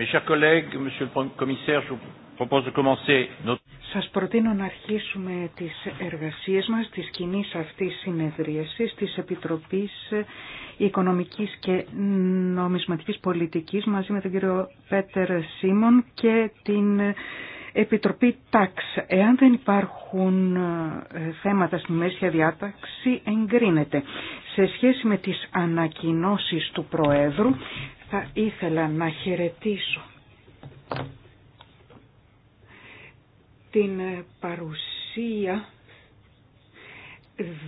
Mes Σας προτείνω να αρχίσουμε τις εργασίες μας της κοινή αυτής συνεδρίασης της Επιτροπής Οικονομικής και Νομισματικής Πολιτικής μαζί με τον κύριο Πέτερ Σίμων και την Επιτροπή ΤΑΞ. Εάν δεν υπάρχουν ε, θέματα στη Μέσια διάταξη εγκρίνεται. Σε σχέση με τις ανακοινώσεις του Προέδρου θα ήθελα να χαιρετήσω την παρουσία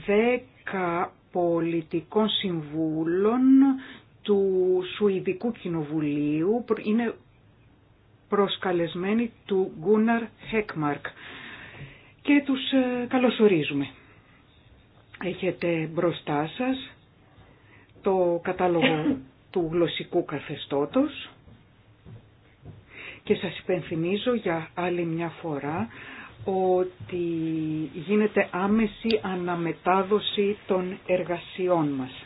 δέκα πολιτικών συμβούλων του Σουηδικού Κοινοβουλίου είναι προσκαλεσμένοι του Γκούναρ Χέκμαρκ και τους ε, καλωσορίζουμε. Έχετε μπροστά σας το κατάλογο του γλωσσικού καθεστώτος και σας υπενθυμίζω για άλλη μια φορά ότι γίνεται άμεση αναμετάδοση των εργασιών μας.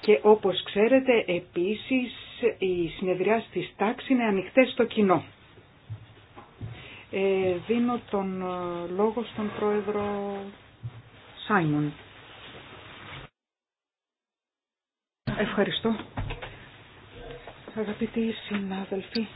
Και όπως ξέρετε επίσης η συνεδριά της τάξη είναι ανοιχτές στο κοινό. Ε, δίνω τον ε, λόγο στον πρόεδρο Σάιμον. Ευχαριστώ. Αγαπητοί συνάδελφοι,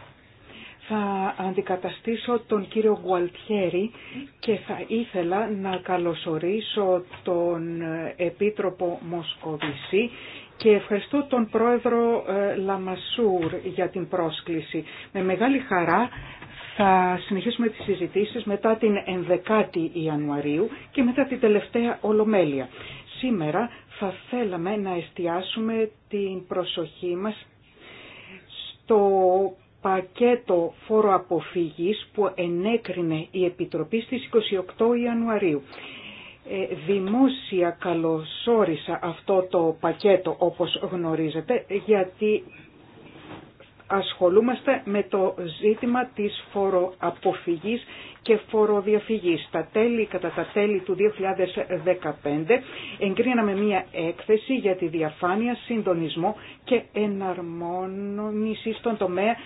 θα αντικαταστήσω τον κύριο Γουαλτιέρη και θα ήθελα να καλωσορίσω τον Επίτροπο Μοσκοβισή και ευχαριστώ τον Πρόεδρο ε, Λαμασούρ για την πρόσκληση. Με μεγάλη χαρά θα συνεχίσουμε τις συζητήσεις μετά την 11η Ιανουαρίου και μετά την τελευταία Ολομέλεια. Σήμερα θα θέλαμε να εστιάσουμε την προσοχή μας στο πακέτο φόρο που ενέκρινε η Επιτροπή στις 28 Ιανουαρίου. Ε, δημόσια καλωσόρισα αυτό το πακέτο όπως γνωρίζετε γιατί ασχολούμαστε με το ζήτημα της φοροαποφυγής και φοροδιαφυγής. τα τέλη, κατά τα τέλη του 2015 εγκρίναμε μία έκθεση για τη διαφάνεια, συντονισμό και εναρμόνιση στον τομέα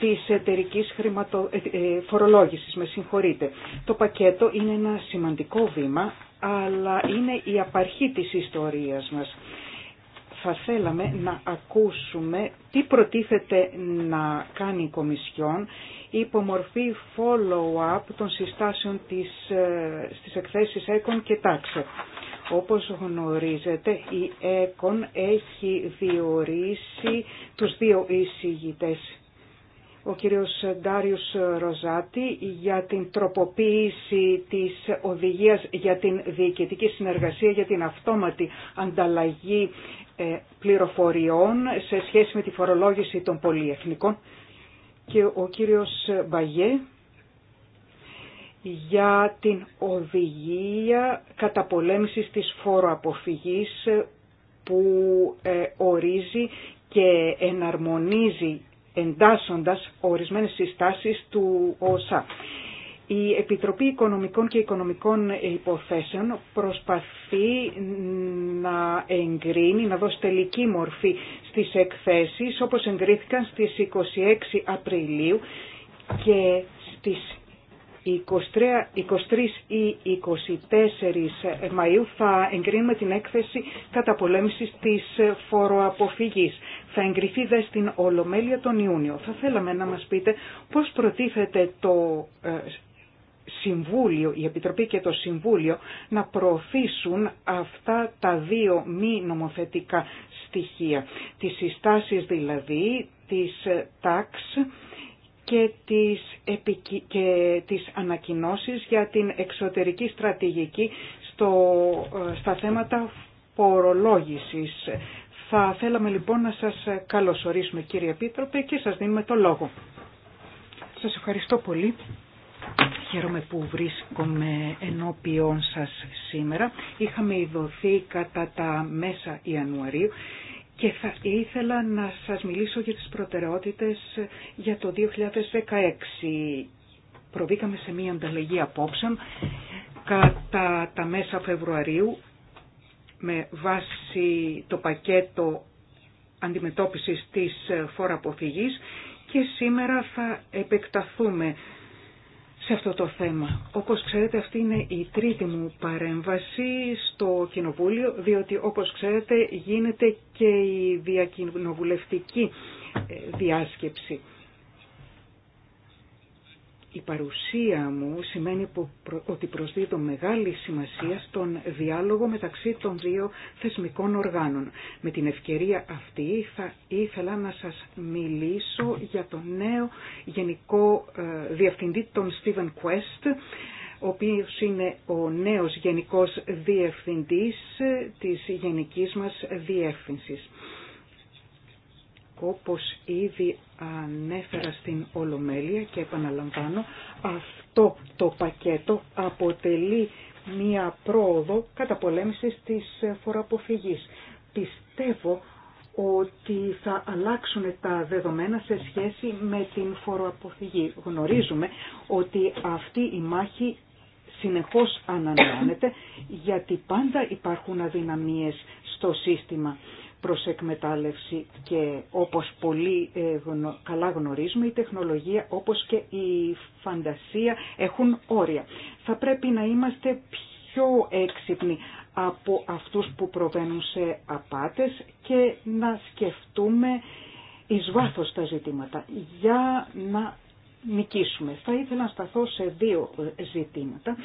της εταιρικής χρηματο... Ε, ε, φορολόγησης. Με συγχωρείτε. Το πακέτο είναι ένα σημαντικό βήμα αλλά είναι η απαρχή της ιστορίας μας θα θέλαμε να ακούσουμε τι προτίθεται να κάνει η Κομισιόν υπό μορφή follow-up των συστάσεων της, ε, στις εκθέσεις ΕΚΟΝ και ΤΑΞΕ. Όπως γνωρίζετε, η ΕΚΟΝ έχει διορίσει τους δύο εισηγητές ο κύριος Ντάριος Ροζάτη για την τροποποίηση της οδηγίας για την διοικητική συνεργασία για την αυτόματη ανταλλαγή ε, πληροφοριών σε σχέση με τη φορολόγηση των πολυεθνικών και ο κύριος Μπαγιέ για την οδηγία καταπολέμησης της φοροαποφυγής που ε, ορίζει και εναρμονίζει εντάσσοντας ορισμένες συστάσεις του ΟΣΑ. Η Επιτροπή Οικονομικών και Οικονομικών Υποθέσεων προσπαθεί να εγκρίνει, να δώσει τελική μορφή στις εκθέσεις όπως εγκρίθηκαν στις 26 Απριλίου και στις 23, 23 ή 24 Μαΐου θα εγκρίνουμε την έκθεση καταπολέμησης της φοροαποφυγής. Θα εγκριθεί δε στην Ολομέλεια τον Ιούνιο. Θα θέλαμε να μας πείτε πώς προτίθεται το ε, Συμβούλιο, η Επιτροπή και το Συμβούλιο να προωθήσουν αυτά τα δύο μη νομοθετικά στοιχεία. Τις συστάσεις δηλαδή, τις ε, τάξ και τις, επικοι... και τις ανακοινώσεις για την εξωτερική στρατηγική στο... Ε, στα θέματα φορολόγησης. Θα θέλαμε λοιπόν να σας καλωσορίσουμε κύριε Επίτροπε και σας δίνουμε το λόγο. Σας ευχαριστώ πολύ. Χαίρομαι που βρίσκομαι ενώπιον σας σήμερα. Είχαμε ειδωθεί κατά τα μέσα Ιανουαρίου και θα ήθελα να σας μιλήσω για τις προτεραιότητες για το 2016. Προβήκαμε σε μία ανταλλαγή απόψεων κατά τα μέσα Φεβρουαρίου με βάση το πακέτο αντιμετώπισης της φόρα και σήμερα θα επεκταθούμε σε αυτό το θέμα. Όπως ξέρετε αυτή είναι η τρίτη μου παρέμβαση στο Κοινοβούλιο, διότι όπως ξέρετε γίνεται και η διακοινοβουλευτική ε, διάσκεψη. Η παρουσία μου σημαίνει ότι προσδίδω μεγάλη σημασία στον διάλογο μεταξύ των δύο θεσμικών οργάνων. Με την ευκαιρία αυτή θα ήθελα να σας μιλήσω για τον νέο Γενικό ε, Διευθυντή, των Stephen Quest, ο οποίος είναι ο νέος Γενικός Διευθυντής ε, της Γενικής μας Διεύθυνσης όπως ήδη ανέφερα στην Ολομέλεια και επαναλαμβάνω, αυτό το πακέτο αποτελεί μία πρόοδο καταπολέμησης της φοροαποφυγής. Πιστεύω ότι θα αλλάξουν τα δεδομένα σε σχέση με την φοροαποφυγή. Γνωρίζουμε ότι αυτή η μάχη συνεχώς ανανεώνεται γιατί πάντα υπάρχουν αδυναμίες στο σύστημα προς εκμετάλλευση και όπως πολύ ε, καλά γνωρίζουμε η τεχνολογία όπως και η φαντασία έχουν όρια. Θα πρέπει να είμαστε πιο έξυπνοι από αυτούς που προβαίνουν σε απάτες και να σκεφτούμε εις βάθος τα ζητήματα για να νικήσουμε. Θα ήθελα να σταθώ σε δύο ε, ζητήματα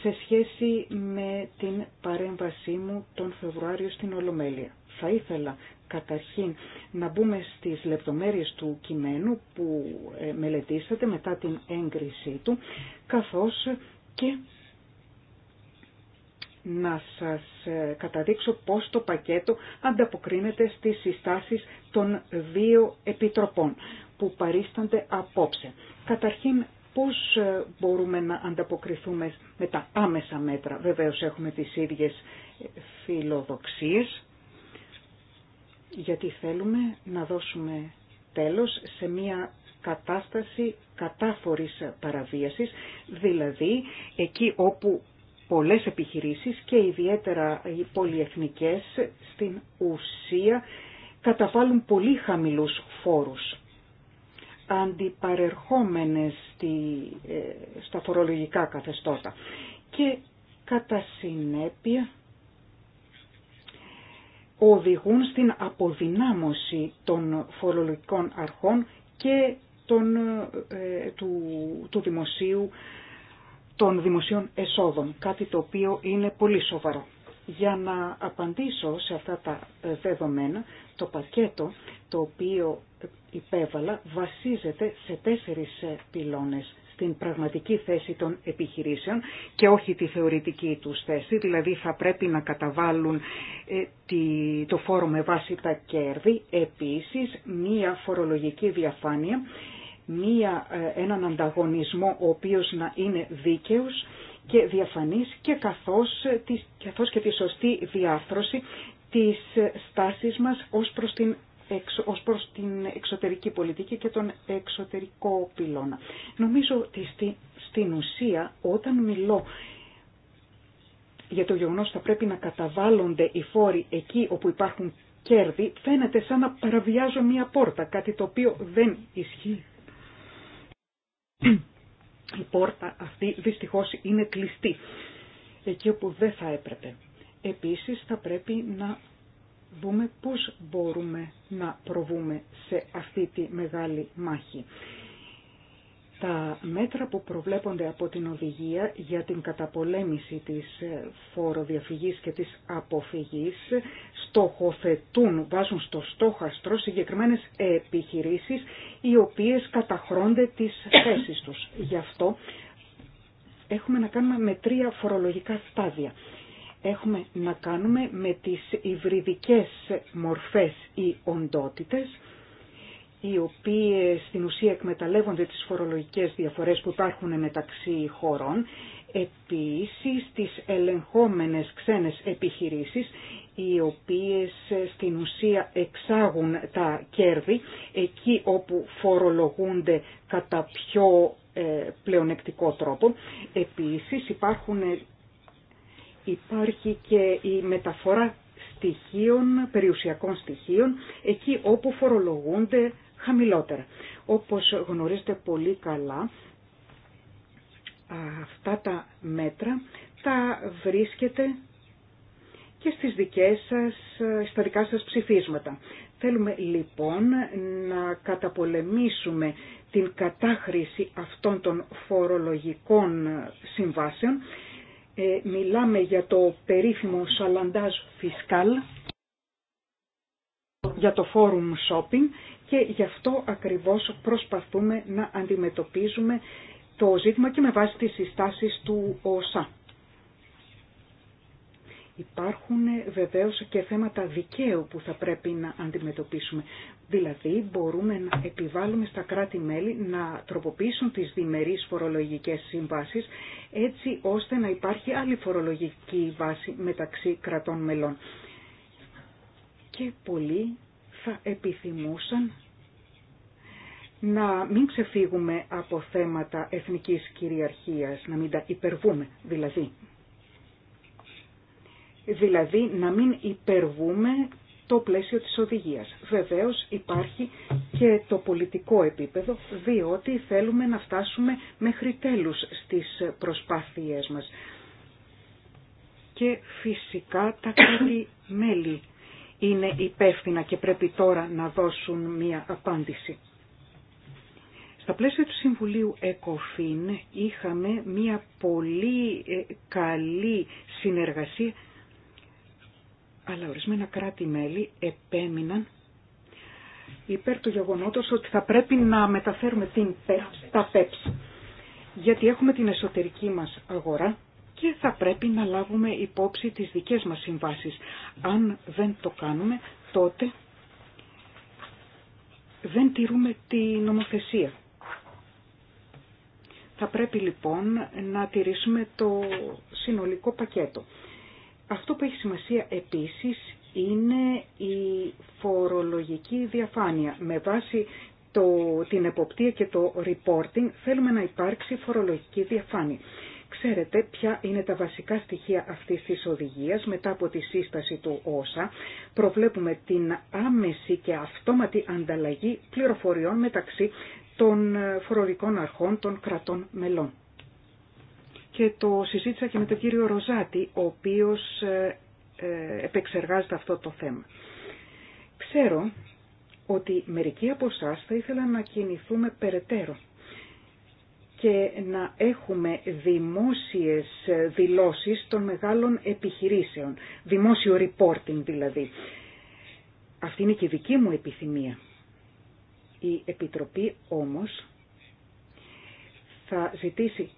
σε σχέση με την παρέμβασή μου τον Φεβρουάριο στην Ολομέλεια. Θα ήθελα καταρχήν να μπούμε στις λεπτομέρειες του κειμένου που ε, μελετήσατε μετά την έγκρισή του, καθώς και να σας ε, καταδείξω πώς το πακέτο ανταποκρίνεται στις συστάσεις των δύο επιτροπών που παρίστανται απόψε. Καταρχήν πώς ε, μπορούμε να ανταποκριθούμε με τα άμεσα μέτρα. Βεβαίως έχουμε τις ίδιες φιλοδοξίες γιατί θέλουμε να δώσουμε τέλος σε μια κατάσταση κατάφορης παραβίασης, δηλαδή εκεί όπου πολλές επιχειρήσεις και ιδιαίτερα οι πολυεθνικές στην ουσία καταβάλουν πολύ χαμηλούς φόρους αντιπαρερχόμενες στη, ε, στα φορολογικά καθεστώτα. Και κατά συνέπεια οδηγούν στην αποδυνάμωση των φορολογικών αρχών και των, ε, του, του δημοσίου, των δημοσίων εσόδων, κάτι το οποίο είναι πολύ σοβαρό. Για να απαντήσω σε αυτά τα ε, δεδομένα, το πακέτο το οποίο υπέβαλα βασίζεται σε τέσσερις ε, πυλώνες στην πραγματική θέση των επιχειρήσεων και όχι τη θεωρητική τους θέση, δηλαδή θα πρέπει να καταβάλουν ε, το φόρο με βάση τα κέρδη, επίσης μία φορολογική διαφάνεια, μία, ε, έναν ανταγωνισμό ο οποίος να είναι δίκαιος και διαφανής και καθώς, ε, καθώς και τη σωστή διάρθρωση της στάσης μας ως προς την ως προς την εξωτερική πολιτική και τον εξωτερικό πυλώνα. Νομίζω ότι στη, στην ουσία όταν μιλώ για το γεγονός ότι θα πρέπει να καταβάλλονται οι φόροι εκεί όπου υπάρχουν κέρδη, φαίνεται σαν να παραβιάζω μία πόρτα, κάτι το οποίο δεν ισχύει. Η πόρτα αυτή δυστυχώς είναι κλειστή, εκεί όπου δεν θα έπρεπε. Επίσης θα πρέπει να δούμε πώς μπορούμε να προβούμε σε αυτή τη μεγάλη μάχη. Τα μέτρα που προβλέπονται από την οδηγία για την καταπολέμηση της ε, φοροδιαφυγής και της αποφυγής στοχοθετούν, βάζουν στο στόχαστρο συγκεκριμένες επιχειρήσεις οι οποίες καταχρώνται τις θέσεις τους. Γι' αυτό έχουμε να κάνουμε με τρία φορολογικά στάδια έχουμε να κάνουμε με τις υβριδικές μορφές ή οντότητες, οι οποίες στην ουσία εκμεταλλεύονται τις φορολογικές διαφορές που υπάρχουν μεταξύ χωρών, επίσης τις ελεγχόμενες ξένες επιχειρήσεις, οι οποίες στην ουσία εξάγουν τα κέρδη εκεί όπου φορολογούνται κατά πιο ε, πλεονεκτικό τρόπο. Επίσης υπάρχουν Υπάρχει και η μεταφορά στοιχείων, περιουσιακών στοιχείων, εκεί όπου φορολογούνται χαμηλότερα. Όπως γνωρίζετε πολύ καλά, αυτά τα μέτρα τα βρίσκεται και στις δικές σας, στα δικά σας ψηφίσματα. Θέλουμε λοιπόν να καταπολεμήσουμε την κατάχρηση αυτών των φορολογικών συμβάσεων ε, μιλάμε για το περίφημο σαλαντάζ φισκάλ, για το forum shopping και γι' αυτό ακριβώς προσπαθούμε να αντιμετωπίζουμε το ζήτημα και με βάση τις συστάσεις του ΟΣΑ. Υπάρχουν ε, βεβαίως και θέματα δικαίου που θα πρέπει να αντιμετωπίσουμε. Δηλαδή μπορούμε να επιβάλλουμε στα κράτη-μέλη να τροποποιήσουν τις διμερείς φορολογικές συμβάσεις έτσι ώστε να υπάρχει άλλη φορολογική βάση μεταξύ κρατών μελών. Και πολλοί θα επιθυμούσαν να μην ξεφύγουμε από θέματα εθνικής κυριαρχίας, να μην τα υπερβούμε δηλαδή δηλαδή να μην υπερβούμε το πλαίσιο της οδηγίας. Βεβαίως υπάρχει και το πολιτικό επίπεδο, διότι θέλουμε να φτάσουμε μέχρι τέλους στις προσπάθειές μας. Και φυσικά τα κράτη μέλη είναι υπεύθυνα και πρέπει τώρα να δώσουν μία απάντηση. Στα πλαίσια του Συμβουλίου ΕΚΟΦΗΝ είχαμε μία πολύ ε, καλή συνεργασία αλλά ορισμένα κράτη-μέλη επέμειναν υπέρ του γεγονότος ότι θα πρέπει να μεταφέρουμε την πέψη, τα ΠΕΠΣ, γιατί έχουμε την εσωτερική μας αγορά και θα πρέπει να λάβουμε υπόψη τις δικές μας συμβάσεις. Αν δεν το κάνουμε, τότε δεν τηρούμε τη νομοθεσία. Θα πρέπει λοιπόν να τηρήσουμε το συνολικό πακέτο. Αυτό που έχει σημασία επίσης είναι η φορολογική διαφάνεια. Με βάση το, την εποπτεία και το reporting θέλουμε να υπάρξει φορολογική διαφάνεια. Ξέρετε ποια είναι τα βασικά στοιχεία αυτής της οδηγίας μετά από τη σύσταση του ΩΣΑ. Προβλέπουμε την άμεση και αυτόματη ανταλλαγή πληροφοριών μεταξύ των φορολογικών αρχών των κρατών μελών και το συζήτησα και με τον κύριο Ροζάτη, ο οποίος ε, ε, επεξεργάζεται αυτό το θέμα. Ξέρω ότι μερικοί από εσά θα ήθελαν να κινηθούμε περαιτέρω και να έχουμε δημόσιες δηλώσεις των μεγάλων επιχειρήσεων, δημόσιο reporting δηλαδή. Αυτή είναι και η δική μου επιθυμία. Η Επιτροπή όμως θα ζητήσει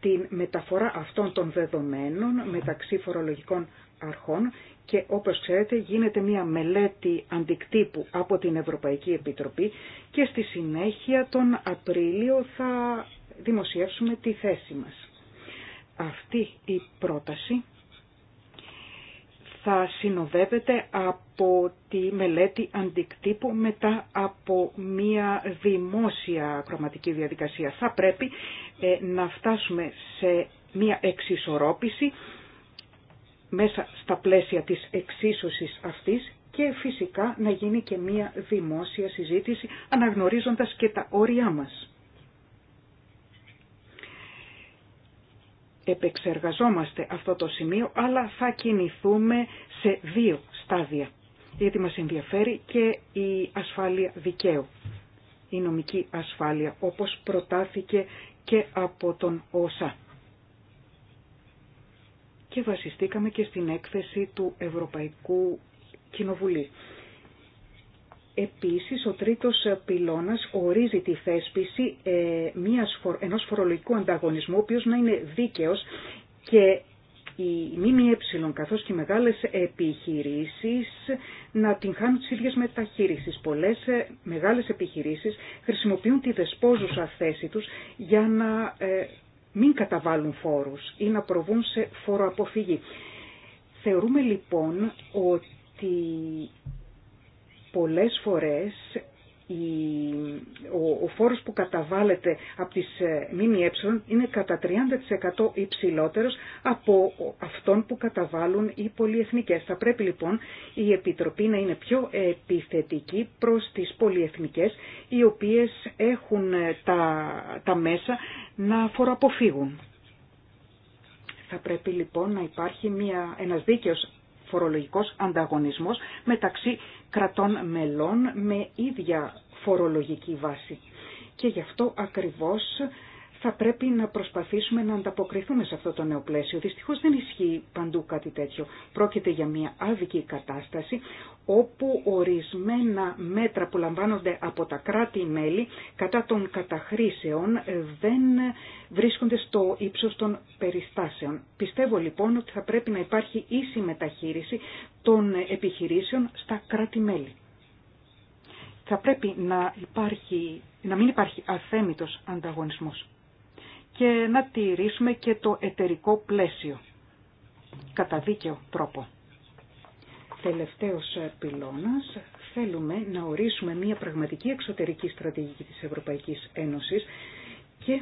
την μεταφορά αυτών των δεδομένων μεταξύ φορολογικών αρχών και όπως ξέρετε γίνεται μια μελέτη αντικτύπου από την Ευρωπαϊκή Επιτροπή και στη συνέχεια τον Απρίλιο θα δημοσιεύσουμε τη θέση μας. Αυτή η πρόταση θα συνοδεύεται από τη μελέτη αντικτύπου μετά από μία δημόσια κροματική διαδικασία. Θα πρέπει ε, να φτάσουμε σε μία εξισορρόπηση μέσα στα πλαίσια της εξίσωσης αυτής και φυσικά να γίνει και μία δημόσια συζήτηση αναγνωρίζοντας και τα όρια μας. επεξεργαζόμαστε αυτό το σημείο, αλλά θα κινηθούμε σε δύο στάδια, γιατί μας ενδιαφέρει και η ασφάλεια δικαίου, η νομική ασφάλεια, όπως προτάθηκε και από τον ΩΣΑ. Και βασιστήκαμε και στην έκθεση του Ευρωπαϊκού Κοινοβουλίου. Επίσης, ο τρίτος πυλώνας ορίζει τη θέσπιση ε, μιας, ενός φορολογικού ανταγωνισμού, ο οποίος να είναι δίκαιος και η μή οι ΜΜΕ καθώς και οι μεγάλες επιχειρήσεις να την χάνουν τις ίδιες μεταχείρισεις. Πολλές ε, μεγάλες επιχειρήσεις χρησιμοποιούν τη δεσπόζουσα θέση τους για να ε, μην καταβάλουν φόρους ή να προβούν σε φοροαποφυγή. Θεωρούμε λοιπόν ότι πολλές φορές ο, ο φόρος που καταβάλλεται από τις ε, ΜΜΕ είναι κατά 30% υψηλότερος από αυτόν που καταβάλουν οι πολυεθνικές. Θα πρέπει λοιπόν η Επιτροπή να είναι πιο επιθετική προς τις πολυεθνικές οι οποίες έχουν ε, τα, μέσα να φοροαποφύγουν. Θα πρέπει λοιπόν να υπάρχει μια, ένας δίκαιος φορολογικός ανταγωνισμός μεταξύ κρατών μελών με ίδια φορολογική βάση. Και γι' αυτό ακριβώς θα πρέπει να προσπαθήσουμε να ανταποκριθούμε σε αυτό το νέο πλαίσιο. Δυστυχώ δεν ισχύει παντού κάτι τέτοιο. Πρόκειται για μια άδικη κατάσταση όπου ορισμένα μέτρα που λαμβάνονται από τα κράτη-μέλη κατά των καταχρήσεων δεν βρίσκονται στο ύψος των περιστάσεων. Πιστεύω λοιπόν ότι θα πρέπει να υπάρχει ίση μεταχείριση των επιχειρήσεων στα κράτη-μέλη. Θα πρέπει να, υπάρχει, να μην υπάρχει αθέμητος ανταγωνισμός και να τηρήσουμε και το εταιρικό πλαίσιο κατά δίκαιο τρόπο. Τελευταίος πυλώνας θέλουμε να ορίσουμε μια πραγματική εξωτερική στρατηγική της Ευρωπαϊκής Ένωσης και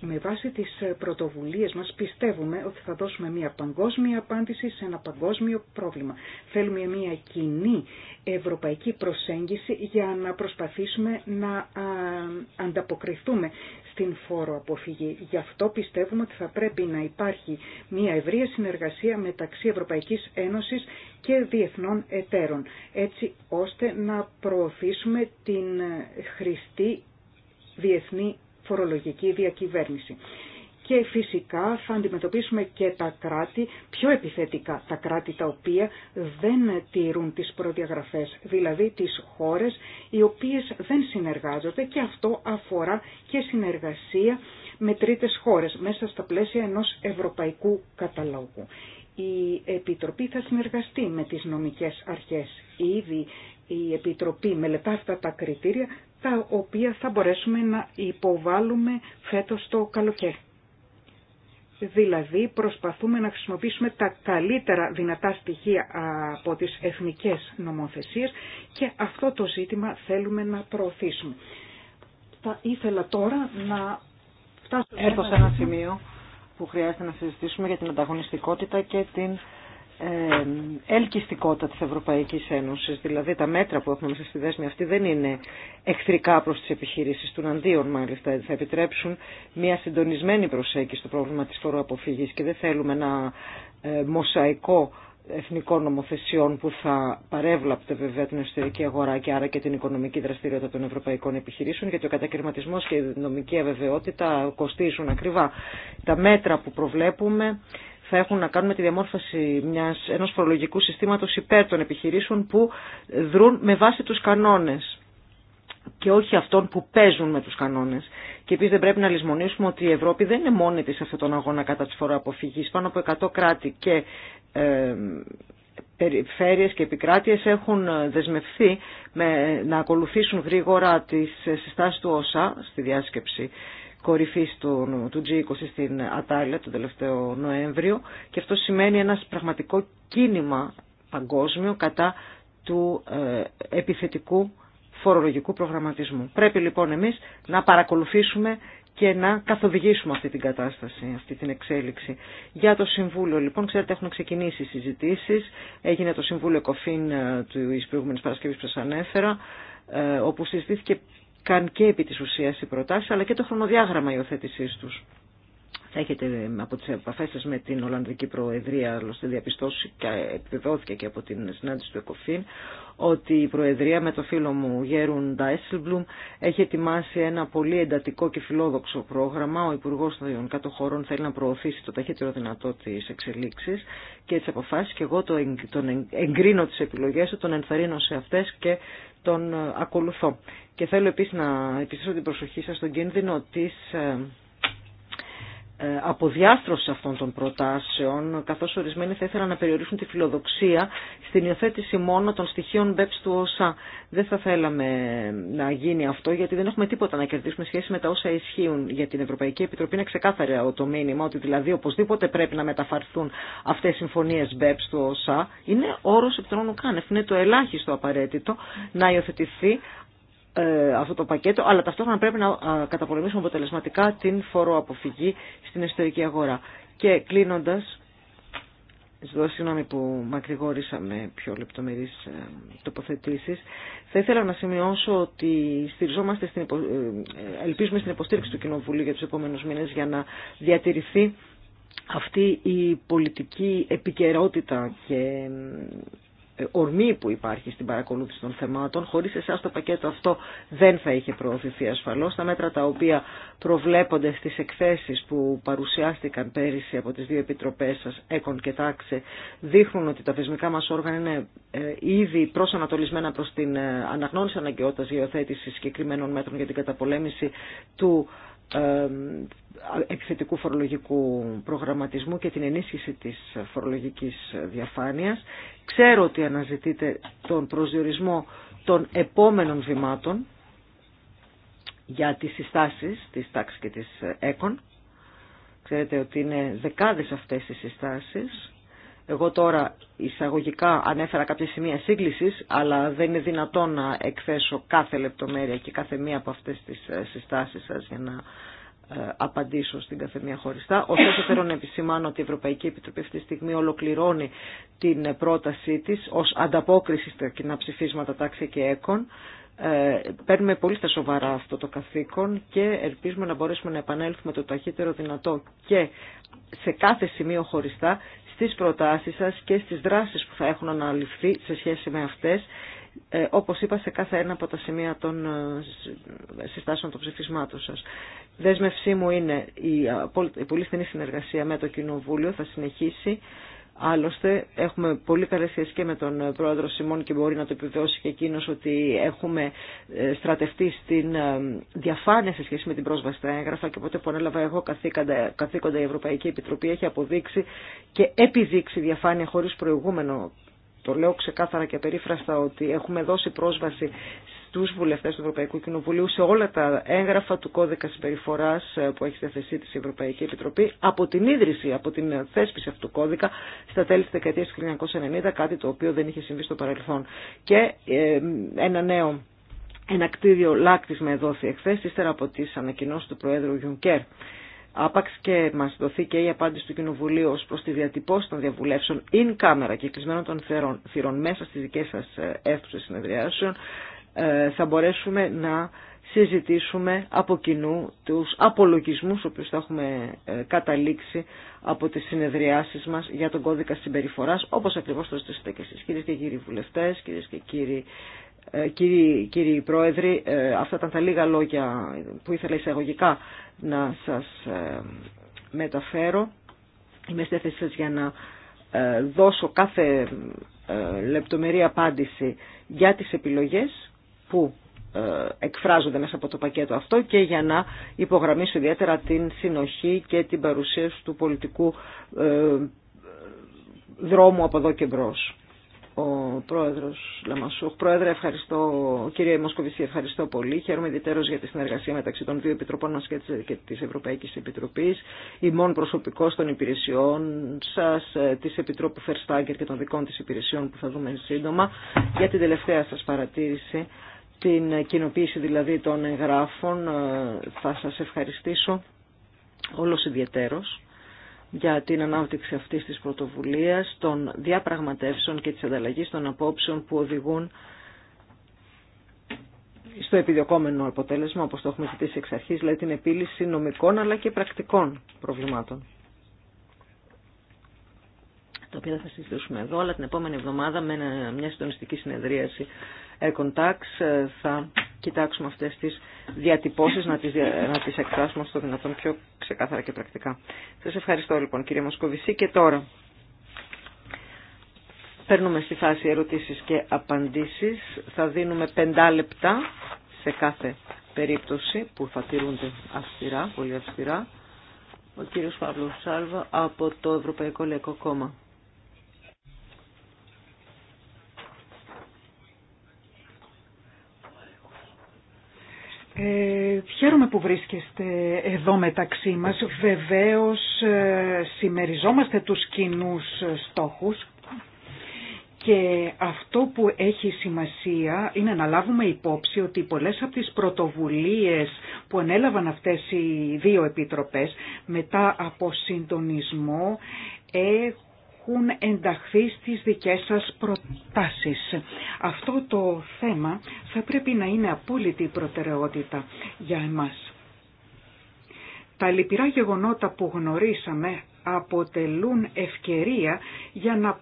με βάση τις ε, πρωτοβουλίες μας πιστεύουμε ότι θα δώσουμε μια παγκόσμια απάντηση σε ένα παγκόσμιο πρόβλημα. Θέλουμε μια κοινή ευρωπαϊκή προσέγγιση για να προσπαθήσουμε να ανταποκριθούμε στην φόρο αποφυγή. Γι' αυτό πιστεύουμε ότι θα πρέπει να υπάρχει μια ευρεία συνεργασία μεταξύ Ευρωπαϊκής Ένωσης και διεθνών εταίρων, έτσι ώστε να προωθήσουμε την ε, χρηστή διεθνή φορολογική διακυβέρνηση. Και φυσικά θα αντιμετωπίσουμε και τα κράτη πιο επιθετικά, τα κράτη τα οποία δεν τηρούν τις προδιαγραφές, δηλαδή τις χώρες οι οποίες δεν συνεργάζονται και αυτό αφορά και συνεργασία με τρίτες χώρες μέσα στα πλαίσια ενός ευρωπαϊκού καταλόγου. Η Επιτροπή θα συνεργαστεί με τις νομικές αρχές. Ήδη η Επιτροπή μελετά αυτά τα κριτήρια τα οποία θα μπορέσουμε να υποβάλουμε φέτος το καλοκαίρι. Δηλαδή προσπαθούμε να χρησιμοποιήσουμε τα καλύτερα δυνατά στοιχεία από τις εθνικές νομοθεσίες και αυτό το ζήτημα θέλουμε να προωθήσουμε. Θα ήθελα τώρα να φτάσω σε ένα σημείο που χρειάζεται να συζητήσουμε για την ανταγωνιστικότητα και την ε, ελκυστικότητα της Ευρωπαϊκής Ένωσης. Δηλαδή τα μέτρα που έχουμε μέσα στη δέσμη αυτή δεν είναι εχθρικά προς τις επιχειρήσεις του αντίον μάλιστα. Θα επιτρέψουν μια συντονισμένη προσέγγιση στο πρόβλημα της φοροαποφυγής και δεν θέλουμε ένα ε, μοσαϊκό εθνικών νομοθεσιών που θα παρέβλαπτε βέβαια την εσωτερική αγορά και άρα και την οικονομική δραστηριότητα των ευρωπαϊκών επιχειρήσεων γιατί ο κατακαιρματισμός και η νομική αβεβαιότητα κοστίζουν ακριβά. Τα μέτρα που προβλέπουμε θα έχουν να κάνουν με τη διαμόρφωση μιας, ενός φορολογικού συστήματος υπέρ των επιχειρήσεων που δρούν με βάση τους κανόνες και όχι αυτών που παίζουν με τους κανόνες. Και επίσης δεν πρέπει να λησμονήσουμε ότι η Ευρώπη δεν είναι μόνη της σε αυτόν τον αγώνα κατά της φοροαποφυγής. Πάνω από 100 κράτη και ε, περιφέρειες και επικράτειες έχουν δεσμευθεί με, να ακολουθήσουν γρήγορα τις συστάσεις του ΩΣΑ στη διάσκεψη κορυφής του, του G20 στην Ατάλια τον τελευταίο Νοέμβριο και αυτό σημαίνει ένα πραγματικό κίνημα παγκόσμιο κατά του ε, επιθετικού φορολογικού προγραμματισμού. Πρέπει λοιπόν εμείς να παρακολουθήσουμε και να καθοδηγήσουμε αυτή την κατάσταση, αυτή την εξέλιξη. Για το Συμβούλιο, λοιπόν, ξέρετε, έχουν ξεκινήσει οι συζητήσει. Έγινε το Συμβούλιο Κοφίν ε, τη προηγούμενη Παρασκευή που σα ανέφερα, ε, όπου συζητήθηκε καν και επί της ουσίας οι προτάσεις, αλλά και το χρονοδιάγραμμα υιοθέτησή τους. Θα έχετε ε, από τις επαφές σας με την Ολλανδική Προεδρία, άλλωστε διαπιστώσει και επιβεβαιώθηκε και από την συνάντηση του ΕΚΟΦΗΝ, ότι η Προεδρία με το φίλο μου Γέρουν Ντάισελμπλουμ έχει ετοιμάσει ένα πολύ εντατικό και φιλόδοξο πρόγραμμα. Ο Υπουργό των Κάτω Χωρών θέλει να προωθήσει το ταχύτερο δυνατό τι εξελίξει και τι αποφάσει και εγώ τον εγκρίνω τι επιλογέ του, τον ενθαρρύνω σε αυτέ και τον ε, ακολουθώ. Και θέλω επίσης να επιστήσω την προσοχή σας στον κίνδυνο της ε, ε, αποδιάστρωση αυτών των προτάσεων, καθώς ορισμένοι θα ήθελαν να περιορίσουν τη φιλοδοξία στην υιοθέτηση μόνο των στοιχείων BEPS του ΩΣΑ. Δεν θα θέλαμε να γίνει αυτό, γιατί δεν έχουμε τίποτα να κερδίσουμε σχέση με τα όσα ισχύουν για την Ευρωπαϊκή Επιτροπή. Είναι ξεκάθαρο το μήνυμα ότι δηλαδή οπωσδήποτε πρέπει να μεταφαρθούν αυτές οι συμφωνίες BEPS του ΩΣΑ. Είναι όρος επιτρονού κάνευ. Είναι το ελάχιστο απαραίτητο να υιοθετηθεί ε, αυτό το πακέτο, αλλά ταυτόχρονα πρέπει να ε, καταπολεμήσουμε αποτελεσματικά την φοροαποφυγή στην εσωτερική αγορά. Και κλείνοντα, ζητώ συγγνώμη που μακρηγόρησα με πιο λεπτομερεί ε, τοποθετήσει, θα ήθελα να σημειώσω ότι στηριζόμαστε στην ελπίζουμε στην υποστήριξη του Κοινοβουλίου για του επόμενου μήνε για να διατηρηθεί αυτή η πολιτική επικαιρότητα και ορμή που υπάρχει στην παρακολούθηση των θεμάτων. Χωρίς εσάς το πακέτο αυτό δεν θα είχε προωθηθεί ασφαλώς. Τα μέτρα τα οποία προβλέπονται στις εκθέσεις που παρουσιάστηκαν πέρυσι από τις δύο επιτροπές σας, ΕΚΟΝ και ΤΑΞΕ, δείχνουν ότι τα θεσμικά μας όργανα είναι ε, ήδη προσανατολισμένα προς την ε, αναγνώριση αναγκαιότητας υιοθέτηση συγκεκριμένων μέτρων για την καταπολέμηση του επιθετικού φορολογικού προγραμματισμού και την ενίσχυση της φορολογικής διαφάνειας. Ξέρω ότι αναζητείτε τον προσδιορισμό των επόμενων βημάτων για τις συστάσεις της τάξης και της ΕΚΟΝ. Ξέρετε ότι είναι δεκάδες αυτές οι συστάσεις εγώ τώρα εισαγωγικά ανέφερα κάποια σημεία σύγκλησης, αλλά δεν είναι δυνατόν να εκθέσω κάθε λεπτομέρεια και κάθε μία από αυτές τις ε, συστάσεις σας για να ε, απαντήσω στην καθεμία χωριστά. Ωστόσο θέλω να επισημάνω ότι η Ευρωπαϊκή Επιτροπή αυτή τη στιγμή ολοκληρώνει την ε, πρότασή της ως ανταπόκριση στα κοινά ψηφίσματα τάξη και έκον. Ε, παίρνουμε πολύ στα σοβαρά αυτό το καθήκον και ελπίζουμε να μπορέσουμε να επανέλθουμε το ταχύτερο δυνατό και σε κάθε σημείο χωριστά στις προτάσεις σας και στις δράσεις που θα έχουν αναλυφθεί σε σχέση με αυτές, ε, όπως είπα σε κάθε ένα από τα σημεία των ε, συστάσεων των ψηφισμάτων σας. Δέσμευσή μου είναι ε, η πολύ στενή συνεργασία με το Κοινοβούλιο, θα συνεχίσει Άλλωστε έχουμε πολύ καλές σχέσεις και με τον πρόεδρο Σιμών και μπορεί να το επιβεβαιώσει και εκείνος ότι έχουμε ε, στρατευτεί στην ε, διαφάνεια σε σχέση με την πρόσβαση στα έγγραφα και οπότε που ανέλαβα εγώ καθήκοντα, η Ευρωπαϊκή Επιτροπή έχει αποδείξει και επιδείξει διαφάνεια χωρίς προηγούμενο το λέω ξεκάθαρα και περίφραστα ότι έχουμε δώσει πρόσβαση στους βουλευτές του Ευρωπαϊκού Κοινοβουλίου σε όλα τα έγγραφα του κώδικα συμπεριφοράς ε, που έχει στη τη Ευρωπαϊκή Επιτροπή από την ίδρυση, από την θέσπιση αυτού του κώδικα στα τέλη της δεκαετίας του 1990, κάτι το οποίο δεν είχε συμβεί στο παρελθόν. Και ε, ένα νέο ένα κτίριο λάκτισμα εδόθη εχθές, ύστερα από τις ανακοινώσεις του Προέδρου Γιουνκέρ. Άπαξ και μα δοθεί και η απάντηση του Κοινοβουλίου ω προ τη διατυπώση των διαβουλεύσεων in camera και κλεισμένων των θηρών μέσα στι δικέ σα ε, αίθουσε συνεδριάσεων, ε, θα μπορέσουμε να συζητήσουμε από κοινού τους απολογισμούς οποίους θα έχουμε ε, καταλήξει από τις συνεδριάσεις μας για τον κώδικα συμπεριφοράς όπως ακριβώς το ζητήσατε και εσείς κυρίες και κύριοι βουλευτές, κυρίες και κύριοι ε, κύριοι, κύριοι Πρόεδροι, ε, αυτά ήταν τα λίγα λόγια που ήθελα εισαγωγικά να σας ε, μεταφέρω. Είμαι στη σας για να δώσω κάθε λεπτομερή απάντηση για τις επιλογές που εκφράζονται μέσα από το πακέτο αυτό και για να υπογραμμίσω ιδιαίτερα την συνοχή και την παρουσίαση του πολιτικού δρόμου από εδώ και μπρος ο πρόεδρος Λαμασού. Πρόεδρε, ευχαριστώ, κύριε Μοσκοβιστή, ευχαριστώ πολύ. Χαίρομαι ιδιαίτερω για τη συνεργασία μεταξύ των δύο επιτροπών μας και της, Ευρωπαϊκή Ευρωπαϊκής Επιτροπής, ημών προσωπικός των υπηρεσιών σας, ε, της Επιτρόπου Φερστάγκερ και των δικών της υπηρεσιών που θα δούμε σύντομα, για την τελευταία σας παρατήρηση, την κοινοποίηση δηλαδή των εγγράφων. Ε, θα σας ευχαριστήσω όλος ιδιαίτερος για την ανάπτυξη αυτής της πρωτοβουλίας, των διαπραγματεύσεων και της ανταλλαγής των απόψεων που οδηγούν στο επιδιωκόμενο αποτέλεσμα, όπως το έχουμε ζητήσει εξ αρχής, δηλαδή την επίλυση νομικών αλλά και πρακτικών προβλημάτων. Τα οποία θα συζητήσουμε εδώ, αλλά την επόμενη εβδομάδα με μια συντονιστική συνεδρίαση Tax ε, θα κοιτάξουμε αυτές τις διατυπώσεις να τις, να τις εκφράσουμε στο δυνατόν πιο ξεκάθαρα και πρακτικά. Σας ευχαριστώ λοιπόν κύριε Μοσκοβισή και τώρα παίρνουμε στη φάση ερωτήσεις και απαντήσεις. Θα δίνουμε πεντά λεπτά σε κάθε περίπτωση που θα τηρούνται αυστηρά, πολύ αυστηρά. Ο κύριος Παύλος Σάλβα από το Ευρωπαϊκό Λαϊκό Κόμμα. Ε, χαίρομαι που βρίσκεστε εδώ μεταξύ μας. Βεβαίως ε, συμμεριζόμαστε τους κοινού στόχους και αυτό που έχει σημασία είναι να λάβουμε υπόψη ότι πολλές από τις πρωτοβουλίες που ανέλαβαν αυτές οι δύο επιτροπές μετά από συντονισμό έχουν έχουν ενταχθεί στις δικές σας προτάσεις. Αυτό το θέμα θα πρέπει να είναι απόλυτη προτεραιότητα για εμάς. Τα λυπηρά γεγονότα που γνωρίσαμε αποτελούν ευκαιρία για να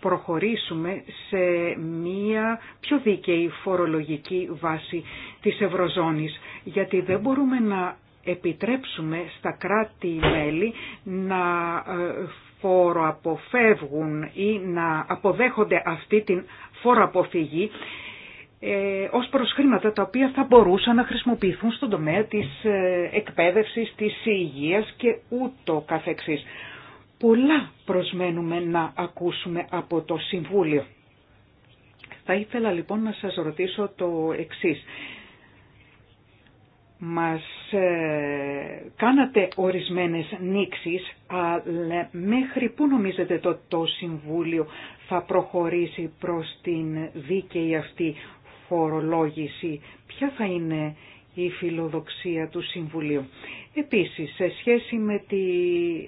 προχωρήσουμε σε μία πιο δίκαιη φορολογική βάση της Ευρωζώνης, γιατί δεν μπορούμε να επιτρέψουμε στα κράτη-μέλη να ε, φοροαποφεύγουν ή να αποδέχονται αυτή την φοροαποφυγή ε, ως προς χρήματα τα οποία θα μπορούσαν να χρησιμοποιηθούν στον τομέα της ε, εκπαίδευσης, της υγείας και ούτω καθεξής. Πολλά προσμένουμε να ακούσουμε από το Συμβούλιο. Θα ήθελα λοιπόν να σας ρωτήσω το εξής μας ε, κάνατε ορισμένες νήξεις, αλλά μέχρι πού νομίζετε το, το Συμβούλιο θα προχωρήσει προς την δίκαιη αυτή φορολόγηση. Ποια θα είναι η φιλοδοξία του Συμβουλίου. Επίσης, σε σχέση με τη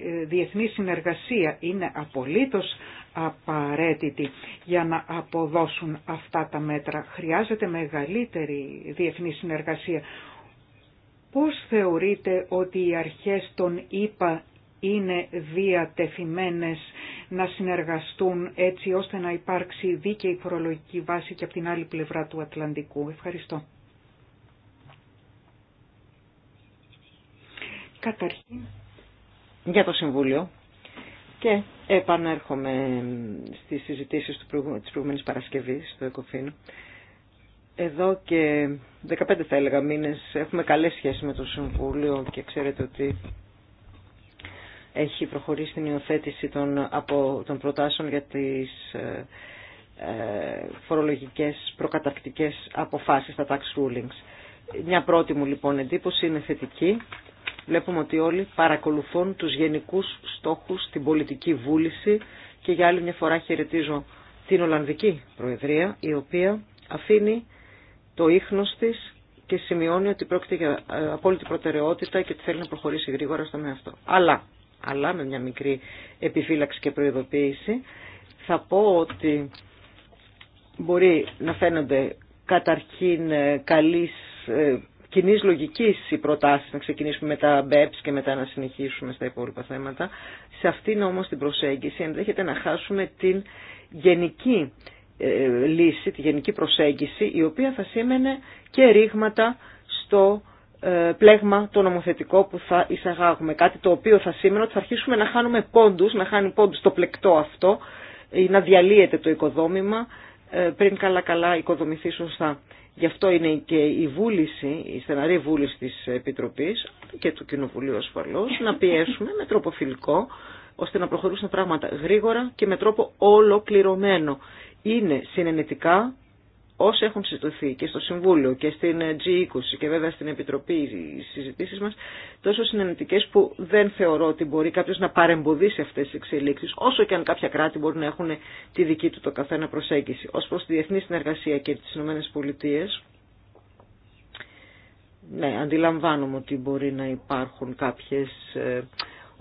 ε, διεθνή συνεργασία είναι απολύτως απαραίτητη για να αποδώσουν αυτά τα μέτρα. Χρειάζεται μεγαλύτερη διεθνή συνεργασία Πώς θεωρείτε ότι οι αρχές των ΙΠΑ είναι διατεθειμένες να συνεργαστούν έτσι ώστε να υπάρξει δίκαιη φορολογική βάση και από την άλλη πλευρά του Ατλαντικού. Ευχαριστώ. Καταρχήν για το Συμβούλιο και επανέρχομαι στις συζητήσεις του της προηγούμενης Παρασκευής στο ΕΚΟΦΗΝΟ εδώ και 15 θα έλεγα μήνες έχουμε καλές σχέσεις με το Συμβούλιο και ξέρετε ότι έχει προχωρήσει την υιοθέτηση των, από, των προτάσεων για τις ε, ε, φορολογικές προκαταρκτικές αποφάσεις, τα tax rulings. Μια πρώτη μου λοιπόν εντύπωση είναι θετική. Βλέπουμε ότι όλοι παρακολουθούν τους γενικούς στόχους, την πολιτική βούληση και για άλλη μια φορά χαιρετίζω την Ολλανδική Προεδρία η οποία αφήνει το ίχνος της και σημειώνει ότι πρόκειται για ε, απόλυτη προτεραιότητα και ότι θέλει να προχωρήσει γρήγορα στον εαυτό. Αλλά, αλλά με μια μικρή επιφύλαξη και προειδοποίηση, θα πω ότι μπορεί να φαίνονται καταρχήν ε, καλής, ε, κοινή λογική οι προτάσει, να ξεκινήσουμε με τα BEPS και μετά να συνεχίσουμε στα υπόλοιπα θέματα. Σε αυτήν όμω την προσέγγιση ενδέχεται να χάσουμε την γενική ε, λύση, τη γενική προσέγγιση, η οποία θα σήμαινε και ρήγματα στο ε, πλέγμα το νομοθετικό που θα εισαγάγουμε. Κάτι το οποίο θα σήμαινε ότι θα αρχίσουμε να χάνουμε πόντους, να χάνει πόντους το πλεκτό αυτό, ή να διαλύεται το οικοδόμημα ε, πριν καλά-καλά οικοδομηθεί σωστά. Γι' αυτό είναι και η βούληση, η στεναρή βούληση της Επιτροπής και του Κοινοβουλίου ασφαλώς να πιέσουμε με τρόπο ώστε να προχωρούσαν πράγματα γρήγορα και με τρόπο ολοκληρωμένο. Είναι συνενετικά όσοι έχουν συζητηθεί και στο Συμβούλιο και στην G20 και βέβαια στην Επιτροπή οι συζητήσεις μας, τόσο συνενετικές που δεν θεωρώ ότι μπορεί κάποιος να παρεμποδίσει αυτές τις εξελίξεις, όσο και αν κάποια κράτη μπορεί να έχουν τη δική του το καθένα προσέγγιση. Ως προς τη διεθνή συνεργασία και τις ΗΠΑ, ναι, αντιλαμβάνομαι ότι μπορεί να υπάρχουν κάποιες ε,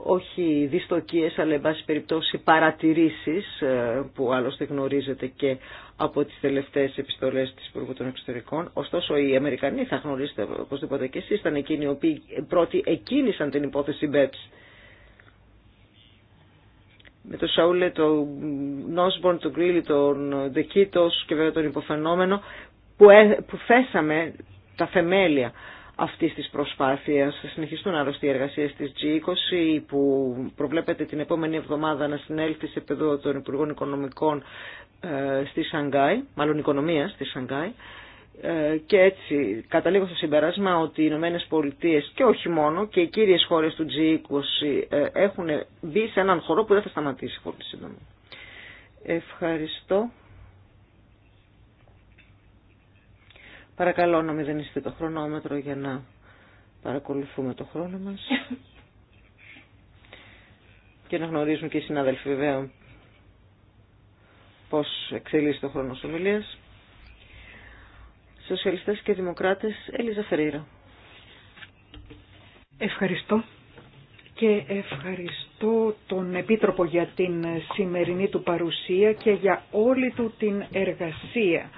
όχι δυστοκίες αλλά εν πάση περιπτώσει παρατηρήσεις ε, που άλλωστε γνωρίζετε και από τις τελευταίες επιστολές της Υπουργού των Εξωτερικών. Ωστόσο οι Αμερικανοί θα γνωρίζετε οπωσδήποτε και εσείς ήταν εκείνοι οι οποίοι πρώτοι εκκίνησαν την υπόθεση BEPS. Με τον Σαούλε, τον Νόσμπορν, τον Γκρίλι, τον Δεκίτος και βέβαια τον υποφαινόμενο που, θέσαμε ε, τα θεμέλια αυτή τη προσπάθεια. Θα συνεχιστούν άλλωστε οι εργασίε τη G20 που προβλέπεται την επόμενη εβδομάδα να συνέλθει σε επίπεδο των Υπουργών Οικονομικών ε, στη Σανγκάη, μάλλον οικονομία στη Σανγκάη ε, και έτσι καταλήγω στο συμπεράσμα ότι οι Ηνωμένε Πολιτείε και όχι μόνο και οι κύριε χώρε του G20 ε, έχουν μπει σε έναν χώρο που δεν θα σταματήσει πολύ σύντομα. Ευχαριστώ. Παρακαλώ να μηδενιστεί το χρονόμετρο για να παρακολουθούμε το χρόνο μας. και να γνωρίζουν και οι συνάδελφοι βέβαια πώς εξελίσσεται το χρόνος ομιλίας. Σοσιαλιστές και Δημοκράτες, Ελίζα Φερίρα. Ευχαριστώ και ευχαριστώ τον Επίτροπο για την σημερινή του παρουσία και για όλη του την εργασία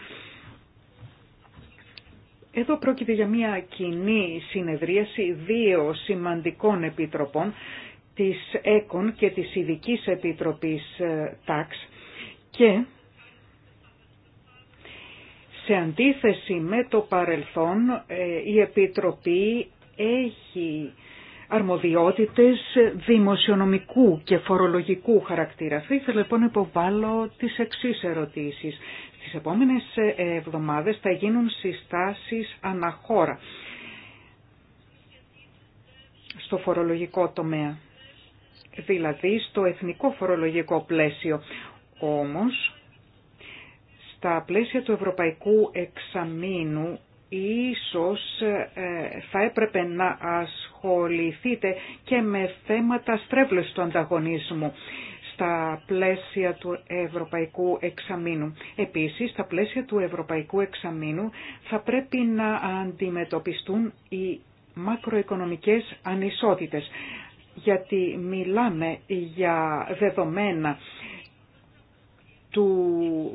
εδώ πρόκειται για μια κοινή συνεδρίαση δύο σημαντικών επιτροπών, της ΕΚΟΝ και της ειδική Επιτροπής ε, ΤΑΞ και σε αντίθεση με το παρελθόν ε, η Επιτροπή έχει αρμοδιότητες δημοσιονομικού και φορολογικού χαρακτήρα. Θα ήθελα λοιπόν να υποβάλω τις εξής ερωτήσεις. Στις επόμενες ε, εβδομάδες θα γίνουν συστάσεις αναχώρα στο φορολογικό τομέα, δηλαδή στο εθνικό φορολογικό πλαίσιο. Όμως, στα πλαίσια του Ευρωπαϊκού Εξαμήνου ίσως ε, θα έπρεπε να ασχοληθείτε και με θέματα στρέβλωσης του ανταγωνισμού στα πλαίσια του Ευρωπαϊκού Εξαμήνου. Επίσης, στα πλαίσια του Ευρωπαϊκού Εξαμήνου θα πρέπει να αντιμετωπιστούν οι μακροοικονομικές ανισότητες, γιατί μιλάμε για δεδομένα του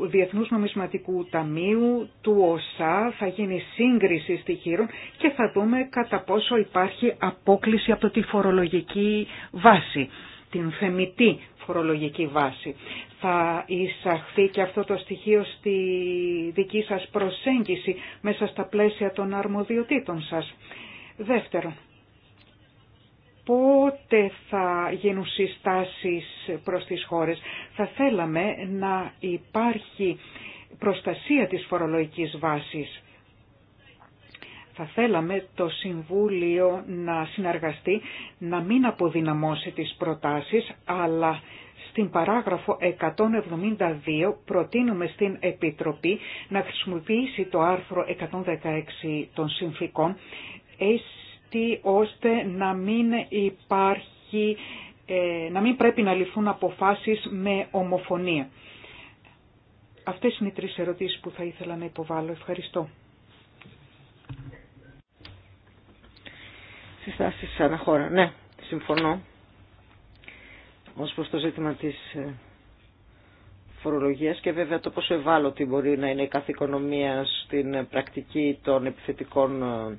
Διεθνούς Νομισματικού Ταμείου, του ΟΣΑ, θα γίνει σύγκριση στοιχείων και θα δούμε κατά πόσο υπάρχει απόκληση από τη φορολογική βάση, την θεμητή φορολογική βάση. Θα εισαχθεί και αυτό το στοιχείο στη δική σας προσέγγιση μέσα στα πλαίσια των αρμοδιοτήτων σας. Δεύτερον, πότε θα γίνουν συστάσεις προς τις χώρες. Θα θέλαμε να υπάρχει προστασία της φορολογικής βάσης θα θέλαμε το Συμβούλιο να συνεργαστεί, να μην αποδυναμώσει τις προτάσεις, αλλά στην παράγραφο 172 προτείνουμε στην Επιτροπή να χρησιμοποιήσει το άρθρο 116 των συνθήκων, έτσι ώστε να μην υπάρχει, ε, να μην πρέπει να ληφθούν αποφάσεις με ομοφωνία. Αυτές είναι οι τρεις ερωτήσεις που θα ήθελα να υποβάλω. Ευχαριστώ. αναχώρα. Ναι, συμφωνώ ως προς το ζήτημα της ε, φορολογίας και βέβαια το πόσο ευάλωτη μπορεί να είναι η κάθε στην ε, πρακτική των επιθετικών ε,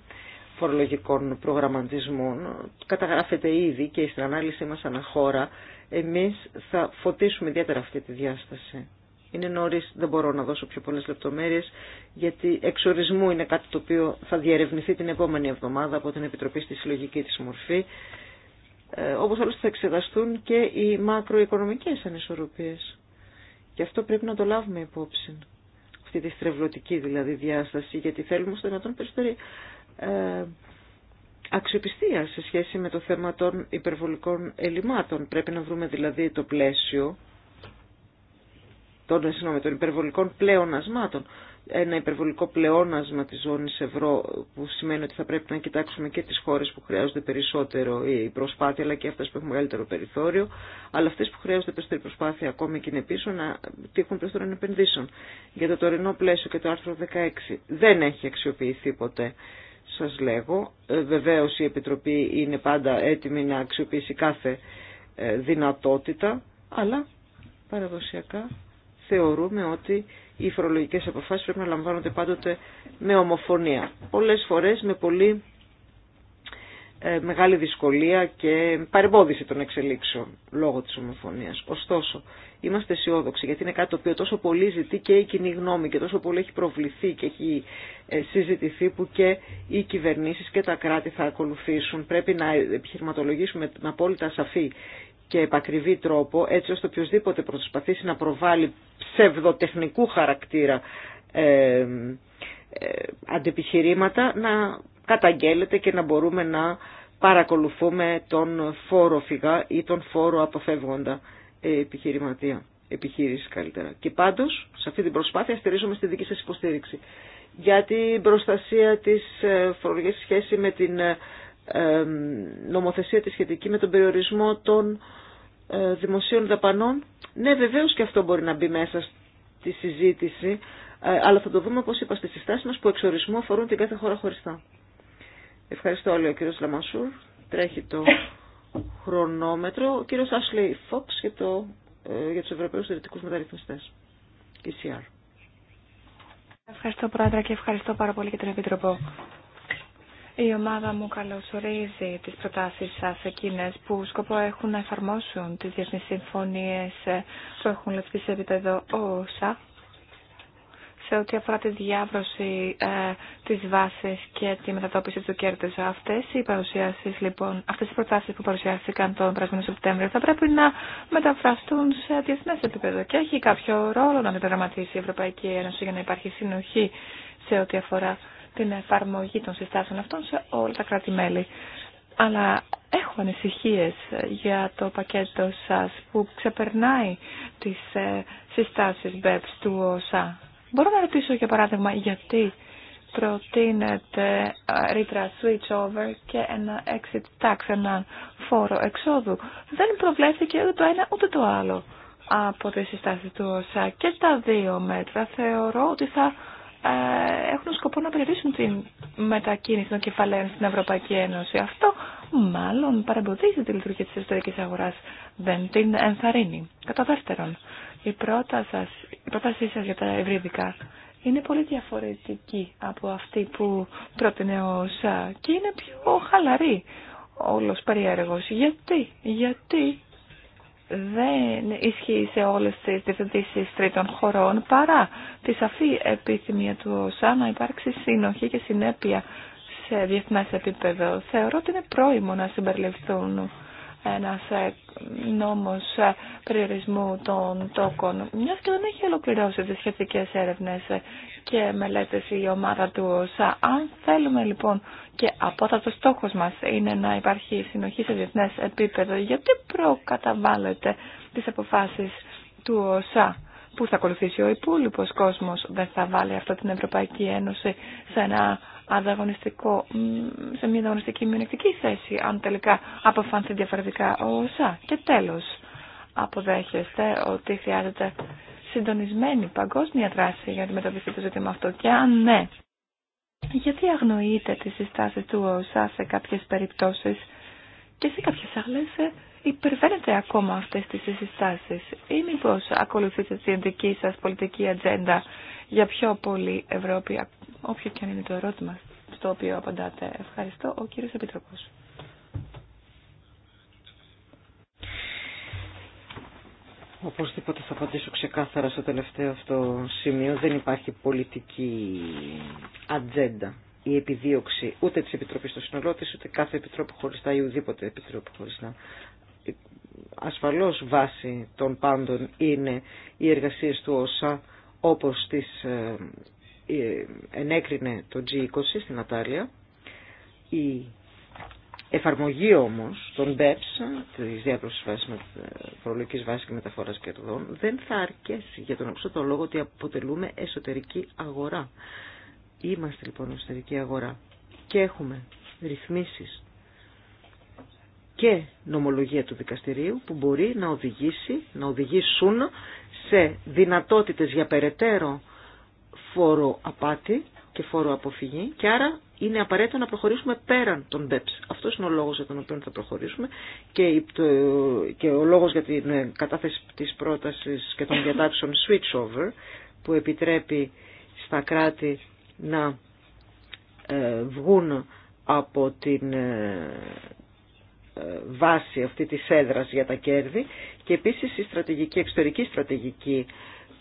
φορολογικών προγραμματισμών. Καταγράφεται ήδη και στην ανάλυση μας αναχώρα. Εμείς θα φωτίσουμε ιδιαίτερα αυτή τη διάσταση. Είναι νωρί, δεν μπορώ να δώσω πιο πολλές λεπτομέρειες, γιατί εξορισμού είναι κάτι το οποίο θα διερευνηθεί την επόμενη εβδομάδα από την Επιτροπή στη Συλλογική της Μορφή, ε, όπως άλλωστε θα εξεταστούν και οι μακροοικονομικές ανισορροπίες. Και αυτό πρέπει να το λάβουμε υπόψη, αυτή τη στρεβλωτική δηλαδή διάσταση, γιατί θέλουμε στο δυνατόν περισσότερη ε, αξιοπιστία σε σχέση με το θέμα των υπερβολικών ελλημάτων. Πρέπει να βρούμε δηλαδή το πλαίσιο των, ε, συγνώμη, των υπερβολικών πλεονασμάτων. Ένα υπερβολικό πλεόνασμα της ζώνης ευρώ που σημαίνει ότι θα πρέπει να κοιτάξουμε και τις χώρες που χρειάζονται περισσότερο η προσπάθεια αλλά και αυτές που έχουν μεγαλύτερο περιθώριο αλλά αυτές που χρειάζονται περισσότερη προσπάθεια ακόμη και είναι πίσω να τύχουν περισσότερων επενδύσεων. Για το τωρινό πλαίσιο και το άρθρο 16 δεν έχει αξιοποιηθεί ποτέ σας λέγω. Ε, βεβαίως η Επιτροπή είναι πάντα έτοιμη να αξιοποιήσει κάθε ε, δυνατότητα αλλά παραδοσιακά θεωρούμε ότι οι φορολογικές αποφάσεις πρέπει να λαμβάνονται πάντοτε με ομοφωνία. Πολλές φορές με πολύ ε, μεγάλη δυσκολία και παρεμπόδιση των εξελίξεων λόγω της ομοφωνίας. Ωστόσο, είμαστε αισιόδοξοι γιατί είναι κάτι το οποίο τόσο πολύ ζητεί και η κοινή γνώμη και τόσο πολύ έχει προβληθεί και έχει ε, συζητηθεί που και οι κυβερνήσεις και τα κράτη θα ακολουθήσουν. Πρέπει να επιχειρηματολογήσουμε με απόλυτα σαφή και επακριβή τρόπο, έτσι ώστε οποιοδήποτε προσπαθήσει να προβάλλει ψευδοτεχνικού χαρακτήρα ε, ε αντεπιχειρήματα να καταγγέλλεται και να μπορούμε να παρακολουθούμε τον φόρο φυγά ή τον φόρο αποφεύγοντα ε, επιχειρηματία. Επιχείρηση καλύτερα. Και πάντως, σε αυτή την προσπάθεια στηρίζομαι στη δική σας υποστήριξη. Για την προστασία της ε, φορολογίας σχέση με την νομοθεσία τη σχετική με τον περιορισμό των ε, δημοσίων δαπανών. Ναι, βεβαίως και αυτό μπορεί να μπει μέσα στη συζήτηση, ε, αλλά θα το δούμε, όπως είπα, στις συστάσεις μας που εξορισμού αφορούν την κάθε χώρα χωριστά. Ευχαριστώ όλοι ο κύριος Λαμασούρ. Τρέχει το χρονόμετρο. Ο κύριος Ashley Φόξ για, το, ε, για τους Ευρωπαίους Μεταρρυθμιστές. E ευχαριστώ Πρόεδρε και ευχαριστώ πάρα πολύ και την Επίτροπο. Η ομάδα μου καλωσορίζει τις προτάσεις σας εκείνες που σκοπό έχουν να εφαρμόσουν τις διεθνείς συμφωνίες που έχουν λεφθεί σε επίπεδο όσα σε ό,τι αφορά τη διάβρωση ε, της βάσης και τη μετατόπιση του κέρδους. Αυτές οι παρουσιάσεις, λοιπόν, αυτές οι προτάσεις που παρουσιάστηκαν τον περασμένο Σεπτέμβριο θα πρέπει να μεταφραστούν σε διεθνές επίπεδο και έχει κάποιο ρόλο να μεταγραμματίσει η Ευρωπαϊκή Ένωση για να υπάρχει συνοχή σε ό,τι αφορά την εφαρμογή των συστάσεων αυτών σε όλα τα κράτη-μέλη. Αλλά έχω ανησυχίες για το πακέτο σας που ξεπερνάει τις ε, συστάσεις BEPS του ΟΣΑ. Μπορώ να ρωτήσω για παράδειγμα γιατί προτείνεται ε, ρήτρα switch over και ένα exit tax, ένα φόρο εξόδου. Δεν προβλέφθηκε ούτε το ένα ούτε το άλλο από τις συστάσεις του ΟΣΑ και τα δύο μέτρα θεωρώ ότι θα ε, έχουν σκοπό να περιορίσουν την μετακίνηση των κεφαλαίων στην Ευρωπαϊκή Ένωση. Αυτό μάλλον παρεμποδίζει τη λειτουργία της εσωτερικής αγοράς, δεν την ενθαρρύνει. Κατά δεύτερον, η πρόταση, η πρότασή σας για τα ευρυδικά είναι πολύ διαφορετική από αυτή που πρότεινε ο ΣΑ και είναι πιο χαλαρή όλος περίεργος. Γιατί, γιατί δεν ισχύει σε όλες τις διευθυντήσεις τρίτων χωρών παρά τη σαφή επιθυμία του ΩΣΑ να υπάρξει σύνοχη και συνέπεια σε διεθνές επίπεδο. Θεωρώ ότι είναι πρόημο να συμπεριληφθούν ένας ε, νόμος ε, περιορισμού των τόκων, μιας και δεν έχει ολοκληρώσει τις σχετικές έρευνες και μελέτες η ομάδα του ΩΣΑ. Αν θέλουμε λοιπόν και απότατος στόχος μας είναι να υπάρχει συνοχή σε διεθνές επίπεδο, γιατί προκαταβάλλεται τις αποφάσεις του ΩΣΑ. Πού θα ακολουθήσει ο υπόλοιπο κόσμος, δεν θα βάλει αυτό την Ευρωπαϊκή Ένωση σε ένα ανταγωνιστικό, σε μια ανταγωνιστική μειονεκτική θέση, αν τελικά αποφανθεί διαφορετικά ο ΩΣΑ. Και τέλος, αποδέχεστε ότι χρειάζεται συντονισμένη παγκόσμια δράση για να αντιμετωπιστεί το ζήτημα αυτό. Και αν ναι, γιατί αγνοείτε τις συστάσεις του ΩΣΑ σε κάποιες περιπτώσεις και σε κάποιες άλλες ε, υπερβαίνετε ακόμα αυτές τις συστάσεις ή μήπω ακολουθείτε τη δική σας πολιτική ατζέντα για πιο πολύ Ευρώπη, όποιο και αν είναι το ερώτημα στο οποίο απαντάτε. Ευχαριστώ, ο κύριος Επιτροπός. Οπωσδήποτε θα απαντήσω ξεκάθαρα στο τελευταίο αυτό σημείο. Δεν υπάρχει πολιτική ατζέντα η επιδίωξη ούτε της Επιτροπή στο σύνολό τη, ούτε κάθε επιτρόπου χωριστά ή ουδήποτε επιτρόπου χωριστά ασφαλώς βάση των πάντων είναι οι εργασίες του ΩΣΑ όπως τις ε, ε, ενέκρινε το G20 στην Ατάλια. Η εφαρμογή όμως των BEPS, της διάπλωσης βάσης, προλογικής βάσης και μεταφοράς κερδών, δεν θα αρκέσει για τον εξωτό λόγο ότι αποτελούμε εσωτερική αγορά. Είμαστε λοιπόν εσωτερική αγορά και έχουμε ρυθμίσεις και νομολογία του δικαστηρίου που μπορεί να οδηγήσει, να οδηγήσουν σε δυνατότητες για περαιτέρω φόρο απάτη και φόρο αποφυγή και άρα είναι απαραίτητο να προχωρήσουμε πέραν των BEPS. Αυτός είναι ο λόγος για τον οποίο θα προχωρήσουμε και, ο λόγος για την ε, κατάθεση της πρότασης και των διατάξεων switchover που επιτρέπει στα κράτη να ε, βγουν από την ε, βάση αυτή της έδρας για τα κέρδη και επίσης η στρατηγική, εξωτερική στρατηγική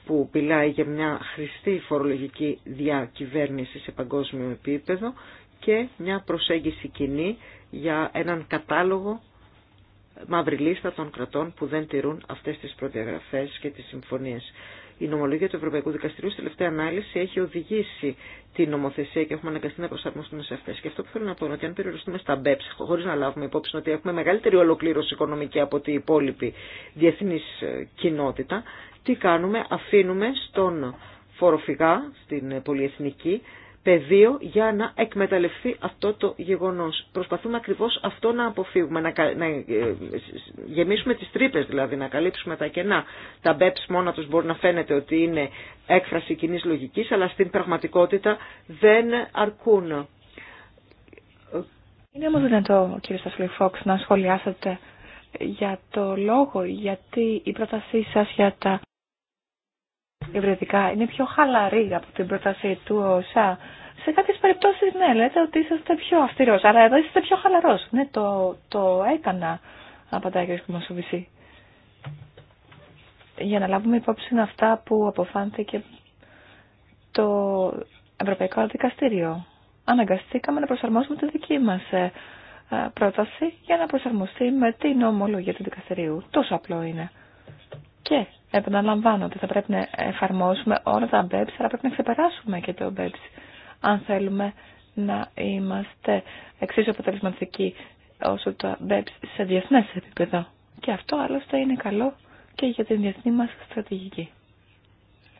που μιλάει για μια χρηστή φορολογική διακυβέρνηση σε παγκόσμιο επίπεδο και μια προσέγγιση κοινή για έναν κατάλογο μαύρη λίστα των κρατών που δεν τηρούν αυτές τις προδιαγραφές και τις συμφωνίες η νομολογία του Ευρωπαϊκού Δικαστηρίου στη τελευταία ανάλυση έχει οδηγήσει την νομοθεσία και έχουμε αναγκαστεί να προσαρμοστούμε σε αυτέ. Και αυτό που θέλω να πω είναι ότι αν περιοριστούμε στα BEPS, χωρί να λάβουμε υπόψη ότι έχουμε μεγαλύτερη ολοκλήρωση οικονομική από την υπόλοιπη διεθνή ε, κοινότητα, τι κάνουμε, αφήνουμε στον φοροφυγά, στην ε, πολυεθνική, πεδίο για να εκμεταλλευτεί αυτό το γεγονός. Προσπαθούμε ακριβώς αυτό να αποφύγουμε, να, ε, γεμίσουμε τις τρύπες δηλαδή, να καλύψουμε τα κενά. Τα BEPS μόνα τους μπορεί να φαίνεται ότι είναι έκφραση κοινή λογικής, αλλά στην πραγματικότητα δεν αρκούν. Είναι όμως δυνατό, κύριε Στασλή Φόξ, να σχολιάσετε για το λόγο, γιατί η πρότασή σας για τα υβριδικά είναι πιο χαλαρή από την πρόταση του ΩΣΑ. Σε κάποιε περιπτώσει, ναι, λέτε ότι είσαστε πιο αυστηρό, αλλά εδώ είστε πιο χαλαρό. Ναι, το, το έκανα, απαντάει ο κ. Μασουβισή. Για να λάβουμε υπόψη αυτά που αποφάνθηκε το Ευρωπαϊκό Δικαστήριο. Αναγκαστήκαμε να προσαρμόσουμε τη δική μας ε, ε, πρόταση για να προσαρμοστεί με την ομολογία του δικαστηρίου. Τόσο απλό είναι. Και Επαναλαμβάνω ότι θα πρέπει να εφαρμόσουμε όλα τα BEPS, αλλά πρέπει να ξεπεράσουμε και το BEPS, αν θέλουμε να είμαστε εξίσου αποτελεσματικοί όσο το BEPS σε διεθνέ επίπεδο. Και αυτό άλλωστε είναι καλό και για την διεθνή μας στρατηγική.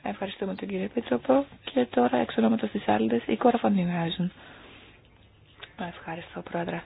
Ευχαριστούμε τον κύριο Επίτροπο και τώρα εξ ονόματος της η κόρα Ευχαριστώ πρόεδρε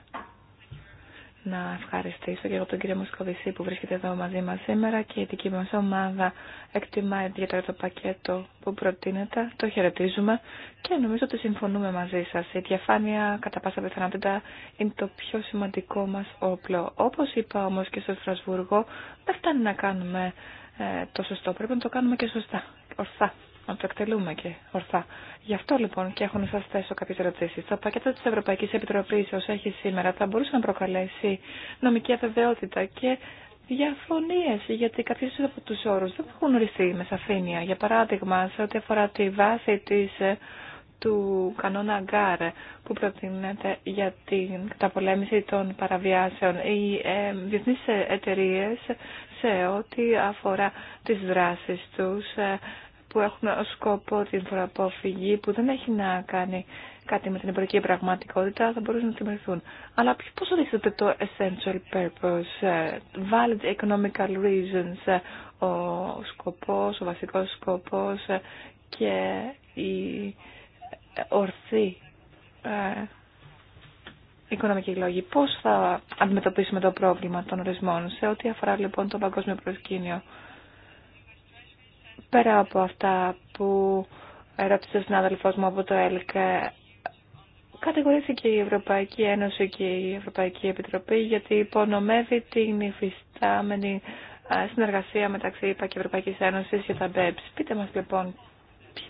να ευχαριστήσω και εγώ τον κύριο Μουσκοβισή που βρίσκεται εδώ μαζί μας σήμερα και η δική μας ομάδα εκτιμά ιδιαίτερα το πακέτο που προτείνεται, το χαιρετίζουμε και νομίζω ότι συμφωνούμε μαζί σας. Η διαφάνεια κατά πάσα πιθανότητα είναι το πιο σημαντικό μας όπλο. Όπως είπα όμως και στο Στρασβούργο, δεν φτάνει να κάνουμε ε, το σωστό, πρέπει να το κάνουμε και σωστά, ορθά να το εκτελούμε και ορθά. Γι' αυτό λοιπόν και έχω να σα θέσω κάποιε ερωτήσει. Το πακέτο τη Ευρωπαϊκή Επιτροπή, όσο έχει σήμερα, θα μπορούσε να προκαλέσει νομική αβεβαιότητα και διαφωνίε, γιατί κάποιε από του όρου δεν έχουν οριστεί με σαφήνεια. Για παράδειγμα, σε ό,τι αφορά τη βάση της, ε, του κανόνα ΓΚΑΡ που προτείνεται για την καταπολέμηση των παραβιάσεων. Οι ε, διεθνεί εταιρείε σε ό,τι αφορά τις δράσεις τους ε, που έχουν ως σκόπο την προαποφυγή που δεν έχει να κάνει κάτι με την εμπορική πραγματικότητα θα μπορούσαν να θυμηθούν. Αλλά πώς ορίσετε το essential purpose, ε, valid economical reasons, ε, ο σκοπός, ο βασικός σκοπός ε, και η ορθή οικονομική λόγη. Πώς θα αντιμετωπίσουμε το πρόβλημα των ορισμών σε ό,τι αφορά λοιπόν το παγκόσμιο προσκήνιο. Πέρα από αυτά που ρώτησε ο συνάδελφός μου από το ΕΛΚΑ, κατηγορήθηκε η Ευρωπαϊκή Ένωση και η Ευρωπαϊκή Επιτροπή γιατί υπονομεύει την υφιστάμενη συνεργασία μεταξύ ΕΠΑ και Ευρωπαϊκής Ένωσης για τα BEPS. Πείτε μας λοιπόν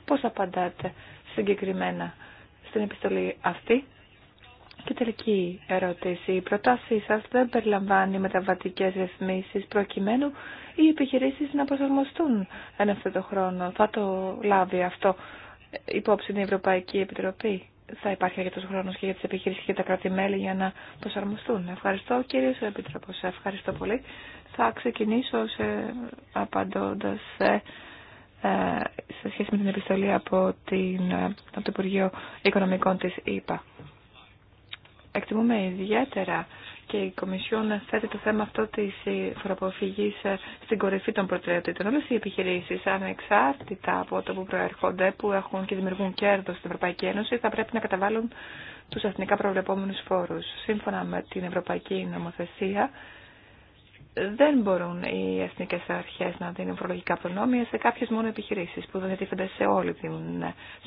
πώς απαντάτε συγκεκριμένα στην επιστολή αυτή και τελική ερώτηση. Η προτάσή σα δεν περιλαμβάνει μεταβατικέ ρυθμίσει προκειμένου οι επιχειρήσει να προσαρμοστούν εν αυτό το χρόνο. Θα το λάβει αυτό υπόψη η Ευρωπαϊκή Επιτροπή. Θα υπάρχει αρκετό χρόνο και για τι επιχειρήσει και τα κράτη-μέλη για να προσαρμοστούν. Ευχαριστώ κύριε Επίτροπο. Ευχαριστώ πολύ. Θα ξεκινήσω σε, απαντώντας σε, ε, σε σχέση με την επιστολή από, την, το Υπουργείο Οικονομικών της ΕΠΑ εκτιμούμε ιδιαίτερα και η Κομισιόν θέτει το θέμα αυτό τη φοροαποφυγή στην κορυφή των προτεραιοτήτων. όλε οι επιχειρήσει ανεξάρτητα από το που προέρχονται, που έχουν και δημιουργούν κέρδο στην Ευρωπαϊκή Ένωση, θα πρέπει να καταβάλουν του εθνικά προβλεπόμενου φόρου. Σύμφωνα με την Ευρωπαϊκή Νομοθεσία, δεν μπορούν οι εθνικέ αρχέ να δίνουν φορολογικά προνόμια σε κάποιε μόνο επιχειρήσει που δεν τίθενται σε, όλη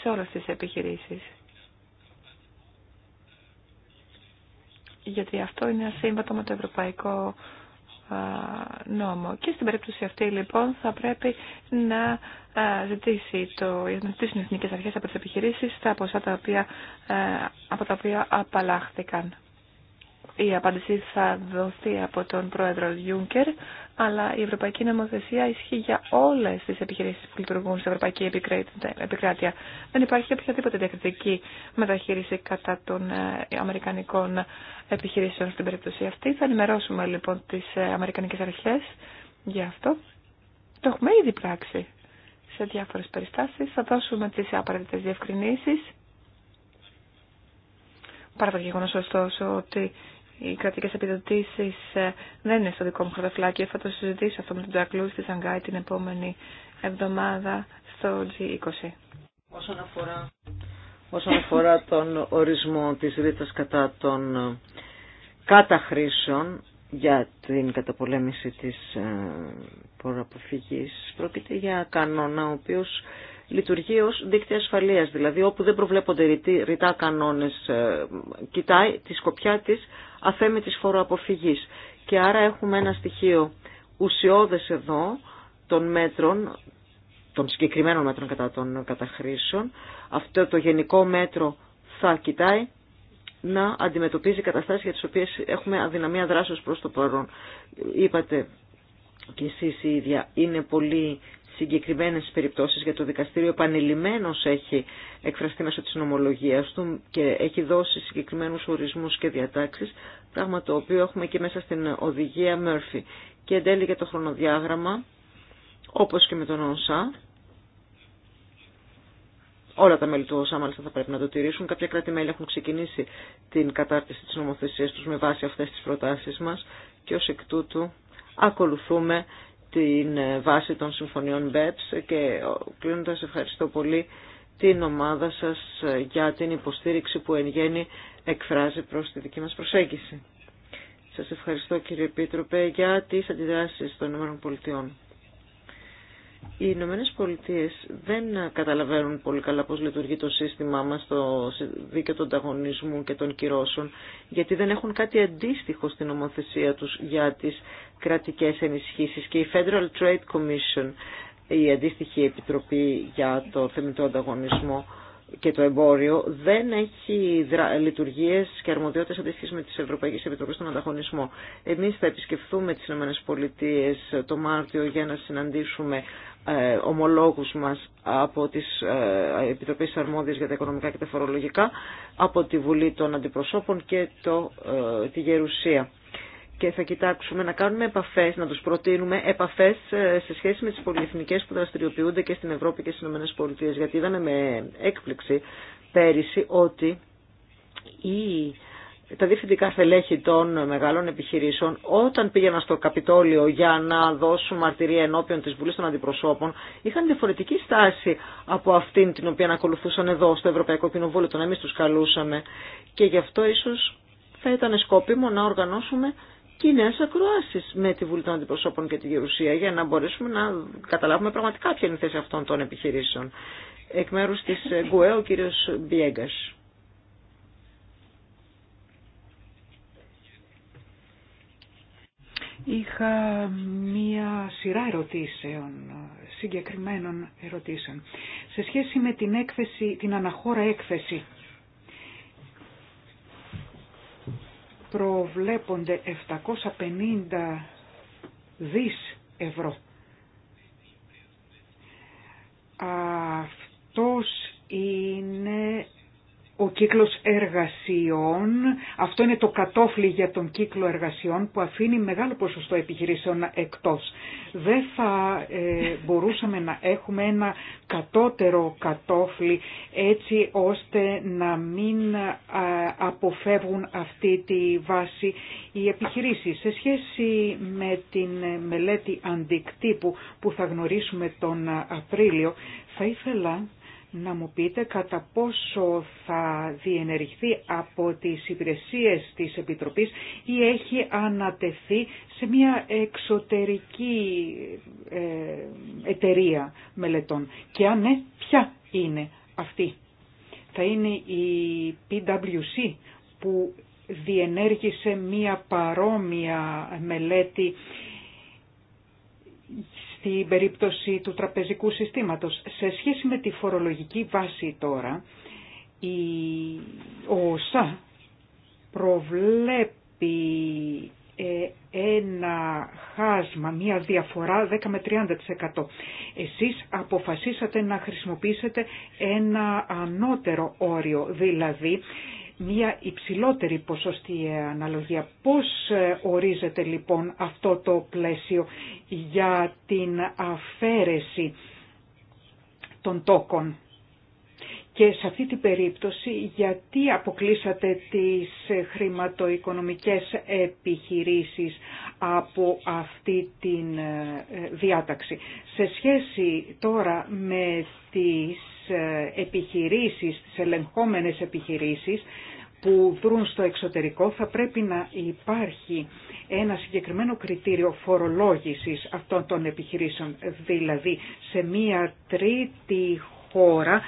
σε όλε τι επιχειρήσει. γιατί αυτό είναι ασύμβατο με το ευρωπαϊκό νόμο. Και στην περίπτωση αυτή λοιπόν θα πρέπει να ζητήσει το, να ζητήσουν οι εθνικές αρχές από τις επιχειρήσεις τα ποσά τα οποία, από τα οποία απαλλάχθηκαν. Η απάντηση θα δοθεί από τον πρόεδρο Γιούγκερ αλλά η Ευρωπαϊκή Νομοθεσία ισχύει για όλε τι επιχειρήσει που λειτουργούν στην Ευρωπαϊκή Επικράτεια. Δεν υπάρχει οποιαδήποτε διακριτική μεταχείριση κατά των ε, Αμερικανικών επιχειρήσεων στην περίπτωση αυτή. Θα ενημερώσουμε λοιπόν τι ε, Αμερικανικέ Αρχέ για αυτό. Το έχουμε ήδη πράξει σε διάφορε περιστάσει. Θα δώσουμε τι απαραίτητε διευκρινήσει. Παρά το γεγονό ωστόσο ότι οι κρατικέ επιδοτήσει ε, δεν είναι στο δικό μου χαρτοφυλάκιο. Θα το συζητήσω αυτό με τον Τζακλού στη Σανγκάη την επόμενη εβδομάδα στο G20. Όσον αφορά, όσον αφορά τον ορισμό της ρήτας κατά των ε, καταχρήσεων για την καταπολέμηση της ε, πρόκειται για κανόνα ο οποίος λειτουργεί ως δίκτυα ασφαλείας. Δηλαδή όπου δεν προβλέπονται ρητά κανόνες, ε, κοιτάει τη σκοπιά της αφέμητης φοροαποφυγής. Και άρα έχουμε ένα στοιχείο ουσιώδες εδώ των μέτρων, των συγκεκριμένων μέτρων κατά των καταχρήσεων. Αυτό το γενικό μέτρο θα κοιτάει να αντιμετωπίζει καταστάσεις για τις οποίες έχουμε αδυναμία δράσεως προς το παρόν. Είπατε και εσείς ίδια, είναι πολύ συγκεκριμένες περιπτώσεις για το δικαστήριο επανειλημμένως έχει εκφραστεί μέσω της νομολογίας του και έχει δώσει συγκεκριμένους ορισμούς και διατάξεις, πράγμα το οποίο έχουμε και μέσα στην οδηγία Murphy. Και εν τέλει για το χρονοδιάγραμμα, όπως και με τον ΩΣΑ, Όλα τα μέλη του ΩΣΑ μάλιστα θα πρέπει να το τηρήσουν. Κάποια κράτη-μέλη έχουν ξεκινήσει την κατάρτιση της νομοθεσίας τους με βάση αυτές τις προτάσεις μας και ως εκ τούτου ακολουθούμε την βάση των συμφωνιών BEPS και κλείνοντας ευχαριστώ πολύ την ομάδα σας για την υποστήριξη που εν γέννη εκφράζει προς τη δική μας προσέγγιση. Σας ευχαριστώ κύριε Επίτροπε για τις αντιδράσεις των ΗΠΑ. Οι Ηνωμένε Πολιτείε δεν καταλαβαίνουν πολύ καλά πώς λειτουργεί το σύστημά μας στο δίκαιο του ανταγωνισμού και των κυρώσεων, γιατί δεν έχουν κάτι αντίστοιχο στην νομοθεσία τους για τις κρατικές ενισχύσεις. Και η Federal Trade Commission, η αντίστοιχη επιτροπή για το θεμητό ανταγωνισμό, και το εμπόριο δεν έχει λειτουργίε και αρμοδιότητε αντίστοιχε με τι Ευρωπαϊκέ Επιτροπέ στον Ανταγωνισμό. Εμεί θα επισκεφθούμε τι ΗΠΑ το Μάρτιο για να συναντήσουμε ε, ομολόγους μας από τις ε, Επιτροπές Αρμόδιες για τα Οικονομικά και τα Φορολογικά, από τη Βουλή των Αντιπροσώπων και το, ε, τη Γερουσία και θα κοιτάξουμε να κάνουμε επαφές, να τους προτείνουμε επαφές ε, σε σχέση με τις πολυεθνικές που δραστηριοποιούνται και στην Ευρώπη και στις ΗΠΑ. Γιατί είδαμε με έκπληξη πέρυσι ότι η τα διευθυντικά θελέχη των μεγάλων επιχειρήσεων όταν πήγαιναν στο Καπιτόλιο για να δώσουν μαρτυρία ενώπιον της Βουλής των Αντιπροσώπων είχαν διαφορετική στάση από αυτήν την οποία ακολουθούσαν εδώ στο Ευρωπαϊκό Κοινοβούλιο, τον εμείς τους καλούσαμε και γι' αυτό ίσως θα ήταν σκόπιμο να οργανώσουμε κοινέ ακροάσει με τη Βουλή των Αντιπροσώπων και τη Γερουσία για να μπορέσουμε να καταλάβουμε πραγματικά ποια είναι η θέση αυτών των επιχειρήσεων. Εκ μέρου τη ΓΚΟΕ, ο κύριο Μπιέγκα. Είχα μία σειρά ερωτήσεων, συγκεκριμένων ερωτήσεων. Σε σχέση με την έκθεση, την αναχώρα έκθεση προβλέπονται 750 δις ευρώ. Αυτός είναι ο κύκλος εργασιών, αυτό είναι το κατόφλι για τον κύκλο εργασιών που αφήνει μεγάλο ποσοστό επιχειρήσεων εκτός. Δεν θα ε, μπορούσαμε να έχουμε ένα κατώτερο κατόφλι έτσι ώστε να μην ε, αποφεύγουν αυτή τη βάση οι επιχειρήσεις. Σε σχέση με την μελέτη αντικτύπου που θα γνωρίσουμε τον Απρίλιο, θα ήθελα να μου πείτε κατά πόσο θα διενεργηθεί από τις υπηρεσίες της Επιτροπής ή έχει ανατεθεί σε μια εξωτερική ε, εταιρεία μελετών. Και αν ναι, ποια είναι αυτή. Θα είναι η PwC που διενέργησε μια παρόμοια μελέτη στην περίπτωση του τραπεζικού συστήματος. Σε σχέση με τη φορολογική βάση τώρα, η ΟΣΑ προβλέπει ε, ένα χάσμα, μία διαφορά 10 με 30%. Εσείς αποφασίσατε να χρησιμοποιήσετε ένα ανώτερο όριο, δηλαδή μια υψηλότερη ποσόστια αναλογία. Πώς ε, ορίζεται λοιπόν αυτό το πλαίσιο για την αφαίρεση των τόκων. Και σε αυτή την περίπτωση γιατί αποκλείσατε τις χρηματοοικονομικές επιχειρήσεις από αυτή την ε, διάταξη. Σε σχέση τώρα με τις ε, επιχειρήσεις, τις ελεγχόμενες επιχειρήσεις που βρουν στο εξωτερικό θα πρέπει να υπάρχει ένα συγκεκριμένο κριτήριο φορολόγησης αυτών των επιχειρήσεων, δηλαδή σε μία τρίτη χώρα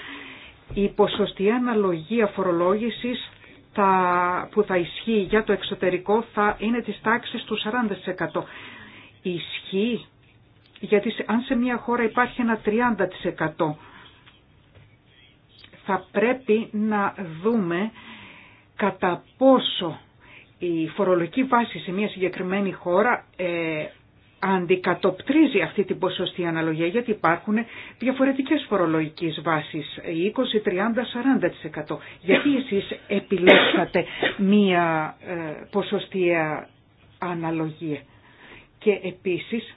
η ποσοστή αναλογία φορολόγησης που θα ισχύει για το εξωτερικό θα είναι της τάξης του 40%. Ισχύει γιατί αν σε μια χώρα υπάρχει ένα 30% θα πρέπει να δούμε κατά πόσο η φορολογική βάση σε μια συγκεκριμένη χώρα ε, αντικατοπτρίζει αυτή την ποσοστή αναλογία γιατί υπάρχουν διαφορετικές φορολογικές βάσεις 20, 30, 40% γιατί εσείς επιλέξατε μία ε, ποσοστία αναλογία και επίσης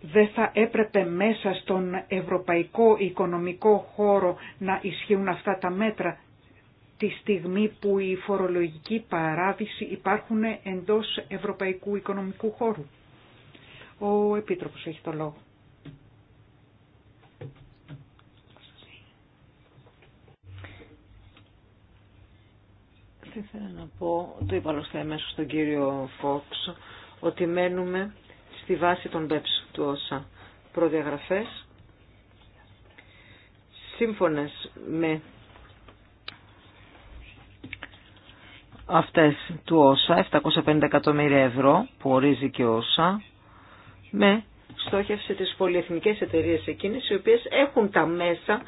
δεν θα έπρεπε μέσα στον ευρωπαϊκό οικονομικό χώρο να ισχύουν αυτά τα μέτρα τη στιγμή που οι φορολογικοί παράδεισοι υπάρχουν εντός Ευρωπαϊκού Οικονομικού Χώρου. Ο Επίτροπος έχει το λόγο. Θα ήθελα να πω, το είπα άλλωστε αμέσως στον κύριο Φόξ, ότι μένουμε στη βάση των BEPS του όσα προδιαγραφές σύμφωνες με αυτές του ΩΣΑ, 750 εκατομμύρια ευρώ που ορίζει και όσα, με στόχευση τις πολυεθνικές εταιρείες εκείνες οι οποίες έχουν τα μέσα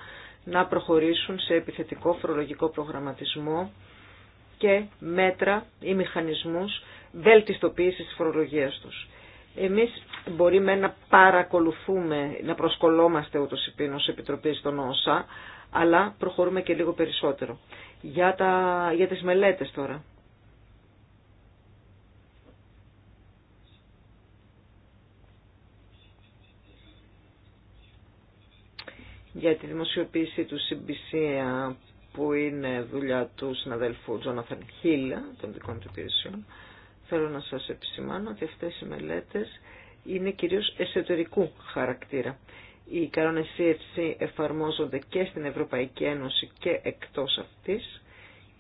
να προχωρήσουν σε επιθετικό φορολογικό προγραμματισμό και μέτρα ή μηχανισμούς βελτιστοποίησης της φορολογίας τους. Εμείς μπορούμε να παρακολουθούμε, να προσκολόμαστε ούτως υπήν ως Επιτροπή στον ΩΣΑ, αλλά προχωρούμε και λίγο περισσότερο. Για, τα, για τις μελέτες τώρα. για τη δημοσιοποίηση του ΣΥΜΠΙΣΙΑ που είναι δουλειά του συναδέλφου Τζόναθαν Χίλα των δικών του υπηρεσιών. Θέλω να σας επισημάνω ότι αυτές οι μελέτες είναι κυρίως εσωτερικού χαρακτήρα. Οι κανόνες CFC εφαρμόζονται και στην Ευρωπαϊκή Ένωση και εκτός αυτής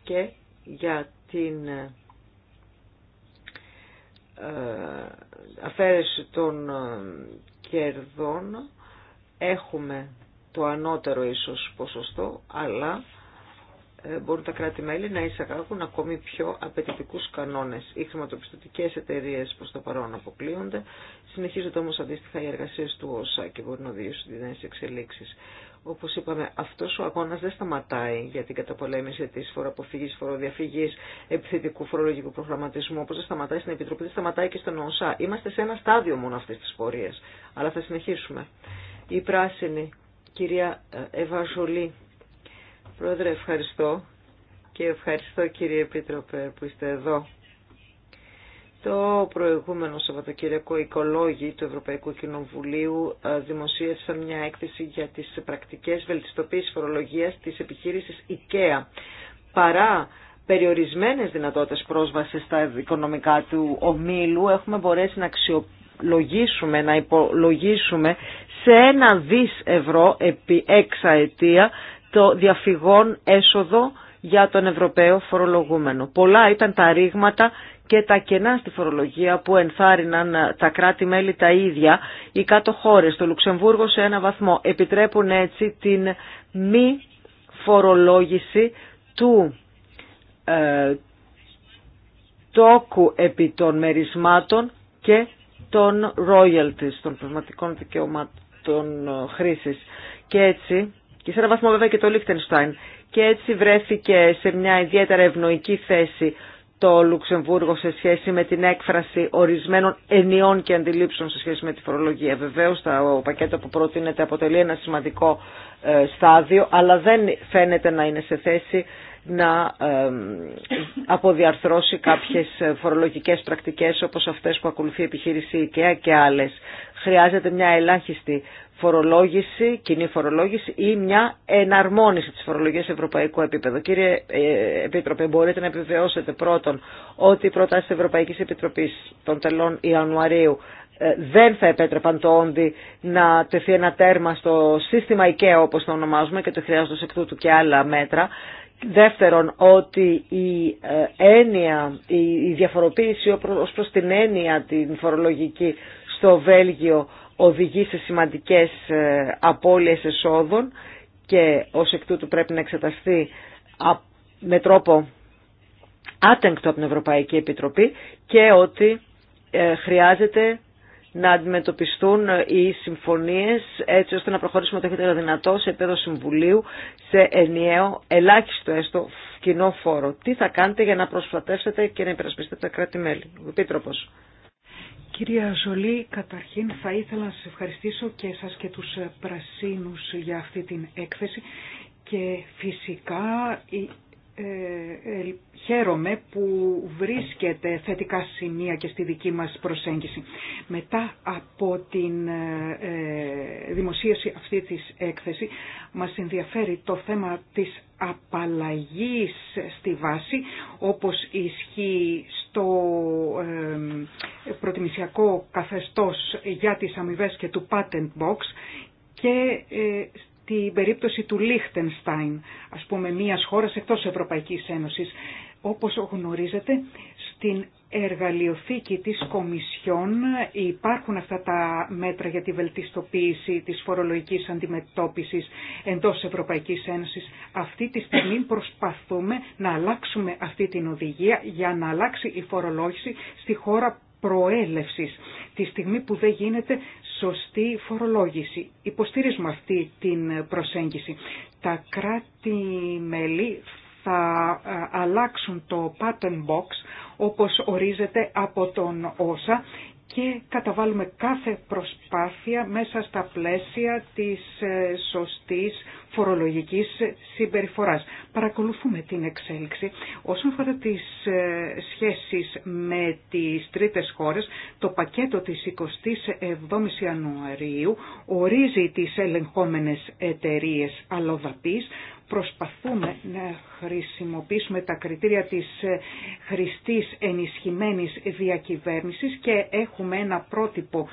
και για την ε, ε, αφαίρεση των ε, κερδών έχουμε το ανώτερο ίσως ποσοστό, αλλά ε, μπορούν τα κράτη-μέλη να εισαγάγουν ακόμη πιο απαιτητικού κανόνε Οι χρηματοπιστωτικέ εταιρείε προ το παρόν αποκλείονται, συνεχίζονται όμω αντίστοιχα οι εργασίε του ΩΣΑ και μπορούν να οδηγήσουν νέε εξελίξει. Όπω είπαμε, αυτό ο αγώνα δεν σταματάει για την καταπολέμηση της φοροαποφυγή, φοροδιαφυγή, επιθετικού φορολογικού προγραμματισμού, Όπω δεν σταματάει στην Επιτροπή, δεν σταματάει και στον ΩΣΑ. Είμαστε σε ένα στάδιο μόνο αυτή τη πορεία. αλλά θα συνεχίσουμε. Οι πράσινοι Κυρία Ευαζολή, Πρόεδρε ευχαριστώ και ευχαριστώ κύριε Επίτροπε που είστε εδώ. Το προηγούμενο Σαββατοκύριακο οικολόγοι του Ευρωπαϊκού Κοινοβουλίου ε, δημοσίευσαν μια έκθεση για τις πρακτικές βελτιστοποίησης φορολογίας της επιχείρησης IKEA. Παρά περιορισμένες δυνατότητες πρόσβασης στα οικονομικά του ομίλου έχουμε μπορέσει να αξιοποιήσουμε, να υπολογίσουμε σε ένα δις ευρώ επί έξα ετία το διαφυγόν έσοδο για τον Ευρωπαίο φορολογούμενο. Πολλά ήταν τα ρήγματα και τα κενά στη φορολογία που ενθάρρυναν τα κράτη-μέλη τα ίδια, οι κάτω χώρες, το Λουξεμβούργο σε ένα βαθμό, επιτρέπουν έτσι την μη φορολόγηση του ε, τόκου επί των μερισμάτων και των royalties, των πνευματικών δικαιωμάτων των ε, χρήση. Και έτσι, και σε ένα βαθμό βέβαια και το Λίχτενστάιν, και έτσι βρέθηκε σε μια ιδιαίτερα ευνοϊκή θέση το Λουξεμβούργο σε σχέση με την έκφραση ορισμένων ενιών και αντιλήψεων σε σχέση με τη φορολογία. Βεβαίω, το πακέτο που προτείνεται αποτελεί ένα σημαντικό ε, στάδιο, αλλά δεν φαίνεται να είναι σε θέση να αποδιαρθρώσει κάποιες φορολογικές πρακτικές όπως αυτές που ακολουθεί η επιχείρηση IKEA και άλλες. Χρειάζεται μια ελάχιστη φορολόγηση, κοινή φορολόγηση ή μια εναρμόνιση της φορολογίας σε ευρωπαϊκό επίπεδο. Κύριε ε, Επίτροπε, μπορείτε να επιβεβαιώσετε πρώτον ότι οι προτάσεις της Ευρωπαϊκής Επιτροπής των τελών Ιανουαρίου ε, δεν θα επέτρεπαν το όντι να τεθεί ένα τέρμα στο σύστημα IKEA όπως το ονομάζουμε και το χρειάζονται εκ τούτου και άλλα μέτρα. Δεύτερον, ότι η ε, έννοια, η διαφοροποίηση ως προς την έννοια την φορολογική στο Βέλγιο οδηγεί σε σημαντικές ε, απώλειες εσόδων και ως εκ τούτου πρέπει να εξεταστεί με τρόπο άτεγκτο από την Ευρωπαϊκή Επιτροπή και ότι ε, χρειάζεται να αντιμετωπιστούν οι συμφωνίες έτσι ώστε να προχωρήσουμε το έχετε δυνατό σε επίπεδο συμβουλίου σε ενιαίο, ελάχιστο έστω, κοινό φόρο. Τι θα κάνετε για να προσφατεύσετε και να υπερασπιστείτε τα κράτη-μέλη. Ο Κυρία Ζολή, καταρχήν θα ήθελα να σας ευχαριστήσω και εσάς και τους πρασίνους για αυτή την έκθεση και φυσικά ε, ε, χαίρομαι που βρίσκεται θετικά σημεία και στη δική μας προσέγγιση. Μετά από την ε, ε, δημοσίευση αυτή της έκθεση μας ενδιαφέρει το θέμα της απαλλαγής στη βάση όπως ισχύει στο ε, προτιμησιακό καθεστώς για τις αμοιβέ και του patent box και ε, την περίπτωση του Λίχτενστάιν, ας πούμε μιας χώρας εκτός Ευρωπαϊκής Ένωσης. Όπως γνωρίζετε, στην εργαλειοθήκη της Κομισιόν υπάρχουν αυτά τα μέτρα για τη βελτιστοποίηση της φορολογικής αντιμετώπισης εντός Ευρωπαϊκής Ένωσης. Αυτή τη στιγμή προσπαθούμε να αλλάξουμε αυτή την οδηγία για να αλλάξει η φορολόγηση στη χώρα προέλευσης, τη στιγμή που δεν γίνεται σωστή φορολόγηση. Υποστηρίζουμε αυτή την προσέγγιση. Τα κράτη-μέλη θα ε, αλλάξουν το pattern box όπως ορίζεται από τον Όσα και καταβάλουμε κάθε προσπάθεια μέσα στα πλαίσια της ε, σωστής φορολογικής συμπεριφοράς. Παρακολουθούμε την εξέλιξη. Όσον αφορά τις ε, σχέσεις με τις τρίτες χώρες, το πακέτο της 27ης Ιανουαρίου ορίζει τις ελεγχόμενες εταιρείες αλλοδαπής προσπαθούμε να χρησιμοποιήσουμε τα κριτήρια της ε, χρηστής ενισχυμένης διακυβέρνησης και έχουμε ένα πρότυπο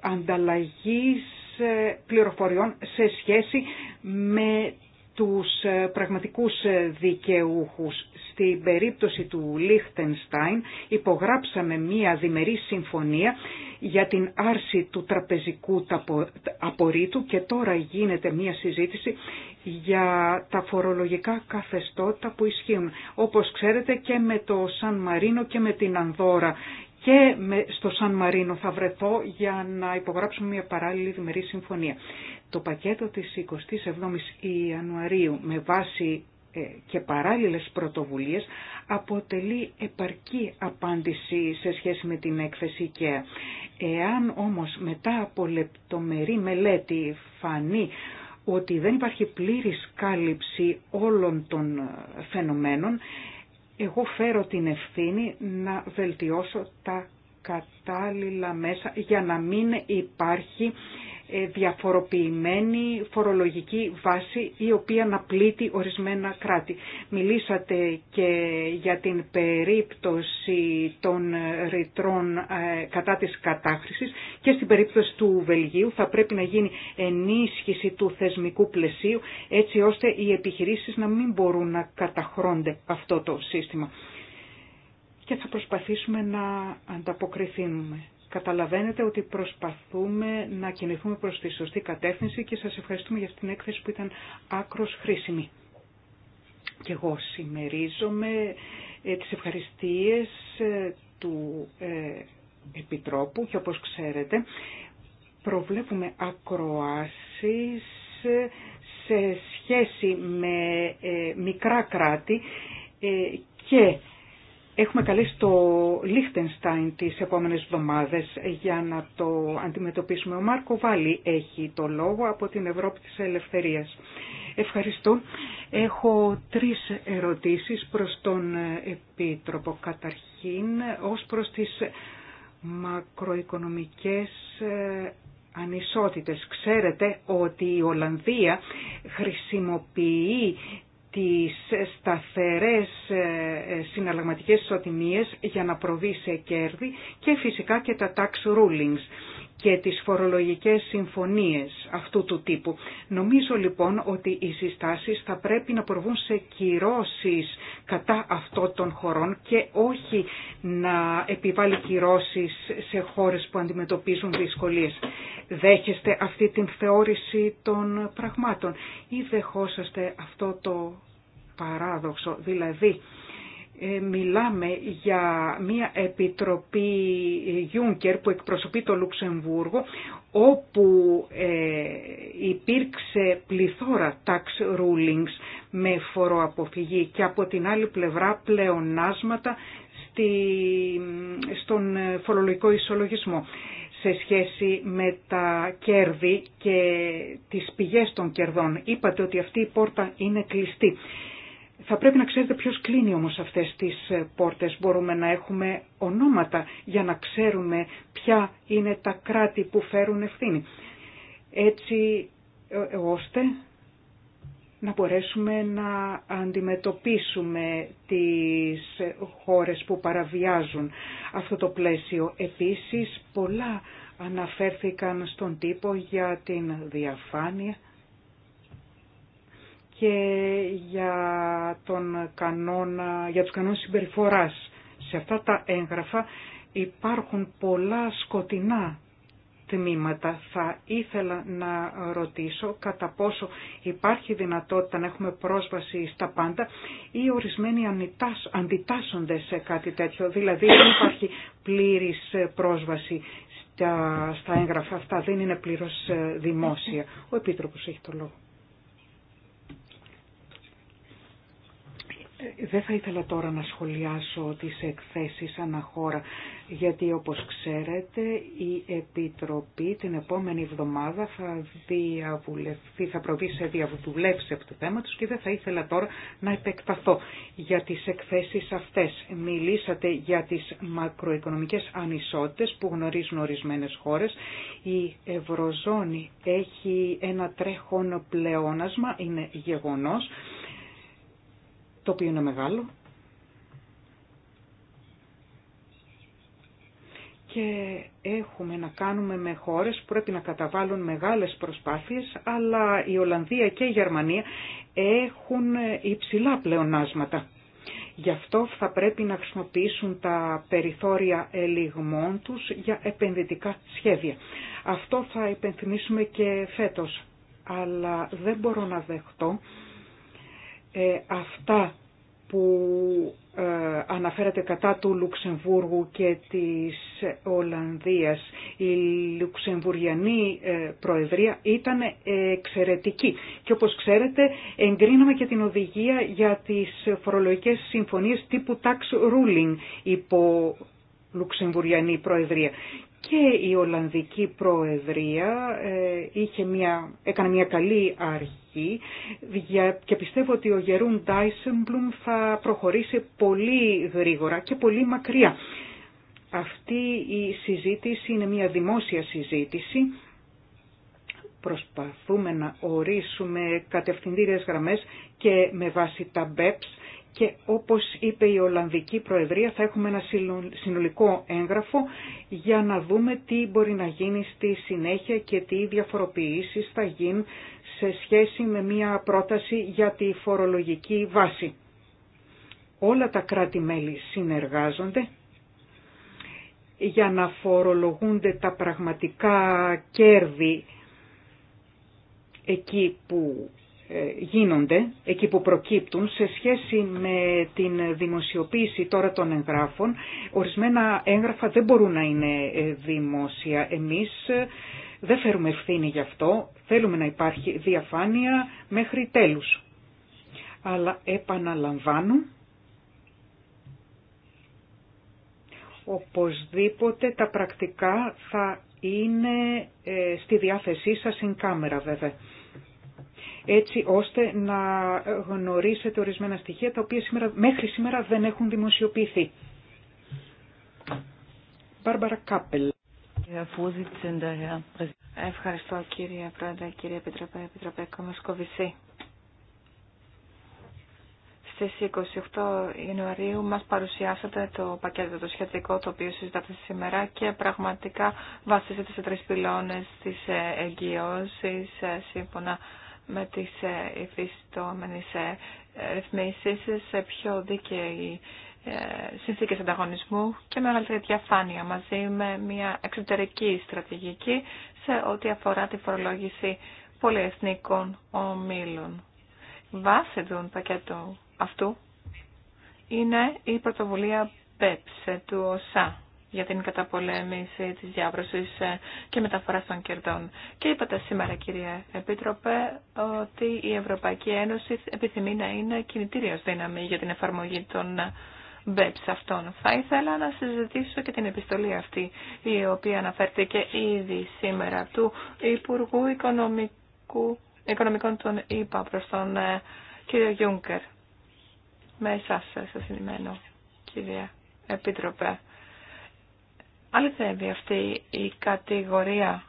ανταλλαγής ε, πληροφοριών σε σχέση με τους ε, πραγματικούς ε, δικαιούχους. Στην περίπτωση του Λίχτενστάιν υπογράψαμε μία διμερή συμφωνία για την άρση του τραπεζικού απορρίτου και τώρα γίνεται μία συζήτηση για τα φορολογικά καθεστώτα που ισχύουν. Όπως ξέρετε και με το Σαν Μαρίνο και με την Ανδόρα και στο Σαν Μαρίνο θα βρεθώ για να υπογράψουμε μια παράλληλη διμερή συμφωνία. Το πακέτο της 27ης Ιανουαρίου με βάση ε, και παράλληλες πρωτοβουλίες αποτελεί επαρκή απάντηση σε σχέση με την έκθεση και εάν όμως μετά από λεπτομερή μελέτη φανεί ότι δεν υπάρχει πλήρης κάλυψη όλων των ε, φαινομένων, εγώ φέρω την ευθύνη να βελτιώσω τα κατάλληλα μέσα για να μην υπάρχει ε, διαφοροποιημένη φορολογική βάση η οποία να πλήττει ορισμένα κράτη. Μιλήσατε και για την περίπτωση των ρητρών ε, κατά της κατάχρησης και στην περίπτωση του Βελγίου θα πρέπει να γίνει ενίσχυση του θεσμικού πλαισίου έτσι ώστε οι επιχειρήσεις να μην μπορούν να καταχρώνται αυτό το σύστημα. Και θα προσπαθήσουμε να ανταποκριθούμε Καταλαβαίνετε ότι προσπαθούμε να κινηθούμε προς τη σωστή κατεύθυνση και σας ευχαριστούμε για αυτήν την έκθεση που ήταν άκρος χρήσιμη. Και εγώ συμμερίζομαι ε, τις ευχαριστίες ε, του ε, Επιτρόπου και όπως ξέρετε προβλέπουμε ακροάσεις σε σχέση με μικρά κράτη και Έχουμε καλέσει στο Λίχτενστάιν τις επόμενες εβδομάδες για να το αντιμετωπίσουμε. Ο Μάρκο Βάλι έχει το λόγο από την Ευρώπη της Ελευθερίας. Ευχαριστώ. Έχω τρεις ερωτήσεις προς τον Επίτροπο. Καταρχήν, ως προς τις μακροοικονομικές ε, ανισότητες. Ξέρετε ότι η Ολλανδία χρησιμοποιεί τις σταθερές ε, ε, συναλλαγματικές ισοτιμίες για να προβεί σε κέρδη και φυσικά και τα tax rulings και τις φορολογικές συμφωνίες αυτού του τύπου. Νομίζω λοιπόν ότι οι συστάσεις θα πρέπει να προβούν σε κυρώσεις κατά αυτών των χωρών και όχι να επιβάλλει κυρώσεις σε χώρες που αντιμετωπίζουν δυσκολίες. Δέχεστε αυτή την θεώρηση των πραγμάτων ή δεχόσαστε αυτό το παράδοξο, δηλαδή ε, μιλάμε για μια επιτροπή Juncker που εκπροσωπεί το Λουξεμβούργο όπου ε, υπήρξε πληθώρα tax rulings με φοροαποφυγή και από την άλλη πλευρά πλεονάσματα στον φορολογικό ισολογισμό σε σχέση με τα κέρδη και τις πηγές των κερδών. Είπατε ότι αυτή η πόρτα είναι κλειστή θα πρέπει να ξέρετε ποιος κλείνει όμως αυτές τις ε, πόρτες. Μπορούμε να έχουμε ονόματα για να ξέρουμε ποια είναι τα κράτη που φέρουν ευθύνη. Έτσι ε, ε, ώστε να μπορέσουμε να αντιμετωπίσουμε τις χώρες που παραβιάζουν αυτό το πλαίσιο. Επίσης πολλά αναφέρθηκαν στον τύπο για την διαφάνεια και για, τον κανόνα, για τους κανόνες συμπεριφοράς. Σε αυτά τα έγγραφα υπάρχουν πολλά σκοτεινά τμήματα. Θα ήθελα να ρωτήσω κατά πόσο υπάρχει δυνατότητα να έχουμε πρόσβαση στα πάντα ή ορισμένοι αντιτάσσονται σε κάτι τέτοιο. Δηλαδή δεν υπάρχει πλήρης πρόσβαση στα, έγγραφα αυτά, δεν είναι πλήρως ε, δημόσια. Ο Επίτροπος έχει το λόγο. Ε, δεν θα ήθελα τώρα να σχολιάσω τις εκθέσεις αναχώρα, γιατί όπως ξέρετε η Επιτροπή την επόμενη εβδομάδα θα, διαβουλευθεί, θα προβεί σε διαβουλεύσει από το θέμα τους και δεν θα ήθελα τώρα να επεκταθώ για τις εκθέσεις αυτές. Μιλήσατε για τις μακροοικονομικές ανισότητες που γνωρίζουν ορισμένες χώρες. Η Ευρωζώνη έχει ένα τρέχον πλεόνασμα, είναι γεγονός το οποίο είναι μεγάλο. Και έχουμε να κάνουμε με χώρες που πρέπει να καταβάλουν μεγάλες προσπάθειες, αλλά η Ολλανδία και η Γερμανία έχουν υψηλά πλεονάσματα. Γι' αυτό θα πρέπει να χρησιμοποιήσουν τα περιθώρια ελιγμών τους για επενδυτικά σχέδια. Αυτό θα υπενθυμίσουμε και φέτος. Αλλά δεν μπορώ να δεχτώ ε, αυτά που ε, αναφέρατε κατά του Λουξεμβούργου και της Ολλανδίας. Η Λουξεμβουριανή ε, Προεδρία ήταν εξαιρετική και όπως ξέρετε εγκρίναμε και την οδηγία για τις φορολογικές συμφωνίες τύπου tax ruling υπό Λουξεμβουριανή Προεδρία και η Ολλανδική Προεδρία ε, είχε μια, έκανε μια καλή αρχή και πιστεύω ότι ο Γερούν Ντάισεμπλουμ θα προχωρήσει πολύ γρήγορα και πολύ μακριά. Αυτή η συζήτηση είναι μια δημόσια συζήτηση. Προσπαθούμε να ορίσουμε κατευθυντήριες γραμμές και με βάση τα BEPS και όπως είπε η Ολλανδική Προεδρία θα έχουμε ένα συνολικό έγγραφο για να δούμε τι μπορεί να γίνει στη συνέχεια και τι διαφοροποιήσεις θα γίνουν σε σχέση με μια πρόταση για τη φορολογική βάση. Όλα τα κράτη-μέλη συνεργάζονται για να φορολογούνται τα πραγματικά κέρδη εκεί που ε, γίνονται, εκεί που προκύπτουν, σε σχέση με την δημοσιοποίηση τώρα των εγγράφων, ορισμένα έγγραφα δεν μπορούν να είναι ε, δημόσια. Εμείς ε, δεν φέρουμε ευθύνη γι' αυτό, θέλουμε να υπάρχει διαφάνεια μέχρι τέλους. Αλλά επαναλαμβάνω, οπωσδήποτε τα πρακτικά θα είναι στη διάθεσή σας στην κάμερα βέβαια έτσι ώστε να γνωρίσετε ορισμένα στοιχεία τα οποία σήμερα, μέχρι σήμερα δεν έχουν δημοσιοποιηθεί. Μπάρμπαρα Κάπελ. Ευχαριστώ κύριε Πρόεδρε, κύριε Επιτροπέ, Επιτροπέ Κομοσκοβησή. Στις 28 Ιανουαρίου μας παρουσιάσατε το πακέτο το σχετικό το οποίο συζητάτε σήμερα και πραγματικά βασίζεται σε τρεις πυλώνες της ε, εγγυώσης ε, σύμφωνα με τις ε, υφιστόμενες ε, ρυθμίσεις σε πιο δίκαιη ε, συνθήκες ανταγωνισμού και μεγαλύτερη διαφάνεια μαζί με μια εξωτερική στρατηγική σε ό,τι αφορά τη φορολόγηση πολυεθνικών ομίλων. Βάση του πακέτου αυτού είναι η πρωτοβουλία BEPS του ΟΣΑ για την καταπολέμηση της διάβρωσης ε, και μεταφοράς των κερδών. Και είπατε σήμερα, κυρία Επίτροπε, ότι η Ευρωπαϊκή Ένωση επιθυμεί να είναι κινητήριος δύναμη για την εφαρμογή των ε, BEPS αυτών. Θα ήθελα να συζητήσω και την επιστολή αυτή, η οποία αναφέρθηκε ήδη σήμερα του Υπουργού Οικονομικού, Οικονομικών των ΗΠΑ προς τον ε, κύριο Γιούγκερ. Με εσάς σας ενημένω, κυρία Επίτροπε αληθεύει αυτή η κατηγορία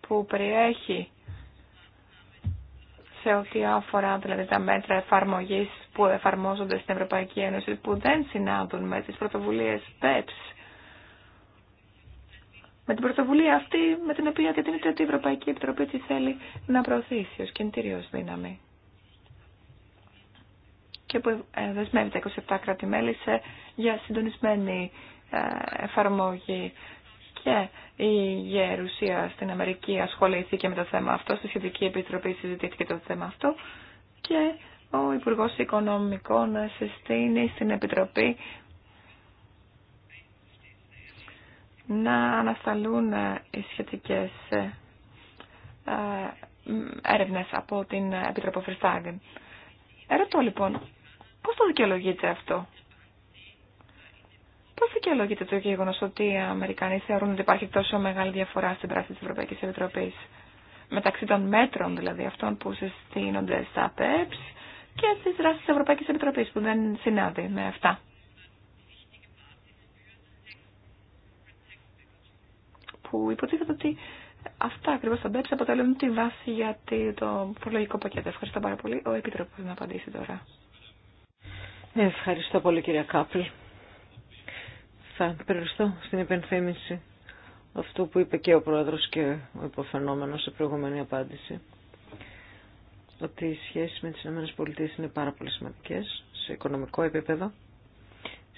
που περιέχει σε ό,τι αφορά δηλαδή τα μέτρα εφαρμογής που εφαρμόζονται στην Ευρωπαϊκή Ένωση που δεν συνάδουν με τις πρωτοβουλίες ΠΕΠΣ e Με την πρωτοβουλία αυτή με την οποία διατείνεται ότι η Ευρωπαϊκή Επιτροπή τη θέλει να προωθήσει ως κινητήριος δύναμη και που ε, δεσμεύει τα 27 κράτη-μέλη για συντονισμένη εφαρμόγη και η Γερουσία στην Αμερική ασχολήθηκε με το θέμα αυτό, στη Σχετική Επιτροπή συζητήθηκε το θέμα αυτό και ο Υπουργό Οικονομικών συστήνει στην Επιτροπή να ανασταλούν οι σχετικές ε, έρευνες από την Επιτροπή Φριστάγκεν. Ερωτώ λοιπόν, πώς το δικαιολογείτε αυτό. Πώ δικαιολογείται το γεγονό ότι οι Αμερικανοί θεωρούν ότι υπάρχει τόσο μεγάλη διαφορά στην πράξη τη Ευρωπαϊκή Επιτροπή, μεταξύ των μέτρων δηλαδή αυτών που συστήνονται στα ΠΕΠΣ e και στις δράση τη Ευρωπαϊκή Επιτροπή που δεν συνάδει με αυτά. Που υποτίθεται ότι αυτά ακριβώ τα ΠΕΠΣ e αποτελούν τη βάση για το προλογικό πακέτο. Ευχαριστώ πάρα πολύ. Ο Επίτροπος να απαντήσει τώρα. Ευχαριστώ πολύ κυρία Κάπλη. Θα περιοριστώ στην υπενθύμηση αυτού που είπε και ο Πρόεδρος και ο υποφαινόμενος σε προηγούμενη απάντηση ότι οι σχέσεις με τις ΗΠΑ είναι πάρα πολύ σημαντικές σε οικονομικό επίπεδο,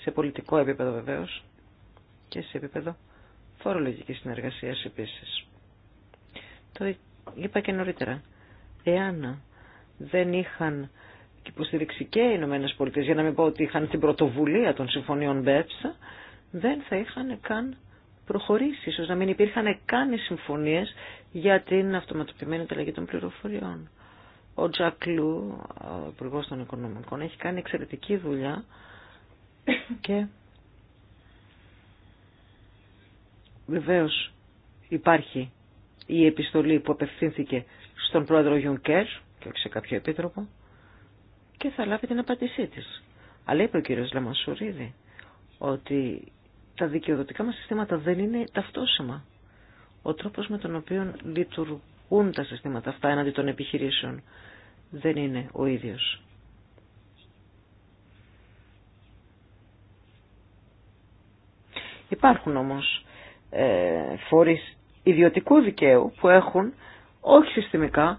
σε πολιτικό επίπεδο βεβαίως και σε επίπεδο φορολογικής συνεργασίας επίσης. Το είπα και νωρίτερα. Εάν δεν είχαν και υποστηρίξει και οι ΗΠΑ για να μην πω ότι είχαν την πρωτοβουλία των συμφωνίων BEPS, δεν θα είχαν καν προχωρήσει, ίσως να μην υπήρχαν καν οι συμφωνίες για την αυτοματοποιημένη ανταλλαγή των πληροφοριών. Ο Τζακ Λου, ο Υπουργό των Οικονομικών, έχει κάνει εξαιρετική δουλειά και βεβαίω υπάρχει η επιστολή που απευθύνθηκε στον πρόεδρο Γιουνκέρ και όχι σε κάποιο επίτροπο και θα λάβει την απάντησή της. Αλλά είπε ο κύριος Λαμασουρίδη ότι τα δικαιοδοτικά μας συστήματα δεν είναι ταυτόσημα. Ο τρόπος με τον οποίο λειτουργούν τα συστήματα αυτά έναντι των επιχειρήσεων δεν είναι ο ίδιος. Υπάρχουν όμως ε, φορείς ιδιωτικού δικαίου που έχουν όχι συστημικά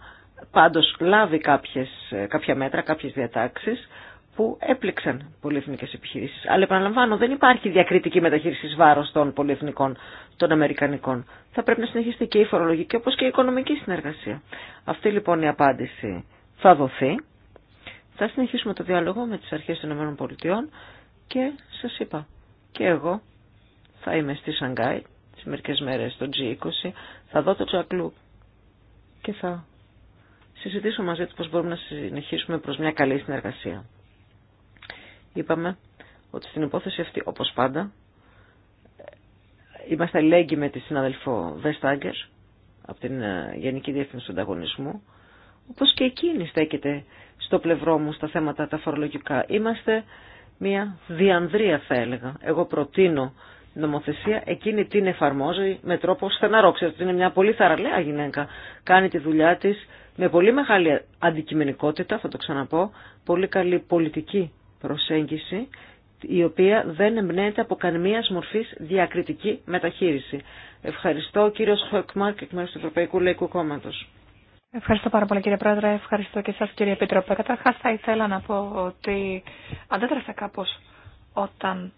πάντως λάβει κάποιες, ε, κάποια μέτρα, κάποιες διατάξεις που έπληξαν πολυεθνικές επιχειρήσεις. Αλλά επαναλαμβάνω, δεν υπάρχει διακριτική μεταχείριση βάρος των πολυεθνικών, των Αμερικανικών. Θα πρέπει να συνεχιστεί και η φορολογική όπως και η οικονομική συνεργασία. Αυτή λοιπόν η απάντηση θα δοθεί. Θα συνεχίσουμε το διάλογο με τις αρχές των ΗΠΑ και σας είπα και εγώ θα είμαι στη Σανγκάη τις μερικές μέρες στο G20, θα δω το Τζακλου και θα συζητήσω μαζί του πώς μπορούμε να συνεχίσουμε προς μια καλή συνεργασία είπαμε ότι στην υπόθεση αυτή, όπως πάντα, είμαστε αλληλέγγυοι με τη συναδελφό Βεστάγκερ από την ε, Γενική Διεύθυνση του Ανταγωνισμού, όπως και εκείνη στέκεται στο πλευρό μου στα θέματα τα φορολογικά. Είμαστε μια διανδρία θα έλεγα. Εγώ προτείνω νομοθεσία, εκείνη την εφαρμόζει με τρόπο στεναρό. Ξέρετε είναι μια πολύ θαραλέα γυναίκα. Κάνει τη δουλειά της με πολύ μεγάλη αντικειμενικότητα, θα το ξαναπώ, πολύ καλή πολιτική προσέγγιση η οποία δεν εμπνέεται από καμία μορφή διακριτική μεταχείριση. Ευχαριστώ, κύριο Χοκμάρκ, εκ μέρου του Ευρωπαϊκού Λαϊκού Κόμματο. Ευχαριστώ πάρα πολύ, κύριε Πρόεδρε. Ευχαριστώ και εσά, κύριε Επίτροπε. Καταρχά, θα ήθελα να πω ότι αντέδρασα κάπω όταν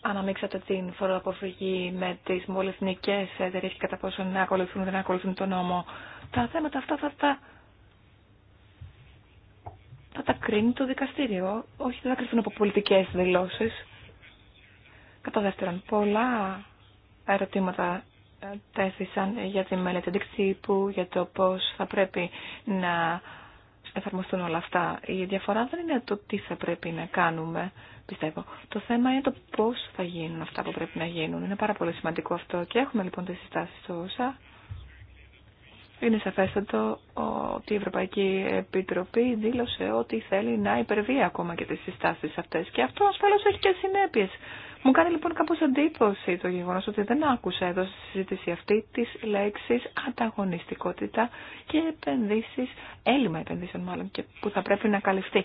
αναμίξατε την φοροαποφυγή με τι μολυθνικέ εταιρείε και κατά πόσο να ακολουθούν ή δεν ακολουθούν τον νόμο. Τα θέματα αυτά θα τα θα τα κρίνει το δικαστήριο, όχι δεν θα κρυφθούν από πολιτικές δηλώσεις. Κατά δεύτερον, πολλά ερωτήματα ε, τέθησαν για τη μελέτη αντικτύπου, για το πώς θα πρέπει να εφαρμοστούν όλα αυτά. Η διαφορά δεν είναι το τι θα πρέπει να κάνουμε, πιστεύω. Το θέμα είναι το πώς θα γίνουν αυτά που πρέπει να γίνουν. Είναι πάρα πολύ σημαντικό αυτό και έχουμε λοιπόν τις συστάσεις του ΩΣΑ είναι σαφέστατο ότι η Ευρωπαϊκή Επιτροπή δήλωσε ότι θέλει να υπερβεί ακόμα και τις συστάσεις αυτές και αυτό ασφαλώς έχει και συνέπειες. Μου κάνει λοιπόν κάπως εντύπωση το γεγονός ότι δεν άκουσα εδώ στη συζήτηση αυτή τις λέξεις ανταγωνιστικότητα και επενδύσεις, έλλειμμα επενδύσεων μάλλον και που θα πρέπει να καλυφθεί.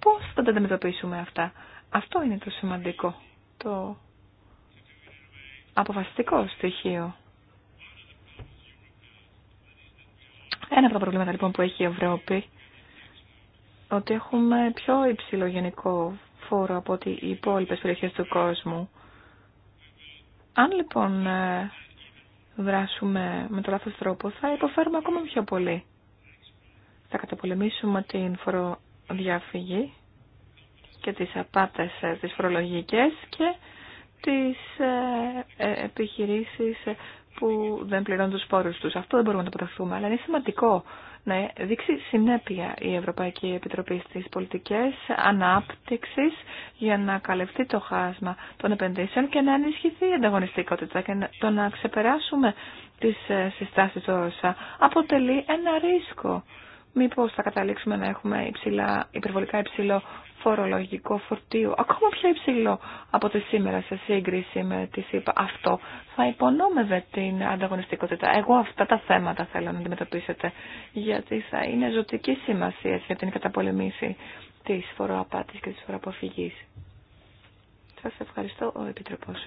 Πώς θα τα αντιμετωπίσουμε αυτά. Αυτό είναι το σημαντικό, το αποφασιστικό στοιχείο Ένα από τα προβλήματα λοιπόν που έχει η Ευρώπη ότι έχουμε πιο υψηλό γενικό φόρο από ότι οι υπόλοιπε περιοχές του κόσμου. Αν λοιπόν ε, δράσουμε με τον λάθος τρόπο θα υποφέρουμε ακόμα πιο πολύ. Θα καταπολεμήσουμε την φοροδιαφυγή και τις απάτες ε, της φορολογικές και τις ε, επιχειρήσεις που δεν πληρώνουν τους πόρους τους. Αυτό δεν μπορούμε να το αποταχθούμε, αλλά είναι σημαντικό να δείξει συνέπεια η Ευρωπαϊκή Επιτροπή στις πολιτικές ανάπτυξης για να καλυφθεί το χάσμα των επενδύσεων και να ενισχυθεί η ανταγωνιστικότητα και το να ξεπεράσουμε τις ε, συστάσεις του ΩΣΑ αποτελεί ένα ρίσκο μήπως θα καταλήξουμε να έχουμε υψηλά, υπερβολικά υψηλό φορολογικό φορτίο, ακόμα πιο υψηλό από τη σήμερα σε σύγκριση με τη ΣΥΠΑ. Αυτό θα υπονόμευε την ανταγωνιστικότητα. Εγώ αυτά τα θέματα θέλω να αντιμετωπίσετε, γιατί θα είναι ζωτική σημασία για την καταπολεμήση της φοροαπάτης και της φοροαποφυγής. Σας ευχαριστώ, ο Επιτροπός.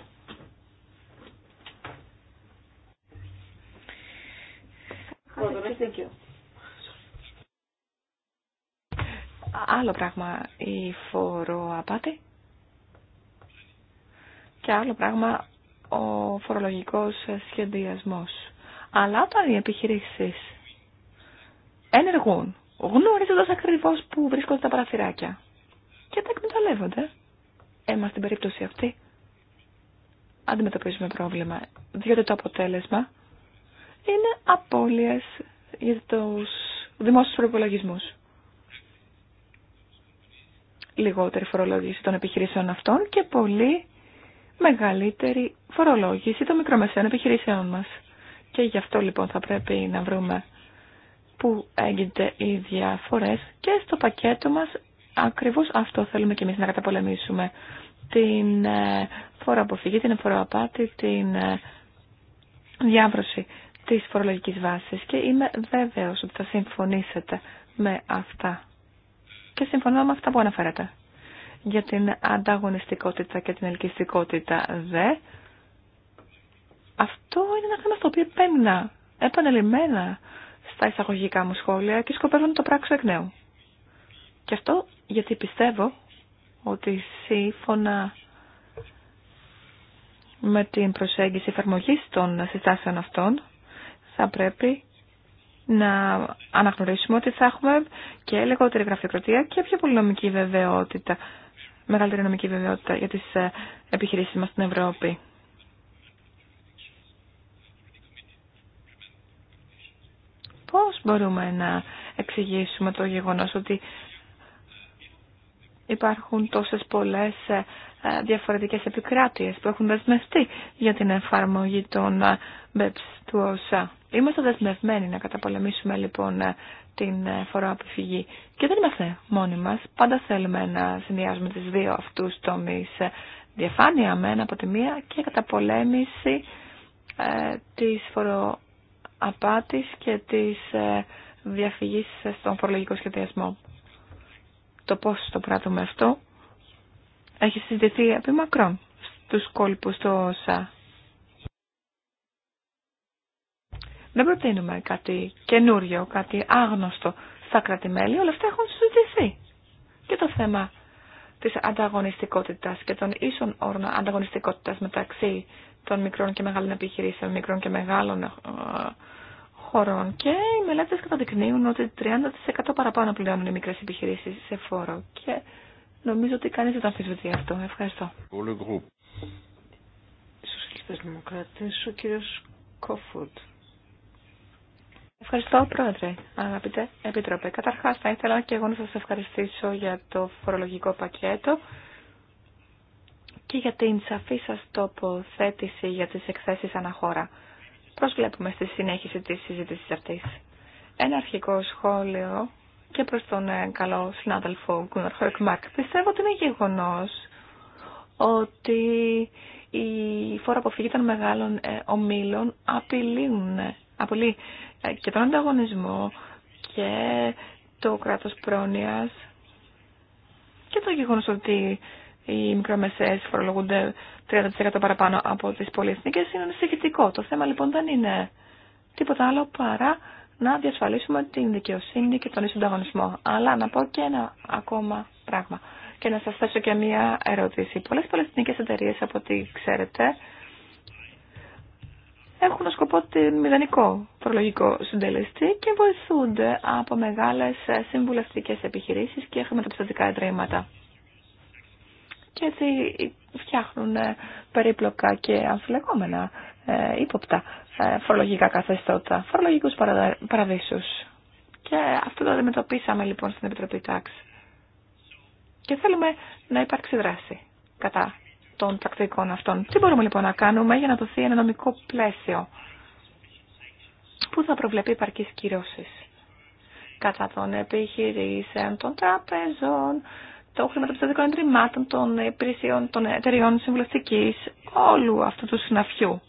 άλλο πράγμα η φοροαπάτη και άλλο πράγμα ο φορολογικός σχεδιασμός. Αλλά όταν οι επιχειρήσεις ενεργούν γνωρίζοντας ακριβώς που βρίσκονται τα παραθυράκια και τα εκμεταλλεύονται, έμα στην περίπτωση αυτή αντιμετωπίζουμε πρόβλημα, διότι το αποτέλεσμα είναι απώλειες για τους δημόσιους προπολογισμού λιγότερη φορολόγηση των επιχειρήσεων αυτών και πολύ μεγαλύτερη φορολόγηση των μικρομεσαίων επιχειρήσεων μας. Και γι' αυτό λοιπόν θα πρέπει να βρούμε που έγινε οι διαφορές και στο πακέτο μας ακριβώς αυτό θέλουμε και εμείς να καταπολεμήσουμε. Την ε, φοροαποφυγή, την φοροαπάτη, την ε, διάβρωση της φορολογικής βάσης και είμαι βέβαιος ότι θα συμφωνήσετε με αυτά και συμφωνώ με αυτά που αναφέρατε. Για την ανταγωνιστικότητα και την ελκυστικότητα δε, αυτό είναι ένα θέμα στο οποίο επέμεινα επανελειμμένα στα εισαγωγικά μου σχόλια και σκοπεύω να το πράξω εκ νέου. Και αυτό γιατί πιστεύω ότι σύμφωνα με την προσέγγιση εφαρμογή των συστάσεων αυτών θα πρέπει να αναγνωρίσουμε ότι θα έχουμε και λιγότερη γραφειοκρατία και πιο πολύ νομική βεβαιότητα, μεγαλύτερη νομική βεβαιότητα για τις ε, επιχειρήσεις μας στην Ευρώπη. Πώς μπορούμε να εξηγήσουμε το γεγονός ότι υπάρχουν τόσες πολλές ε, ε, διαφορετικές επικράτειες που έχουν δεσμευτεί για την εφαρμογή των ε, BEPS του ΩΣΑ. Είμαστε δεσμευμένοι να καταπολεμήσουμε λοιπόν ε, την φοροαποφυγή. Και δεν είμαστε μόνοι μας. Πάντα θέλουμε να συνδυάζουμε τις δύο αυτούς τομείς διαφάνεια μένα από τη μία και καταπολέμηση ε, της φοροαπάτης και της ε, διαφυγής στον φορολογικό σχεδιασμό. Το πώς το πράττουμε αυτό έχει συζητηθεί από μακρόν στους κόλπους του ΩΣΑ. Δεν προτείνουμε κάτι καινούριο, κάτι άγνωστο στα κρατημέλη, όλα αυτά έχουν συζητηθεί. Και το θέμα της ανταγωνιστικότητας και των ίσων όρων ανταγωνιστικότητας μεταξύ των μικρών και μεγάλων επιχειρήσεων, μικρών και μεγάλων ε, χωρών. Και οι μελέτες καταδεικνύουν ότι 30% παραπάνω πληρώνουν οι μικρές επιχειρήσεις σε φόρο. Και Νομίζω ότι κανείς δεν το αμφισβητεί αυτό. Ευχαριστώ. Σοσιαλιστές Δημοκράτες, ο κύριος Κόφουρτ. Ευχαριστώ, Πρόεδρε. Αγαπητέ Επιτροπέ, καταρχάς θα ήθελα και εγώ να σας ευχαριστήσω για το φορολογικό πακέτο και για την σαφή σας τοποθέτηση για τις εκθέσεις αναχώρα. βλέπουμε στη συνέχιση της συζήτησης αυτής. Ένα αρχικό σχόλιο και προς τον ε, καλό συνάδελφο Γκούναρ Χορκμάρκ. Πιστεύω ότι είναι γεγονός ότι η φόρα αποφυγή των μεγάλων ε, ομίλων απειλούν, ε, απειλεί και τον ανταγωνισμό και το κράτος πρόνοιας και το γεγονός ότι οι μικρομεσαίες φορολογούνται 30% παραπάνω από τις πολυεθνικές είναι ανησυχητικό. Το θέμα λοιπόν δεν είναι τίποτα άλλο παρά να διασφαλίσουμε την δικαιοσύνη και τον ισονταγωνισμό. Αλλά να πω και ένα ακόμα πράγμα και να σας θέσω και μία ερώτηση. Πολλές παλαιστινικές εταιρείε από ό,τι ξέρετε έχουν ως σκοπό τη μηδενικό προλογικό συντελεστή και βοηθούνται από μεγάλες συμβουλευτικές επιχειρήσεις και χρηματοπιστωτικά εντρήματα. Και έτσι φτιάχνουν περίπλοκα και αμφιλεγόμενα ε, ύποπτα ε, φορολογικά καθεστώτα, φορολογικούς παραδείσους. Και αυτό το αντιμετωπίσαμε λοιπόν στην Επιτροπή Τάξη. Και θέλουμε να υπάρξει δράση κατά των τακτικών αυτών. Τι μπορούμε λοιπόν να κάνουμε για να δοθεί ένα νομικό πλαίσιο που θα προβλέπει υπαρκείς κυρώσεις κατά των επιχειρήσεων, των τραπεζών, των χρηματοπιστωτικών εντρημάτων, των υπηρεσιών, των εταιριών συμβουλευτική, όλου αυτού του συναφιού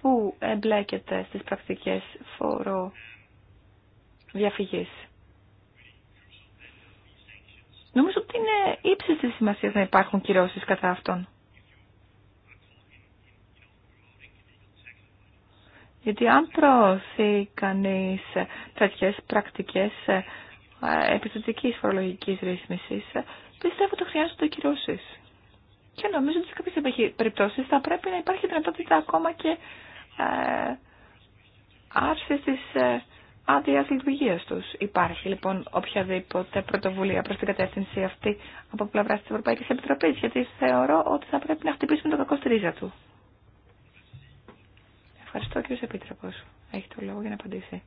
που εμπλέκεται στις πρακτικές φόρο διαφυγής. Νομίζω ότι είναι ύψης της σημασίας να υπάρχουν κυρώσεις κατά αυτόν. Γιατί αν προωθεί κανείς τέτοιες πρακτικές ε, ε, επιθετικής φορολογικής ρύθμισης, ε, πιστεύω ότι χρειάζονται κυρώσεις. Και νομίζω ότι σε κάποιες περιπτώσεις θα πρέπει να υπάρχει δυνατότητα ακόμα και ε, άρσης της ε, άδειας λειτουργίας τους. Υπάρχει λοιπόν οποιαδήποτε πρωτοβουλία προ την κατεύθυνση αυτή από πλευρά τη Ευρωπαϊκή Επιτροπή, γιατί θεωρώ ότι θα πρέπει να χτυπήσουμε το κακό ρίζα του. Ευχαριστώ κύριος Επίτροπο. Έχει το λόγο για να απαντήσει.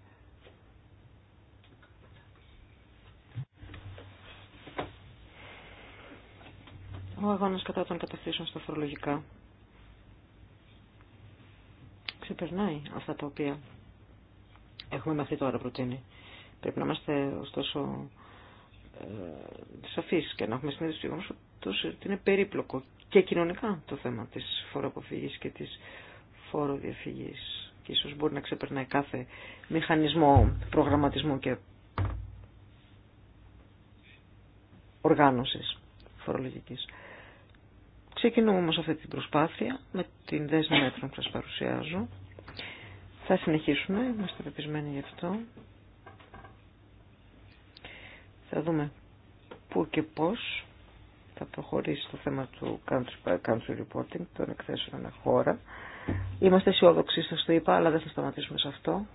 ο αγώνας κατά των καταθέσεων στα φορολογικά ξεπερνάει αυτά τα οποία έχουμε μαθεί τώρα προτείνει. Πρέπει να είμαστε ωστόσο ε, σαφείς και να έχουμε συνέντευξη όμως ότι είναι περίπλοκο και κοινωνικά το θέμα της φοροαποφυγής και της φοροδιαφυγής και ίσως μπορεί να ξεπερνάει κάθε μηχανισμό προγραμματισμού και οργάνωσης φορολογικής. Ξεκινούμε όμως αυτή την προσπάθεια με την δέσμη μέτρων που σας παρουσιάζω. Θα συνεχίσουμε, είμαστε πεπισμένοι γι' αυτό. Θα δούμε πού και πώς θα προχωρήσει το θέμα του country reporting, των εκθέσεων ανά χώρα. Είμαστε αισιόδοξοι, σας το είπα, αλλά δεν θα σταματήσουμε σε αυτό.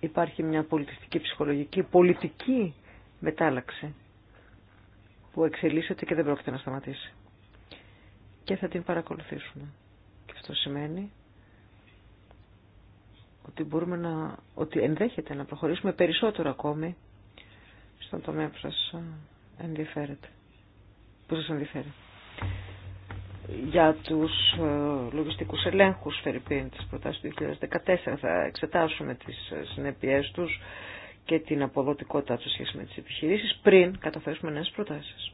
Υπάρχει μια πολιτιστική, ψυχολογική, πολιτική μετάλλαξη που εξελίσσεται και δεν πρόκειται να σταματήσει και θα την παρακολουθήσουμε. Και αυτό σημαίνει ότι, μπορούμε να, ότι ενδέχεται να προχωρήσουμε περισσότερο ακόμη στον τομέα που σας ενδιαφέρεται. Που σας ενδιαφέρει. Για τους ε, λογιστικούς ελέγχους, Φερρυπίν, της προτάσεις του 2014, θα εξετάσουμε τις ε, συνέπειές τους και την αποδοτικότητά τους σχέση με τις επιχειρήσεις πριν καταθέσουμε νέες προτάσεις.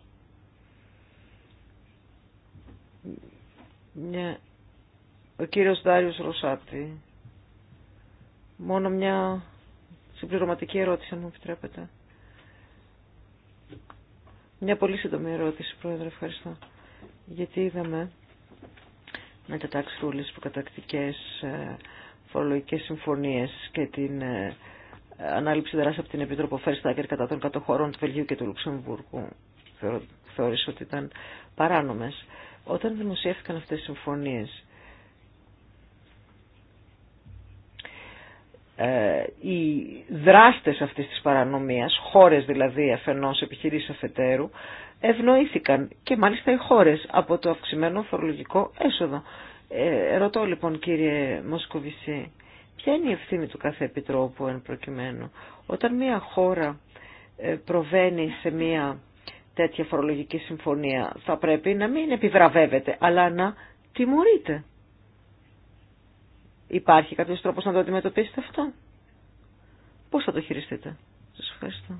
Ο κύριος Δάριος Ρωσάτη. Μόνο μια συμπληρωματική ερώτηση, αν μου επιτρέπετε. Μια πολύ σύντομη ερώτηση, Πρόεδρε, ευχαριστώ. Γιατί είδαμε με τα τάξη rules προκατακτικές ε, φορολογικές συμφωνίες και την ε, ανάληψη δράση από την Επίτροπο Φέρσταγκερ κατά των κατοχωρών του Βελγίου και του Λουξεμβούργου. Θεώρησε ότι ήταν παράνομες. Όταν δημοσιεύτηκαν αυτές οι συμφωνίες, ε, οι δράστες αυτής της παρανομίας, χώρες δηλαδή αφενός επιχειρήσεις αφετέρου, ευνοήθηκαν και μάλιστα οι χώρες από το αυξημένο φορολογικό έσοδο. Ε, ρωτώ λοιπόν κύριε Μοσκοβισή, ποια είναι η ευθύνη του κάθε επιτρόπου εν προκειμένου. Όταν μια χώρα ε, προβαίνει σε μια τέτοια φορολογική συμφωνία θα πρέπει να μην επιβραβεύεται, αλλά να τιμωρείται. Υπάρχει κάποιος τρόπος να το αντιμετωπίσετε αυτό. Πώς θα το χειριστείτε. Σας ευχαριστώ.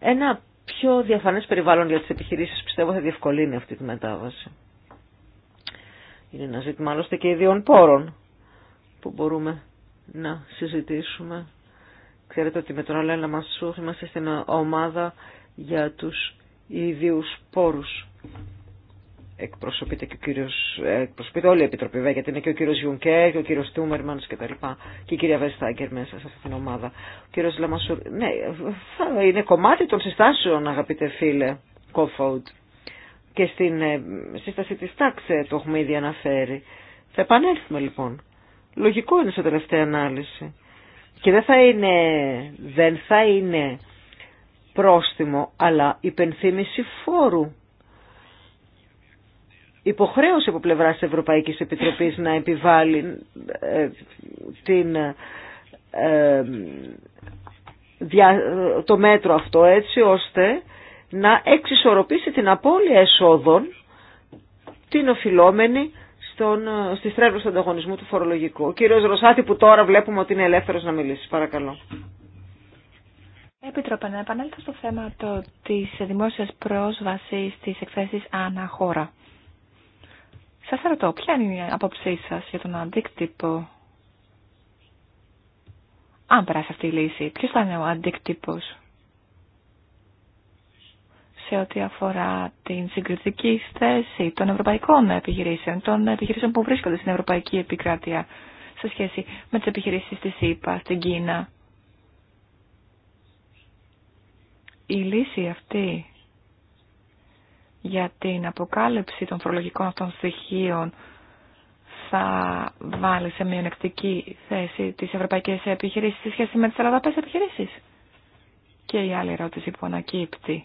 Ένα πιο διαφανές περιβάλλον για τις επιχειρήσεις πιστεύω θα διευκολύνει αυτή τη μετάβαση. Είναι ένα ζήτημα άλλωστε και ιδιών πόρων που μπορούμε να συζητήσουμε. Ξέρετε ότι με τον Αλένα Μασούχ είμαστε στην ομάδα για τους ιδίους πόρους. Εκπροσωπείται και κύριος, ε, εκπροσωπείται όλη η Επιτροπή, γιατί είναι και ο κύριος Γιουνκέρ και ο κύριος Τούμερμανς και τα λοιπά. Και η κυρία Βεστάγκερ μέσα σε αυτήν την ομάδα. Ο κύριος Λαμασούρ, ναι, θα είναι κομμάτι των συστάσεων, αγαπητέ φίλε, Κόφαουτ. Και στην ε, σύσταση της τάξε το έχουμε ήδη αναφέρει. Θα επανέλθουμε λοιπόν Λογικό είναι σε τελευταία ανάλυση. Και δεν θα είναι, δεν θα είναι πρόστιμο, αλλά υπενθύμηση φόρου. Υποχρέωση από πλευρά της Ευρωπαϊκής Επιτροπής να επιβάλλει ε, την, ε, το μέτρο αυτό έτσι ώστε να εξισορροπήσει την απώλεια εσόδων την οφειλόμενη στον, στη στρέβλωση του ανταγωνισμού του φορολογικού. Ο κύριος Ρωσάτη που τώρα βλέπουμε ότι είναι ελεύθερος να μιλήσει. Παρακαλώ. Επιτροπέ, να επανέλθω στο θέμα το, της δημόσιας πρόσβασης στις εκθέσεις αναχώρα. Σας ρωτώ, ποια είναι η απόψή σας για τον αντίκτυπο, αν περάσει αυτή η λύση, ποιος θα είναι ο αντίκτυπος σε ό,τι αφορά την συγκριτική θέση των ευρωπαϊκών επιχειρήσεων, των επιχειρήσεων που βρίσκονται στην ευρωπαϊκή επικράτεια σε σχέση με τις επιχειρήσεις της ΕΠΑ, στην Κίνα. Η λύση αυτή για την αποκάλυψη των φορολογικών αυτών στοιχείων θα βάλει σε μειονεκτική θέση τις ευρωπαϊκές επιχειρήσεις σε σχέση με τις 45 επιχειρήσεις. Και η άλλη ερώτηση που ανακύπτει.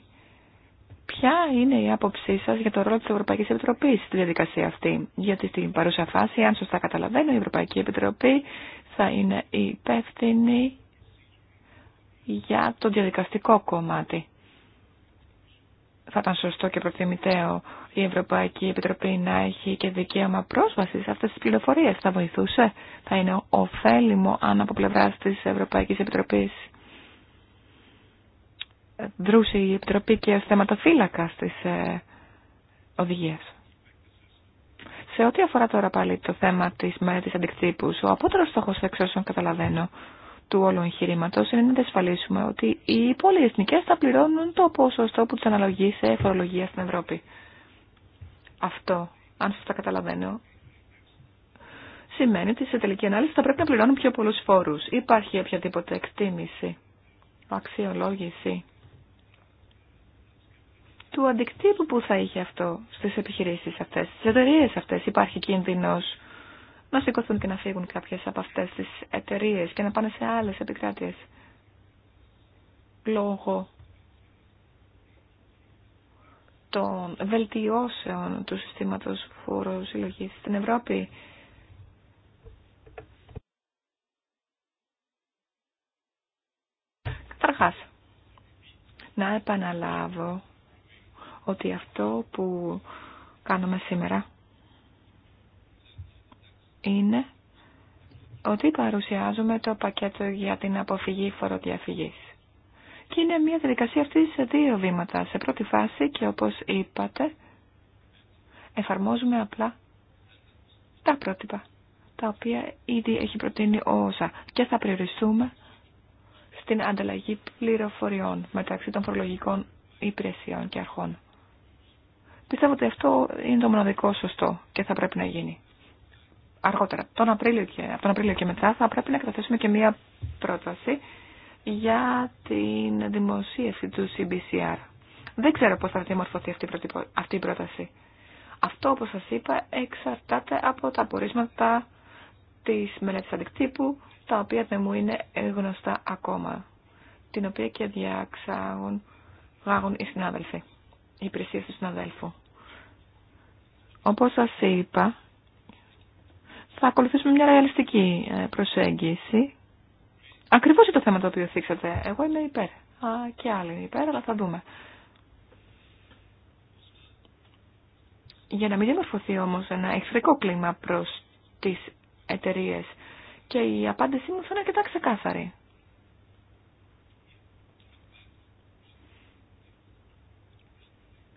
Ποια είναι η άποψή σας για το ρόλο της Ευρωπαϊκής Επιτροπής στη διαδικασία αυτή. Γιατί στην παρούσα φάση, αν σωστά καταλαβαίνω, η Ευρωπαϊκή Επιτροπή θα είναι υπεύθυνη για το διαδικαστικό κομμάτι. Θα ήταν σωστό και προτιμητέο η Ευρωπαϊκή Επιτροπή να έχει και δικαίωμα πρόσβαση σε αυτές τις πληροφορίες. Θα βοηθούσε, θα είναι ωφέλιμο αν από πλευρά της Ευρωπαϊκής Επιτροπής δρούσε η Επιτροπή και ως θεματοφύλακα στις ε, οδηγίες. Σε ό,τι αφορά τώρα πάλι το θέμα της μέρης αντικτύπους, ο απότερος στόχος εξ όσων καταλαβαίνω του όλου εγχειρήματο είναι να διασφαλίσουμε ότι οι πολυεθνικές θα πληρώνουν το ποσοστό που τους αναλογεί σε φορολογία στην Ευρώπη. Αυτό, αν τα καταλαβαίνω, σημαίνει ότι σε τελική ανάλυση θα πρέπει να πληρώνουν πιο πολλούς φόρους. Υπάρχει οποιαδήποτε εκτίμηση, αξιολόγηση του αντικτύπου που θα είχε αυτό στις επιχειρήσεις αυτές, στις εταιρείε αυτές. Υπάρχει κίνδυνος να σηκωθούν και να φύγουν κάποιες από αυτές τις εταιρείε και να πάνε σε άλλες επικράτειες λόγω των βελτιώσεων του συστήματος φόρου στην Ευρώπη. Καταρχάς, να επαναλάβω ότι αυτό που κάνουμε σήμερα είναι ότι παρουσιάζουμε το πακέτο για την αποφυγή φοροδιαφυγής. Και είναι μια διαδικασία αυτή σε δύο βήματα. Σε πρώτη φάση και όπως είπατε, εφαρμόζουμε απλά τα πρότυπα, τα οποία ήδη έχει προτείνει όσα και θα περιοριστούμε στην ανταλλαγή πληροφοριών μεταξύ των φορολογικών υπηρεσιών και αρχών. Πιστεύω ότι αυτό είναι το μοναδικό σωστό και θα πρέπει να γίνει. Αργότερα, τον Απρίλιο από τον Απρίλιο και μετά, θα πρέπει να καταθέσουμε και μία πρόταση για την δημοσίευση του CBCR. Δεν ξέρω πώς θα διαμορφωθεί αυτή η πρόταση. Αυτό, όπως σας είπα, εξαρτάται από τα απορίσματα της μελέτης αντικτύπου, τα οποία δεν μου είναι γνωστά ακόμα, την οποία και διαξάγουν οι συνάδελφοι, οι υπηρεσίε του συναδέλφου. Όπως σας είπα, θα ακολουθήσουμε μια ρεαλιστική ε, προσέγγιση. Ακριβώς είναι το θέμα το οποίο θίξατε. Εγώ είμαι υπέρ. Α, και άλλοι υπέρ, αλλά θα δούμε. Για να μην διαμορφωθεί όμως ένα εχθρικό κλίμα προς τις εταιρείε. Και η απάντησή μου θα είναι αρκετά ξεκάθαρη.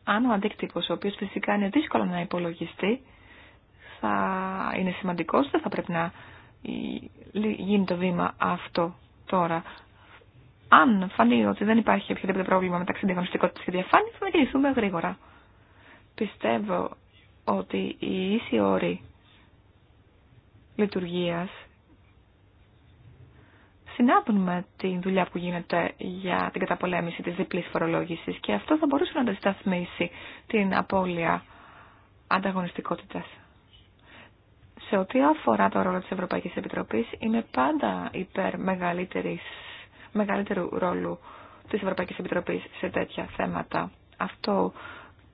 αν ο αντίκτυπο, ο οποίο φυσικά είναι δύσκολο να υπολογιστεί, θα είναι σημαντικό δεν θα πρέπει να ε, γίνει το βήμα αυτό τώρα. Αν φανεί ότι δεν υπάρχει οποιοδήποτε πρόβλημα μεταξύ διαγνωστικότητα και διαφάνεια, θα μιλήσουμε γρήγορα. Πιστεύω ότι η ίση όρη λειτουργίας συνάδουν με τη δουλειά που γίνεται για την καταπολέμηση της διπλής φορολόγησης και αυτό θα μπορούσε να αντισταθμίσει την απώλεια ανταγωνιστικότητας. Σε ό,τι αφορά το ρόλο της Ευρωπαϊκής Επιτροπής, είμαι πάντα υπέρ μεγαλύτερου ρόλου της Ευρωπαϊκής Επιτροπής σε τέτοια θέματα. Αυτό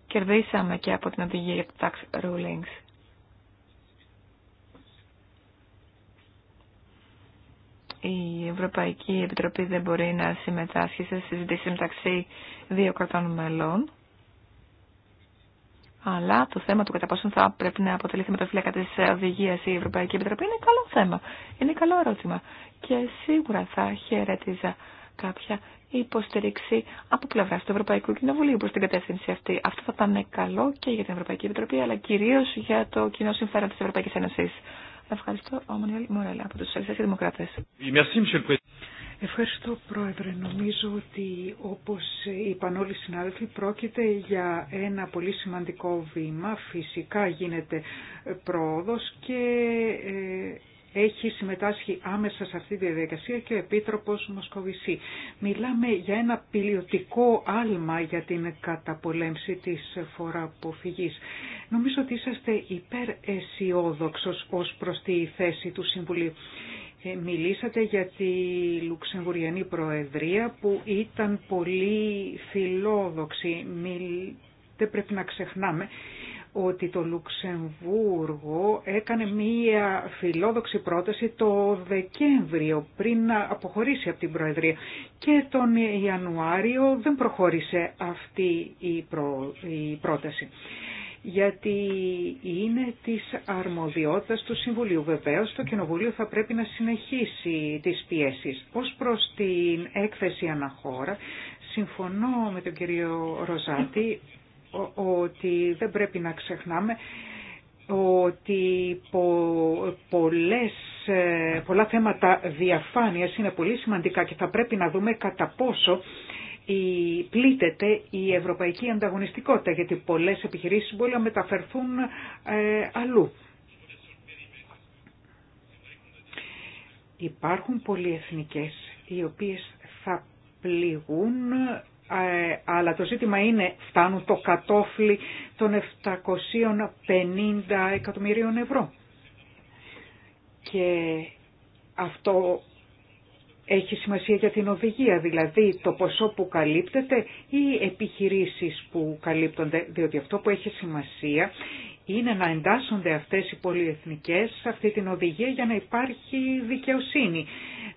κερδίσαμε και από την οδηγία για το tax rulings. η Ευρωπαϊκή Επιτροπή δεν μπορεί να συμμετάσχει σε συζήτηση μεταξύ δύο κρατών μελών. Αλλά το θέμα του κατά πόσο θα πρέπει να αποτελεί θεματοφύλακα της οδηγίας η Ευρωπαϊκή Επιτροπή είναι καλό θέμα. Είναι καλό ερώτημα. Και σίγουρα θα χαιρέτιζα κάποια υποστήριξη από πλευρά του Ευρωπαϊκού Κοινοβουλίου προ την κατεύθυνση αυτή. Αυτό θα ήταν καλό και για την Ευρωπαϊκή Επιτροπή, αλλά κυρίω για το κοινό συμφέρον τη Ευρωπαϊκή Ένωση. Ευχαριστώ, ο Μορέλα, από του Σοσιαλιστέ και Δημοκράτε. Ευχαριστώ, Πρόεδρε. Νομίζω ότι, όπως είπαν όλοι οι συνάδελφοι, πρόκειται για ένα πολύ σημαντικό βήμα. Φυσικά γίνεται πρόοδο και ε, έχει συμμετάσχει άμεσα σε αυτή τη διαδικασία και ο Επίτροπος Μοσκοβισή. Μιλάμε για ένα πιλιοτικό άλμα για την καταπολέμηση της φοραποφυγής. Νομίζω ότι είσαστε υπεραισιόδοξος ως προς τη θέση του Συμβουλίου. Ε, μιλήσατε για τη Λουξεμβουριανή Προεδρία που ήταν πολύ φιλόδοξη. Δεν πρέπει να ξεχνάμε ότι το Λουξεμβούργο έκανε μία φιλόδοξη πρόταση το Δεκέμβριο πριν να αποχωρήσει από την Προεδρία και τον Ιανουάριο δεν προχώρησε αυτή η, πρόταση γιατί είναι της αρμοδιότητας του Συμβουλίου. Βεβαίως το Κοινοβούλιο θα πρέπει να συνεχίσει τις πιέσεις. Ως προς την έκθεση αναχώρα, συμφωνώ με τον κύριο Ροζάτη ότι δεν πρέπει να ξεχνάμε ότι πο, ε, πολλά θέματα διαφάνειας είναι πολύ σημαντικά και θα πρέπει να δούμε κατά πόσο η, πλήττεται η ευρωπαϊκή ανταγωνιστικότητα, γιατί πολλές επιχειρήσεις μπορεί να μεταφερθούν ε, αλλού. Υπάρχουν πολυεθνικές οι οποίες θα πληγούν ε, αλλά το ζήτημα είναι φτάνουν το κατόφλι των 750 εκατομμυρίων ευρώ. Και αυτό έχει σημασία για την οδηγία, δηλαδή το ποσό που καλύπτεται ή επιχειρήσεις που καλύπτονται, διότι αυτό που έχει σημασία είναι να εντάσσονται αυτές οι πολυεθνικές σε αυτή την οδηγία για να υπάρχει δικαιοσύνη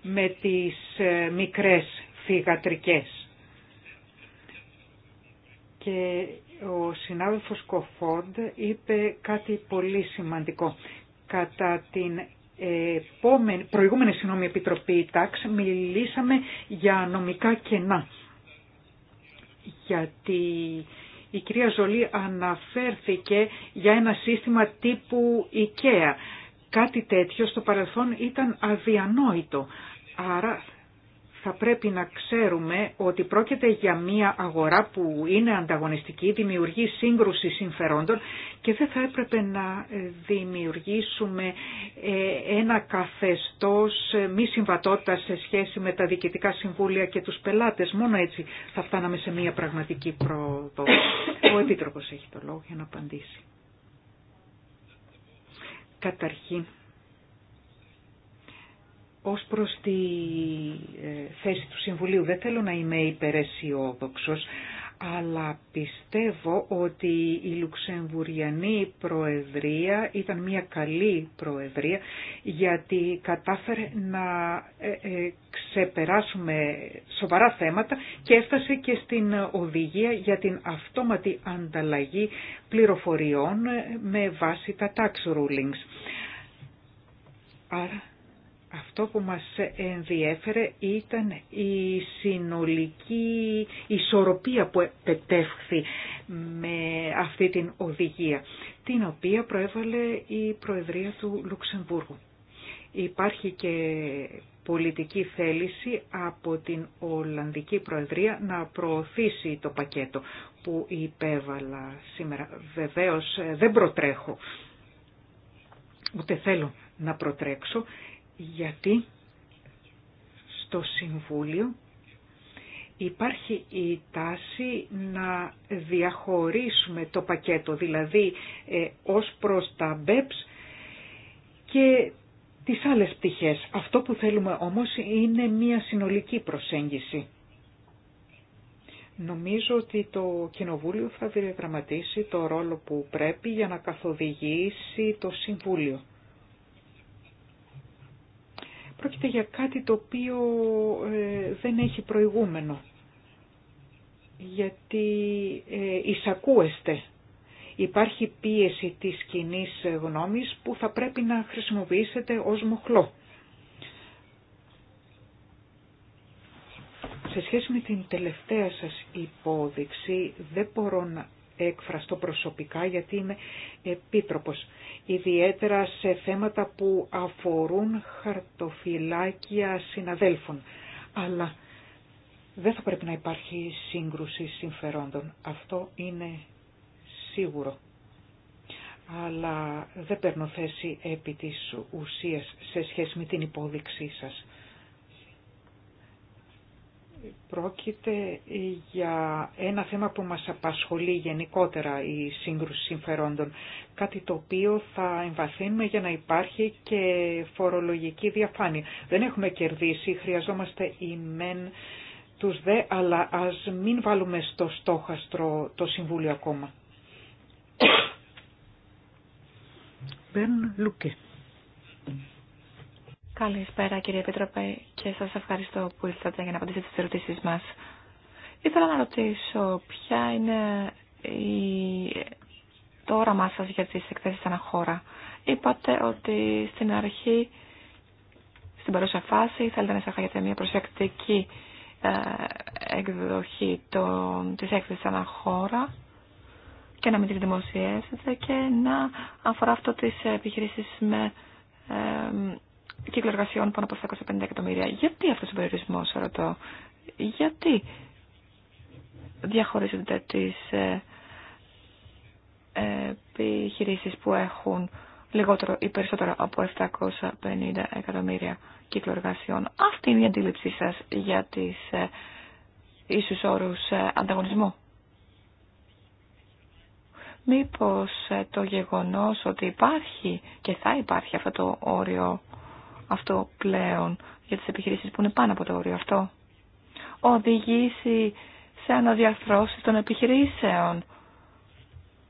με τις ε, μικρές θηγατρικές και ο συνάδελφος Κοφόντ είπε κάτι πολύ σημαντικό. Κατά την προηγούμενη συνόμια Επιτροπή ΤΑΞ μιλήσαμε για νομικά κενά. Γιατί η κυρία Ζολή αναφέρθηκε για ένα σύστημα τύπου IKEA. Κάτι τέτοιο στο παρελθόν ήταν αδιανόητο. Άρα θα πρέπει να ξέρουμε ότι πρόκειται για μια αγορά που είναι ανταγωνιστική, δημιουργεί σύγκρουση συμφερόντων και δεν θα έπρεπε να δημιουργήσουμε ε, ένα καθεστώς ε, μη συμβατότητα σε σχέση με τα διοικητικά συμβούλια και τους πελάτες. Μόνο έτσι θα φτάναμε σε μια πραγματική πρόοδο. Ο Επίτροπος έχει το λόγο για να απαντήσει. Καταρχήν, ως προς τη ε, θέση του Συμβουλίου. Δεν θέλω να είμαι υπεραισιόδοξο, αλλά πιστεύω ότι η Λουξεμβουριανή Προεδρία ήταν μια καλή Προεδρία γιατί κατάφερε να ε, ε, ξεπεράσουμε σοβαρά θέματα και έφτασε και στην οδηγία για την αυτόματη ανταλλαγή πληροφοριών με βάση τα tax rulings. Άρα αυτό που μας ενδιέφερε ήταν η συνολική ισορροπία που επετεύχθη με αυτή την οδηγία, την οποία προέβαλε η Προεδρία του Λουξεμβούργου. Υπάρχει και πολιτική θέληση από την Ολλανδική Προεδρία να προωθήσει το πακέτο που υπέβαλα σήμερα. Βεβαίως ε, δεν προτρέχω, ούτε θέλω να προτρέξω γιατί στο Συμβούλιο υπάρχει η τάση να διαχωρίσουμε το πακέτο, δηλαδή ε, ως προς τα BEPS ε και τις άλλες πτυχές. Αυτό που θέλουμε όμως είναι μια συνολική προσέγγιση. Νομίζω ότι το Κοινοβούλιο θα διαγραμματίσει το ρόλο που πρέπει για να καθοδηγήσει το Συμβούλιο. Πρόκειται για κάτι το οποίο ε, δεν έχει προηγούμενο. Γιατί ε, εισακούεστε. Υπάρχει πίεση της κοινή γνώμης που θα πρέπει να χρησιμοποιήσετε ως μοχλό. Σε σχέση με την τελευταία σας υπόδειξη δεν μπορώ να εκφραστώ προσωπικά γιατί είμαι επίτροπος. Ιδιαίτερα σε θέματα που αφορούν χαρτοφυλάκια συναδέλφων. Αλλά δεν θα πρέπει να υπάρχει σύγκρουση συμφερόντων. Αυτό είναι σίγουρο. Αλλά δεν παίρνω θέση επί της ουσίας σε σχέση με την υπόδειξή σας. Πρόκειται για ένα θέμα που μας απασχολεί γενικότερα η σύγκρουση συμφερόντων, κάτι το οποίο θα εμβαθύνουμε για να υπάρχει και φορολογική διαφάνεια. Δεν έχουμε κερδίσει, χρειαζόμαστε μεν τους δε, αλλά ας μην βάλουμε στο στόχαστρο το Συμβούλιο ακόμα. Μπεν Λουκέ. Καλησπέρα κύριε Επίτροπε και σας ευχαριστώ που ήρθατε για να απαντήσετε στις ερωτήσεις μας. Ήθελα να ρωτήσω ποια είναι η... το όραμά σας για τις εκθέσεις αναχώρα. Είπατε ότι στην αρχή, στην παρούσα φάση, θέλετε να εισαγάγετε μια προσεκτική ε, εκδοχή το, της έκθεσης αναχώρα και να μην την δημοσιεύσετε και να αφορά αυτό τις επιχειρήσεις με ε, κύκλο εργασιών πάνω από 750 εκατομμύρια. Γιατί αυτός ο περιορισμό ρωτώ. Γιατί διαχωρίζονται τις ε, επιχειρήσει που έχουν λιγότερο ή περισσότερο από 750 εκατομμύρια κύκλο εργασιών. Αυτή είναι η αντίληψή σας για τις ε, ίσους όρους ε, ανταγωνισμού. Μήπως το γεγονός ότι υπάρχει και θα υπάρχει αυτό το όριο αυτό πλέον για τις επιχειρήσεις που είναι πάνω από το όριο αυτό. Οδηγήσει σε αναδιαρθρώσεις των επιχειρήσεων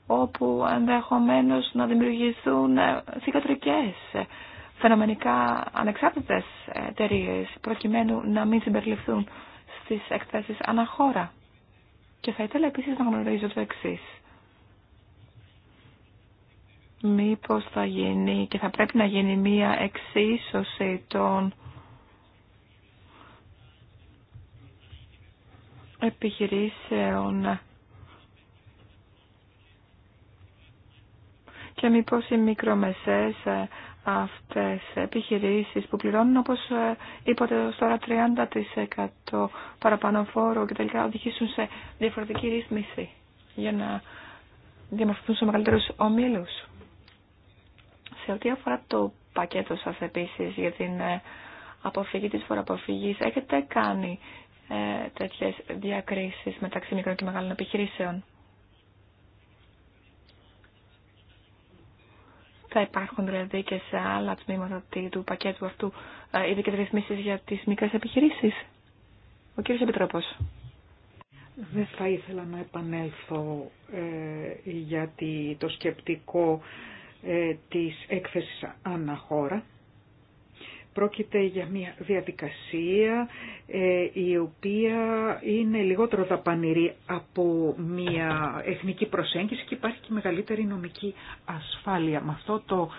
όπου ενδεχομένω να δημιουργηθούν ε, θηγατρικές ε, φαινομενικά ανεξάρτητες εταιρείε προκειμένου να μην συμπεριληφθούν στις εκθέσεις αναχώρα. Και θα ήθελα επίσης να γνωρίζω το εξής μήπως θα γίνει και θα πρέπει να γίνει μία εξίσωση των επιχειρήσεων και μήπως οι μικρομεσές ε, αυτές επιχειρήσεις που πληρώνουν όπως ε, είπατε τώρα 30% παραπάνω φόρο και τελικά οδηγήσουν σε διαφορετική ρύθμιση για να διαμορφωθούν σε μεγαλύτερους ομίλους. Σε ό,τι αφορά το πακέτο σας επίσης για την ε, αποφυγή της φοροαποφυγής, έχετε κάνει ε, τέτοιες διακρίσεις μεταξύ μικρών και μεγάλων επιχειρήσεων. Θα υπάρχουν δηλαδή και σε άλλα τμήματα του πακέτου αυτού οι ε, και ρυθμίσεις για τις μικρές επιχειρήσεις. Ο κύριος Επιτρόπος. Δεν θα ήθελα να επανέλθω ε, γιατί το σκεπτικό ε, της έκθεσης αναχώρα. Πρόκειται για μια διαδικασία ε, η οποία είναι λιγότερο δαπανηρή από μια εθνική προσέγγιση και υπάρχει και μεγαλύτερη νομική ασφάλεια. Με αυτό το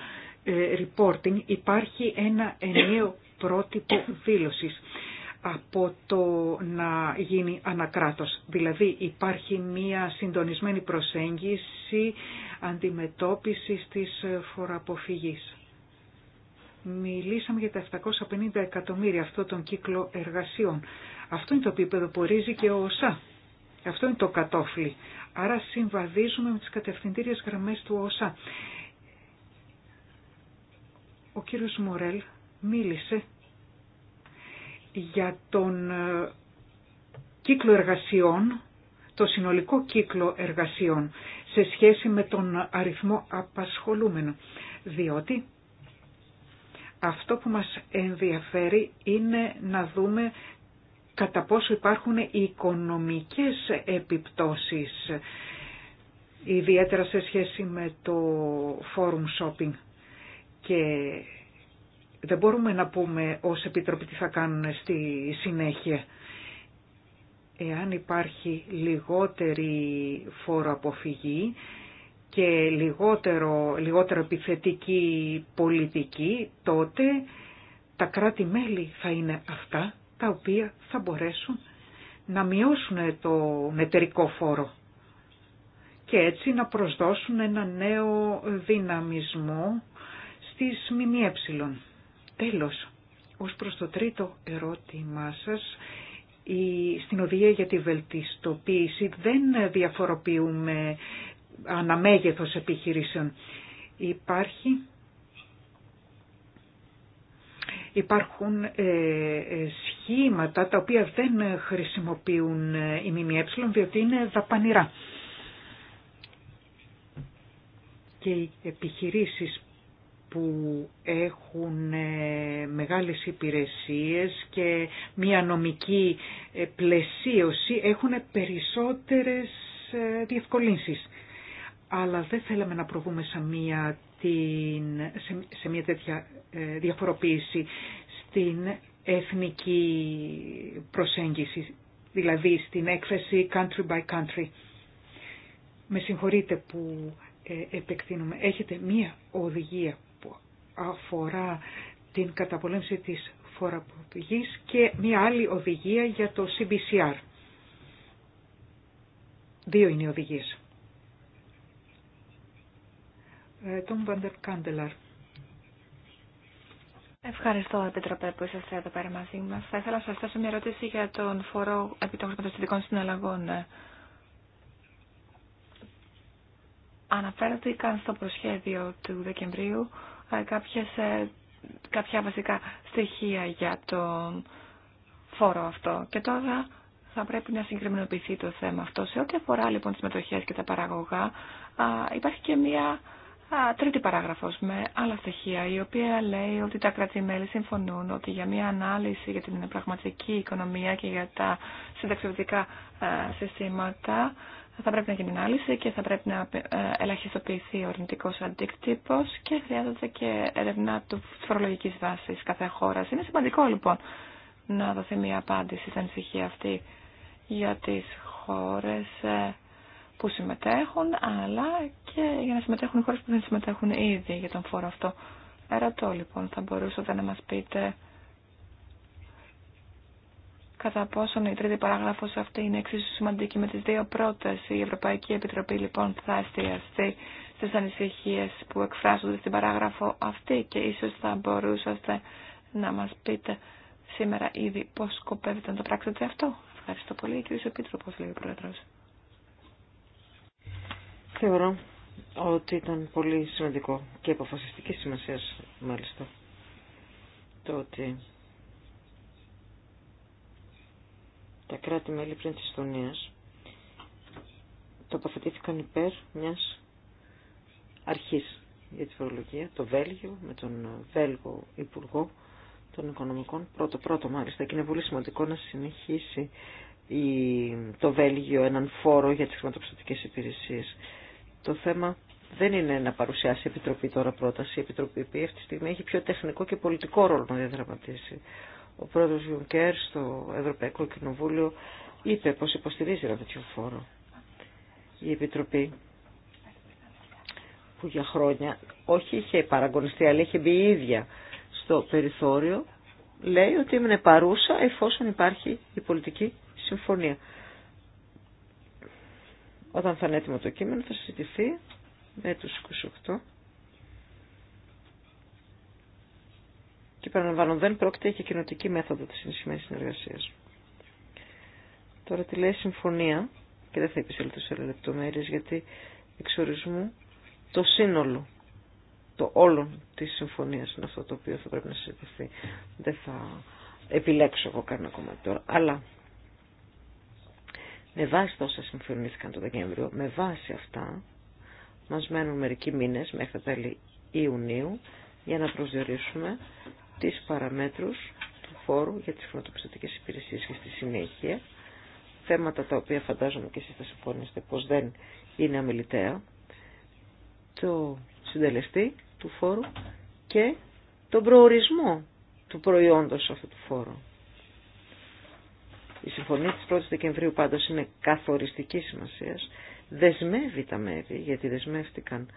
ε, reporting υπάρχει ένα ενιαίο πρότυπο δήλωσης από το να γίνει ανακράτος. Δηλαδή υπάρχει μία συντονισμένη προσέγγιση αντιμετώπισης της φοροαποφυγής. Μιλήσαμε για τα 750 εκατομμύρια αυτό τον κύκλο εργασιών. Αυτό είναι το επίπεδο που ορίζει και ο ΩΣΑ. Αυτό είναι το κατόφλι. Άρα συμβαδίζουμε με τις κατευθυντήριες γραμμές του ΩΣΑ. Ο κύριος Μορέλ μίλησε για τον ε, κύκλο εργασιών, το συνολικό κύκλο εργασιών σε σχέση με τον αριθμό απασχολούμενο Διότι αυτό που μας ενδιαφέρει είναι να δούμε κατά πόσο υπάρχουν οι οικονομικές επιπτώσεις, ιδιαίτερα σε σχέση με το forum shopping. Και δεν μπορούμε να πούμε ως Επιτροπή τι θα κάνουν στη συνέχεια. Εάν υπάρχει λιγότερη φοροαποφυγή και λιγότερο, λιγότερο επιθετική πολιτική, τότε τα κράτη-μέλη θα είναι αυτά τα οποία θα μπορέσουν να μειώσουν το εταιρικό φόρο και έτσι να προσδώσουν ένα νέο δυναμισμό στις ΜΜΕ. Τέλος, ως προς το τρίτο ερώτημά σας, η, στην οδηγία για τη βελτιστοποίηση δεν διαφοροποιούμε αναμέγεθος επιχειρήσεων. Υπάρχει Υπάρχουν ε, ε, σχήματα τα οποία δεν χρησιμοποιούν οι ε, ΜΜΕ διότι είναι δαπανηρά. Και οι επιχειρήσεις που έχουν ε, μεγάλες υπηρεσίες και μια νομική ε, πλαισίωση έχουν περισσότερες ε, διευκολύνσεις. Αλλά δεν θέλαμε να προβούμε σε μια, την, σε, μια τέτοια διαφοροποίηση στην εθνική προσέγγιση, δηλαδή στην έκθεση country by country. Με συγχωρείτε που επεκτείνουμε. Έχετε μία οδηγία αφορά την καταπολέμηση της φοραποφυγής και μία άλλη οδηγία για το CBCR. Δύο είναι οι οδηγίες. Τον Βαντερ Κάντελαρ. Ευχαριστώ, Επιτροπέ, που είσαστε εδώ πέρα μαζί μα. Θα ήθελα να σα θέσω μια ερώτηση για τον φόρο επί των χρηματοστηρικών συναλλαγών. Ε, Αναφέρθηκαν στο προσχέδιο του Δεκεμβρίου ε, κάποιες, ε, κάποια βασικά στοιχεία για τον φόρο αυτό. Και τώρα θα πρέπει να συγκεκριμενοποιηθεί το θέμα αυτό. Σε ό,τι αφορά λοιπόν τις μετοχές και τα παραγωγά, υπάρχει και μία τρίτη παράγραφος με άλλα στοιχεία, η οποία λέει ότι τα κράτη-μέλη συμφωνούν ότι για μία ανάλυση για την πραγματική οικονομία και για τα συνταξιωτικά ε, συστήματα θα πρέπει να γίνει ανάλυση και θα πρέπει να ε, ελαχιστοποιηθεί ο αρνητικό αντίκτυπο και χρειάζεται και ερευνά του φορολογική βάση κάθε χώρα. Είναι σημαντικό λοιπόν να δοθεί μια απάντηση στην ανησυχία αυτή για τι χώρε ε, που συμμετέχουν, αλλά και για να συμμετέχουν οι χώρε που δεν συμμετέχουν ήδη για τον φόρο αυτό. Ερωτώ λοιπόν, θα μπορούσατε να μα πείτε κατά πόσον η τρίτη παράγραφο αυτή είναι εξίσου σημαντική με τι δύο πρώτες. Η Ευρωπαϊκή Επιτροπή λοιπόν θα εστιαστεί στι ανησυχίε που εκφράζονται στην παράγραφο αυτή και ίσω θα μπορούσατε να μα πείτε σήμερα ήδη πώ σκοπεύετε να το πράξετε αυτό. Ευχαριστώ πολύ κύριος Επίτροπο, λέει ο Πρόεδρο. Θεωρώ ότι ήταν πολύ σημαντικό και αποφασιστική σημασία μάλιστα το ότι τα κράτη-μέλη πριν της το τοποθετήθηκαν υπέρ μιας αρχής για τη φορολογία, το Βέλγιο, με τον Βέλγο Υπουργό των Οικονομικών, πρώτο-πρώτο μάλιστα, και είναι πολύ σημαντικό να συνεχίσει το Βέλγιο έναν φόρο για τις χρηματοπιστωτικές υπηρεσίες. Το θέμα δεν είναι να παρουσιάσει η Επιτροπή τώρα πρόταση. Η Επιτροπή αυτή τη στιγμή έχει πιο τεχνικό και πολιτικό ρόλο να διαδραματίσει ο πρόεδρος Γιουνκέρ στο Ευρωπαϊκό Κοινοβούλιο είπε πως υποστηρίζει ένα τέτοιο φόρο. Η Επιτροπή που για χρόνια όχι είχε παραγωνιστεί αλλά είχε μπει η ίδια στο περιθώριο λέει ότι είναι παρούσα εφόσον υπάρχει η πολιτική συμφωνία. Όταν θα είναι έτοιμο το κείμενο θα συζητηθεί με τους 28 Και παραλαμβάνω, δεν πρόκειται για κοινοτική μέθοδο τη ενισχυμένη συνεργασία. Τώρα τη λέει συμφωνία, και δεν θα επισέλθω σε λεπτομέρειε γιατί εξορισμού το σύνολο το όλον τη συμφωνία είναι αυτό το οποίο θα πρέπει να συζητηθεί. Δεν θα επιλέξω εγώ κανένα κομμάτι τώρα. Αλλά με βάση τα όσα συμφωνήθηκαν το Δεκέμβριο, με βάση αυτά, μας μένουν μερικοί μήνες μέχρι τα τέλη Ιουνίου για να προσδιορίσουμε τις παραμέτρους του φόρου για τις χρηματοπιστωτικές υπηρεσίες και στη συνέχεια θέματα τα οποία φαντάζομαι και εσείς θα συμφωνήσετε πως δεν είναι αμεληταία το συντελεστή του φόρου και τον προορισμό του προϊόντος αυτού του φόρου. Η συμφωνία της 1ης Δεκεμβρίου πάντως είναι καθοριστική σημασίας. Δεσμεύει τα μέρη, γιατί δεσμεύτηκαν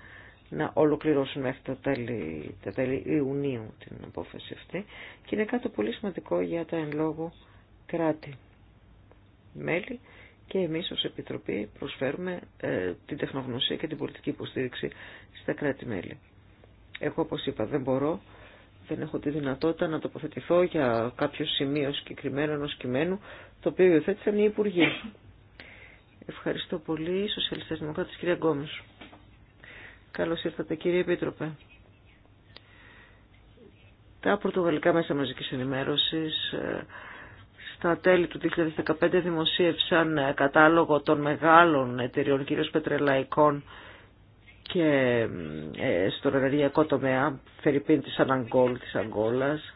να ολοκληρώσουν μέχρι τα τέλη, τα τέλη Ιουνίου την απόφαση αυτή και είναι κάτι πολύ σημαντικό για τα εν λόγω κράτη μέλη και εμείς ως Επιτροπή προσφέρουμε ε, την τεχνογνωσία και την πολιτική υποστήριξη στα κράτη-μέλη. Εγώ όπως είπα δεν μπορώ, δεν έχω τη δυνατότητα να τοποθετηθώ για κάποιο σημείο συγκεκριμένο ενός κειμένου το οποίο υιοθέτησαν οι Υπουργοί. Ευχαριστώ πολύ, Σοσιαλιστές Δημοκράτες, κυρία Γκόμες. Καλώς ήρθατε κύριε Επίτροπε. Τα πορτογαλικά μέσα μαζικής ενημέρωσης ε, στα τέλη του 2015 δημοσίευσαν ε, κατάλογο των μεγάλων εταιριών, κυρίως πετρελαϊκών και ε, στον ενεργειακό τομέα, Φερρυπίν της Αναγκόλ, της Αγκόλας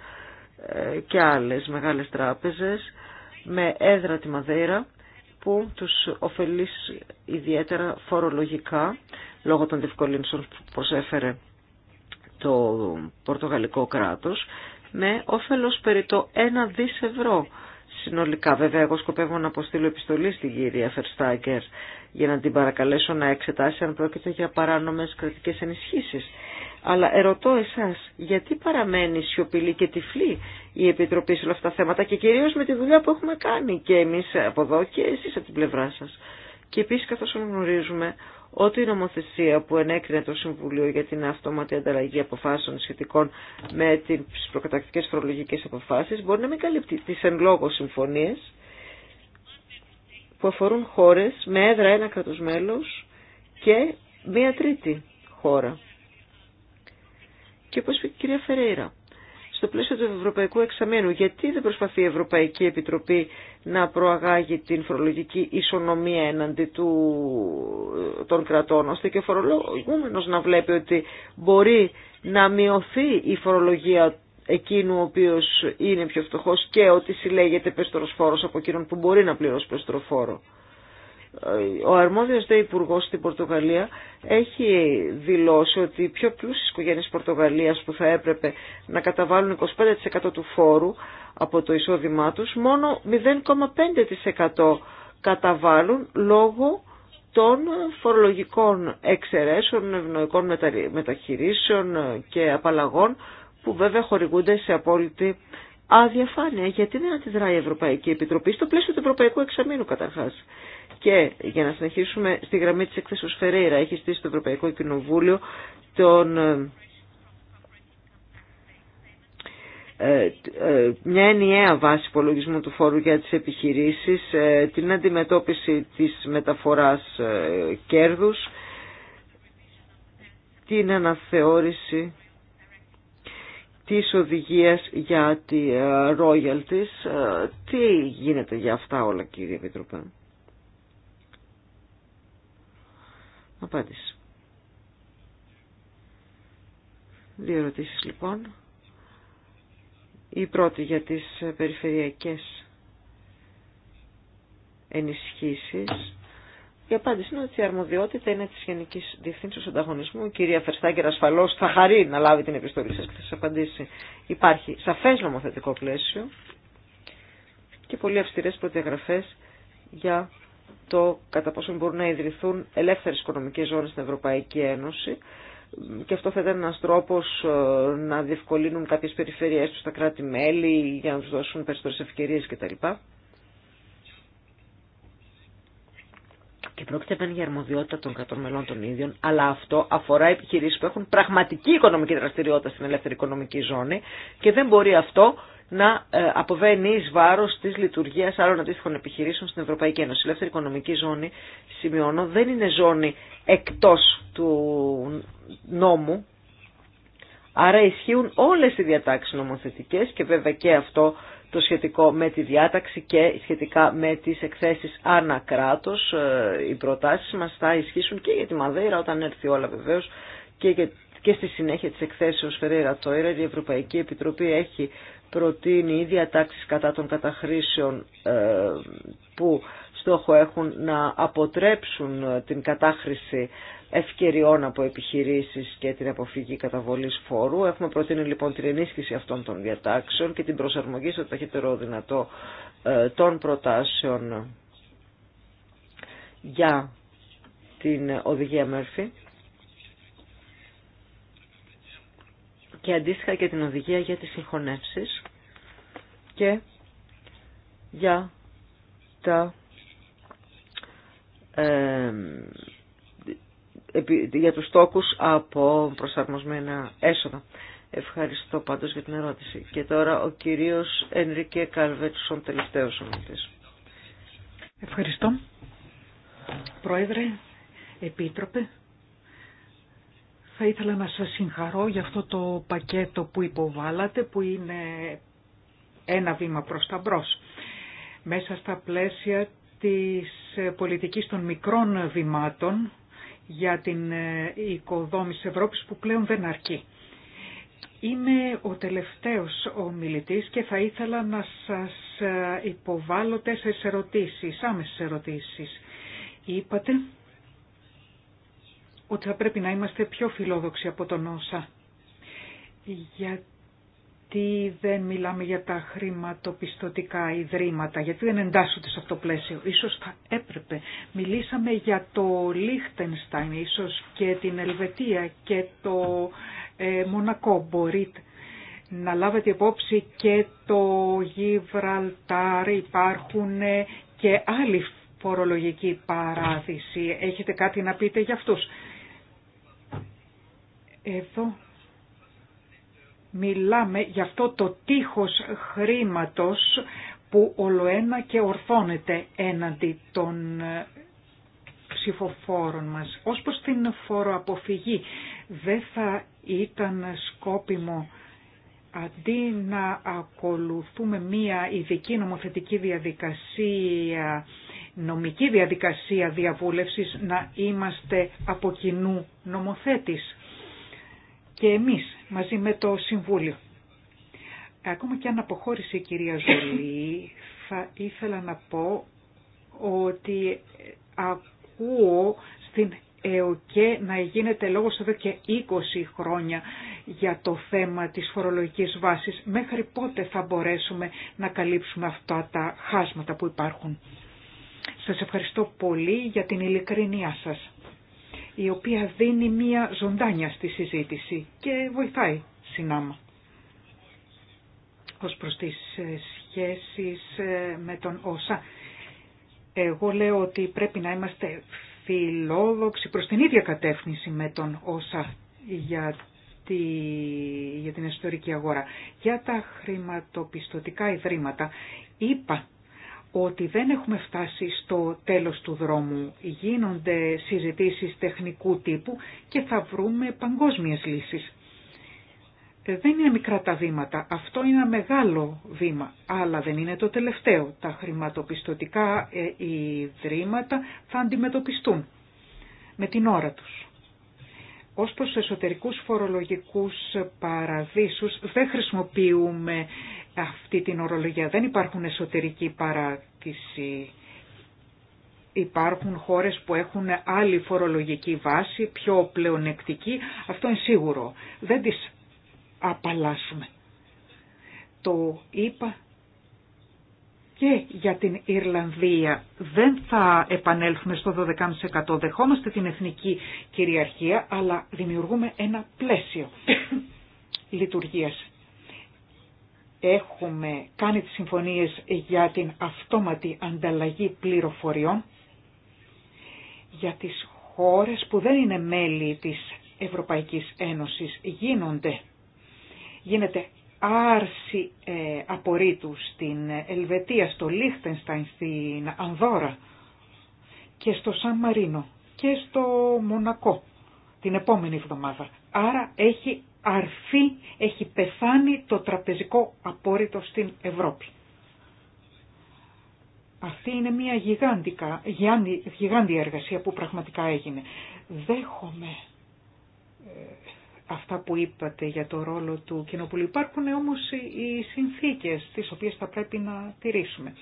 και άλλες μεγάλες τράπεζες με έδρα τη Μαδέρα που τους ωφελεί ιδιαίτερα φορολογικά λόγω των διευκολύνσεων που προσέφερε το πορτογαλικό κράτος με όφελος περί το 1 δις ευρώ συνολικά. Βέβαια, εγώ σκοπεύω να αποστείλω επιστολή στην κυρία Φερστάκερ για να την παρακαλέσω να εξετάσει αν πρόκειται για παράνομες κρατικές ενισχύσεις αλλά ερωτώ εσάς, γιατί παραμένει σιωπηλή και τυφλή η Επιτροπή σε όλα αυτά τα θέματα και κυρίως με τη δουλειά που έχουμε κάνει και εμείς από εδώ και εσείς από την πλευρά σας. Και επίσης καθώς γνωρίζουμε ότι η νομοθεσία που ενέκρινε το Συμβουλίο για την αυτόματη ανταλλαγή αποφάσεων σχετικών με τις προκατακτικές φορολογικές αποφάσεις μπορεί να μην καλύπτει τις εν λόγω συμφωνίες που αφορούν χώρες με έδρα ένα κρατος μέλος και μία τρίτη χώρα. Και όπως είπε η κυρία Φερέιρα, στο πλαίσιο του Ευρωπαϊκού Εξαμένου, γιατί δεν προσπαθεί η Ευρωπαϊκή Επιτροπή να προαγάγει την φορολογική ισονομία εναντί του, ε, των κρατών, ώστε και ο φορολογούμενος να βλέπει ότι μπορεί να μειωθεί η φορολογία εκείνου ο οποίος είναι πιο φτωχός και ότι συλλέγεται πεστρός από εκείνον που μπορεί να πληρώσει πεστροφόρο. φόρο ο αρμόδιος δε υπουργό στην Πορτογαλία έχει δηλώσει ότι οι πιο πλούσιες οικογένειες Πορτογαλίας που θα έπρεπε να καταβάλουν 25% του φόρου από το εισόδημά τους, μόνο 0,5% καταβάλουν λόγω των φορολογικών εξαιρέσεων, ευνοϊκών μεταχειρήσεων και απαλλαγών που βέβαια χορηγούνται σε απόλυτη αδιαφάνεια. Γιατί δεν αντιδράει η Ευρωπαϊκή Επιτροπή στο πλαίσιο του Ευρωπαϊκού Εξαμήνου καταρχάς. Και για να συνεχίσουμε στη γραμμή της εκθέσεως Φερέιρα έχει στήσει το Ευρωπαϊκό Κοινοβούλιο τον, ε, ε, ε, μια ενιαία βάση υπολογισμού του φόρου για τις επιχειρήσεις, την αντιμετώπιση της μεταφοράς κέρδους, την αναθεώρηση της οδηγίας για τη royalties. Τι γίνεται για αυτά όλα κύριε Επιτροπέ. Απάντηση. Δύο ερωτήσεις λοιπόν. Η πρώτη για τις περιφερειακές ενισχύσεις. Η απάντηση είναι ότι η αρμοδιότητα είναι τη Γενική Διευθύνσεω Ανταγωνισμού. Η κυρία Φερστάγκερ ασφαλώς θα χαρεί να λάβει την επιστολή σας. και θα σας απαντήσει. Υπάρχει σαφές νομοθετικό πλαίσιο και πολύ αυστηρές προδιαγραφές για το κατά πόσο μπορούν να ιδρυθούν ελεύθερες οικονομικές ζώνες στην Ευρωπαϊκή Ένωση και αυτό θα ήταν ένας τρόπος ε, να διευκολύνουν κάποιες περιφερειές τους στα κράτη-μέλη για να τους δώσουν περισσότερες ευκαιρίες κτλ. Και πρόκειται πέν για αρμοδιότητα των κρατών μελών των ίδιων, αλλά αυτό αφορά επιχειρήσεις που έχουν πραγματική οικονομική δραστηριότητα στην ελεύθερη οικονομική ζώνη και δεν μπορεί αυτό να ε, αποβαίνει ει βάρο της λειτουργίας άλλων αντίστοιχων επιχειρήσεων στην Ευρωπαϊκή Ένωση. Η ελεύθερη οικονομική ζώνη, σημειώνω, δεν είναι ζώνη εκτός του νόμου, άρα ισχύουν όλες οι διατάξεις νομοθετικές και βέβαια και αυτό το σχετικό με τη διάταξη και σχετικά με τις εκθέσει ανακράτο. Ε, οι προτάσει μας θα ισχύσουν και για τη Μαδέρα όταν έρθει όλα βεβαίω και και στη συνέχεια της εκθέσεως Φερέρα Τόιρα η Ευρωπαϊκή Επιτροπή έχει προτείνει οι διατάξεις κατά των καταχρήσεων ε, που στόχο έχουν να αποτρέψουν ε, την κατάχρηση ευκαιριών από επιχειρήσεις και την αποφυγή καταβολής φόρου. Έχουμε προτείνει λοιπόν την ενίσχυση αυτών των διατάξεων και την προσαρμογή στο ταχύτερο δυνατό ε, των προτάσεων για την οδηγία Μέρφη και αντίστοιχα και την οδηγία για τις συγχωνεύσεις και για τα ε, για τους τόκους από προσαρμοσμένα έσοδα. Ευχαριστώ πάντως για την ερώτηση. Και τώρα ο κυρίος Ενρικέ Καλβέτσον, τελευταίος ομιλητής. Ευχαριστώ. Πρόεδρε, Επίτροπε, θα ήθελα να σας συγχαρώ για αυτό το πακέτο που υποβάλατε, που είναι ένα βήμα προς τα μπρος. Μέσα στα πλαίσια της πολιτικής των μικρών βημάτων για την οικοδόμηση Ευρώπης που πλέον δεν αρκεί. Είμαι ο τελευταίος ομιλητής και θα ήθελα να σας υποβάλω τέσσερις ερωτήσεις, άμεσες ερωτήσεις. Είπατε ότι θα πρέπει να είμαστε πιο φιλόδοξοι από τον όσα. Γιατί δεν μιλάμε για τα χρηματοπιστωτικά ιδρύματα, γιατί δεν εντάσσονται σε αυτό το πλαίσιο. Ίσως θα έπρεπε. Μιλήσαμε για το Λίχτενστάιν, ίσως και την Ελβετία και το ε, Μονακό. Μπορείτε να λάβετε υπόψη και το Γιβραλτάρ, υπάρχουν ε, και άλλοι φορολογική παράδεισοι. Έχετε κάτι να πείτε για αυτούς. Εδώ μιλάμε για αυτό το τείχος χρήματος που ολοένα και ορθώνεται έναντι των ε, ψηφοφόρων μας. Ως προς την φοροαποφυγή δεν θα ήταν σκόπιμο αντί να ακολουθούμε μία ειδική νομοθετική διαδικασία, νομική διαδικασία διαβούλευσης, να είμαστε από κοινού νομοθέτης και εμείς μαζί με το Συμβούλιο. Ακόμα και αν αποχώρησε η κυρία Ζουλή, θα ήθελα να πω ότι ακούω στην ΕΟΚΕ να γίνεται λόγος εδώ και 20 χρόνια για το θέμα της φορολογικής βάσης. Μέχρι πότε θα μπορέσουμε να καλύψουμε αυτά τα χάσματα που υπάρχουν. Σας ευχαριστώ πολύ για την ειλικρινία σας η οποία δίνει μία ζωντάνια στη συζήτηση και βοηθάει συνάμα ως προς τις ε, σχέσεις ε, με τον Όσα. Εγώ λέω ότι πρέπει να είμαστε φιλόδοξοι προς την ίδια κατεύθυνση με τον Όσα για, τη, για την ιστορική αγορά. Για τα χρηματοπιστωτικά ιδρύματα είπα ότι δεν έχουμε φτάσει στο τέλος του δρόμου. Γίνονται συζητήσεις τεχνικού τύπου και θα βρούμε παγκόσμιες λύσεις. Δεν είναι μικρά τα βήματα, αυτό είναι ένα μεγάλο βήμα, αλλά δεν είναι το τελευταίο. Τα χρηματοπιστωτικά ε, ιδρύματα θα αντιμετωπιστούν με την ώρα τους. Ως προς εσωτερικούς φορολογικούς παραδείσους δεν χρησιμοποιούμε αυτή την ορολογία. Δεν υπάρχουν εσωτερικοί παράτηση. Υπάρχουν χώρες που έχουν άλλη φορολογική βάση, πιο πλεονεκτική. Αυτό είναι σίγουρο. Δεν τις απαλλάσσουμε. Το είπα και για την Ιρλανδία. Δεν θα επανέλθουμε στο 12%. Δεχόμαστε την εθνική κυριαρχία, αλλά δημιουργούμε ένα πλαίσιο λειτουργίας έχουμε κάνει τις συμφωνίες για την αυτόματη ανταλλαγή πληροφοριών για τις χώρες που δεν είναι μέλη της Ευρωπαϊκής Ένωσης. Γίνονται, γίνεται άρση ε, απορρίτου στην Ελβετία, στο Λίχτενστάιν, στην Ανδόρα και στο Σαν Μαρίνο και στο Μονακό την επόμενη εβδομάδα. Άρα έχει αρθεί, έχει πεθάνει το τραπεζικό απόρριτο στην Ευρώπη. Αυτή είναι μια γιγάντικα, γιγάντια εργασία που πραγματικά έγινε. Δέχομαι ε, αυτά που είπατε για το ρόλο του κοινοπούλου. Υπάρχουν όμως οι συνθήκες τις οποίες θα πρέπει να τηρήσουμε.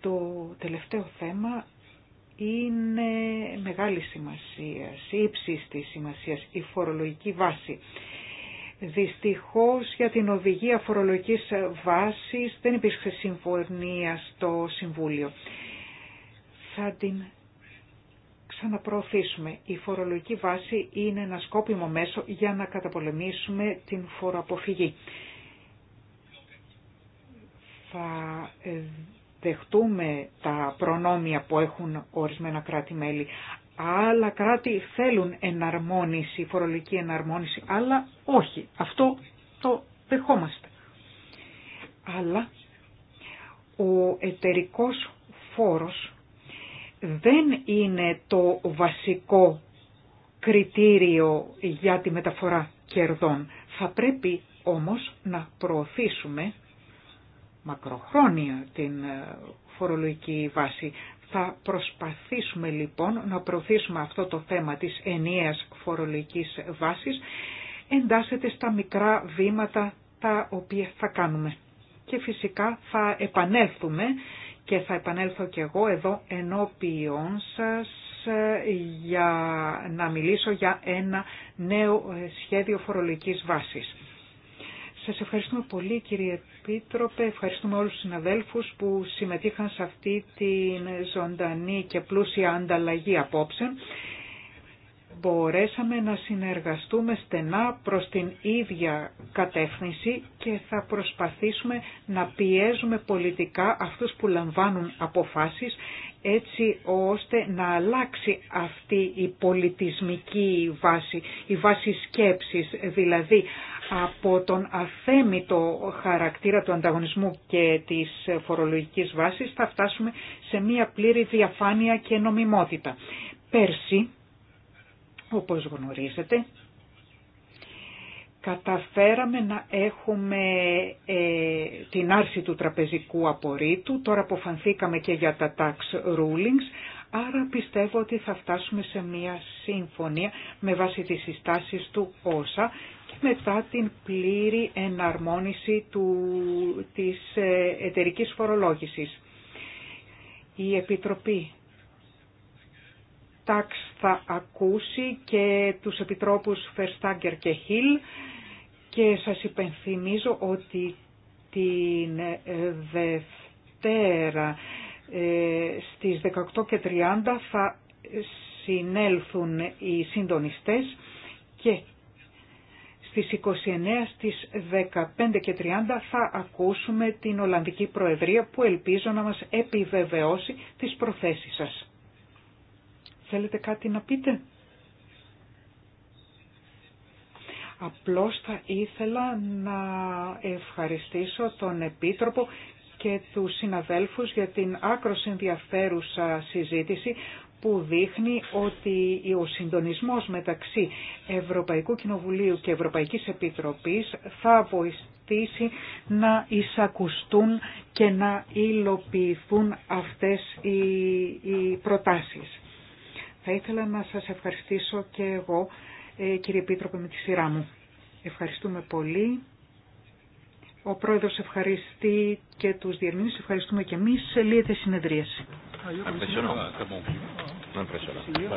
Το τελευταίο θέμα είναι μεγάλη σημασία, ύψιστη της σημασίας, η φορολογική βάση. Δυστυχώς για την οδηγία φορολογικής βάσης δεν υπήρξε συμφωνία στο Συμβούλιο. Θα την ξαναπροωθήσουμε. Η φορολογική βάση είναι ένα σκόπιμο μέσο για να καταπολεμήσουμε την φοροαποφυγή. Θα ε, δεχτούμε τα προνόμια που έχουν ορισμένα κράτη-μέλη, Άλλα κράτη θέλουν εναρμόνιση, φορολογική εναρμόνιση, αλλά όχι. Αυτό το δεχόμαστε. Αλλά ο εταιρικός φόρος δεν είναι το βασικό κριτήριο για τη μεταφορά κερδών. Θα πρέπει όμως να προωθήσουμε μακροχρόνια την ε, φορολογική βάση. Θα προσπαθήσουμε λοιπόν να προωθήσουμε αυτό το θέμα της ενιαίας φορολογικής βάσης εντάσσεται στα μικρά βήματα τα οποία θα κάνουμε. Και φυσικά θα επανέλθουμε και θα επανέλθω και εγώ εδώ ενώπιον σας ε, για να μιλήσω για ένα νέο ε, σχέδιο φορολογικής βάσης. Σας ευχαριστούμε πολύ κύριε πίτροπε, ευχαριστούμε όλους τους συναδέλφους που συμμετείχαν σε αυτή την ζωντανή και πλούσια ανταλλαγή απόψε. Μπορέσαμε να συνεργαστούμε στενά προς την ίδια κατεύθυνση και θα προσπαθήσουμε να πιέζουμε πολιτικά αυτούς που λαμβάνουν αποφάσεις έτσι ώστε να αλλάξει αυτή η πολιτισμική βάση, η βάση σκέψης, δηλαδή από τον αθέμητο χαρακτήρα του ανταγωνισμού και της φορολογικής βάσης θα φτάσουμε σε μία πλήρη διαφάνεια και νομιμότητα. Πέρσι, όπως γνωρίζετε, καταφέραμε να έχουμε ε, την άρση του τραπεζικού απορρίτου, τώρα αποφανθήκαμε και για τα tax rulings, άρα πιστεύω ότι θα φτάσουμε σε μια συμφωνία με βάση τις συστάσεις του όσα και μετά την πλήρη εναρμόνιση του, της ε, εταιρικής φορολόγησης. Η Επιτροπή Τάξ θα ακούσει και τους επιτρόπους Φερστάγκερ και Χίλ και σας υπενθυμίζω ότι την ε, Δευτέρα ε, στις 18.30 θα συνέλθουν οι συντονιστές και στις 29 στις 15.30 θα ακούσουμε την Ολλανδική Προεδρία που ελπίζω να μας επιβεβαιώσει τις προθέσεις σας. Θέλετε κάτι να πείτε? Απλώς θα ήθελα να ευχαριστήσω τον Επίτροπο και τους συναδέλφους για την άκρο ενδιαφέρουσα συζήτηση που δείχνει ότι ο συντονισμός μεταξύ Ευρωπαϊκού Κοινοβουλίου και Ευρωπαϊκής Επιτροπής θα βοηθήσει να εισακουστούν και να υλοποιηθούν αυτές οι, προτάσεις. Θα ήθελα να σας ευχαριστήσω και εγώ ε, κύριε Επίτροπε, με τη σειρά μου. Ευχαριστούμε πολύ. Ο πρόεδρος ευχαριστεί και τους διερμηνείς. Ευχαριστούμε και εμείς. Λύεται συνεδρίαση.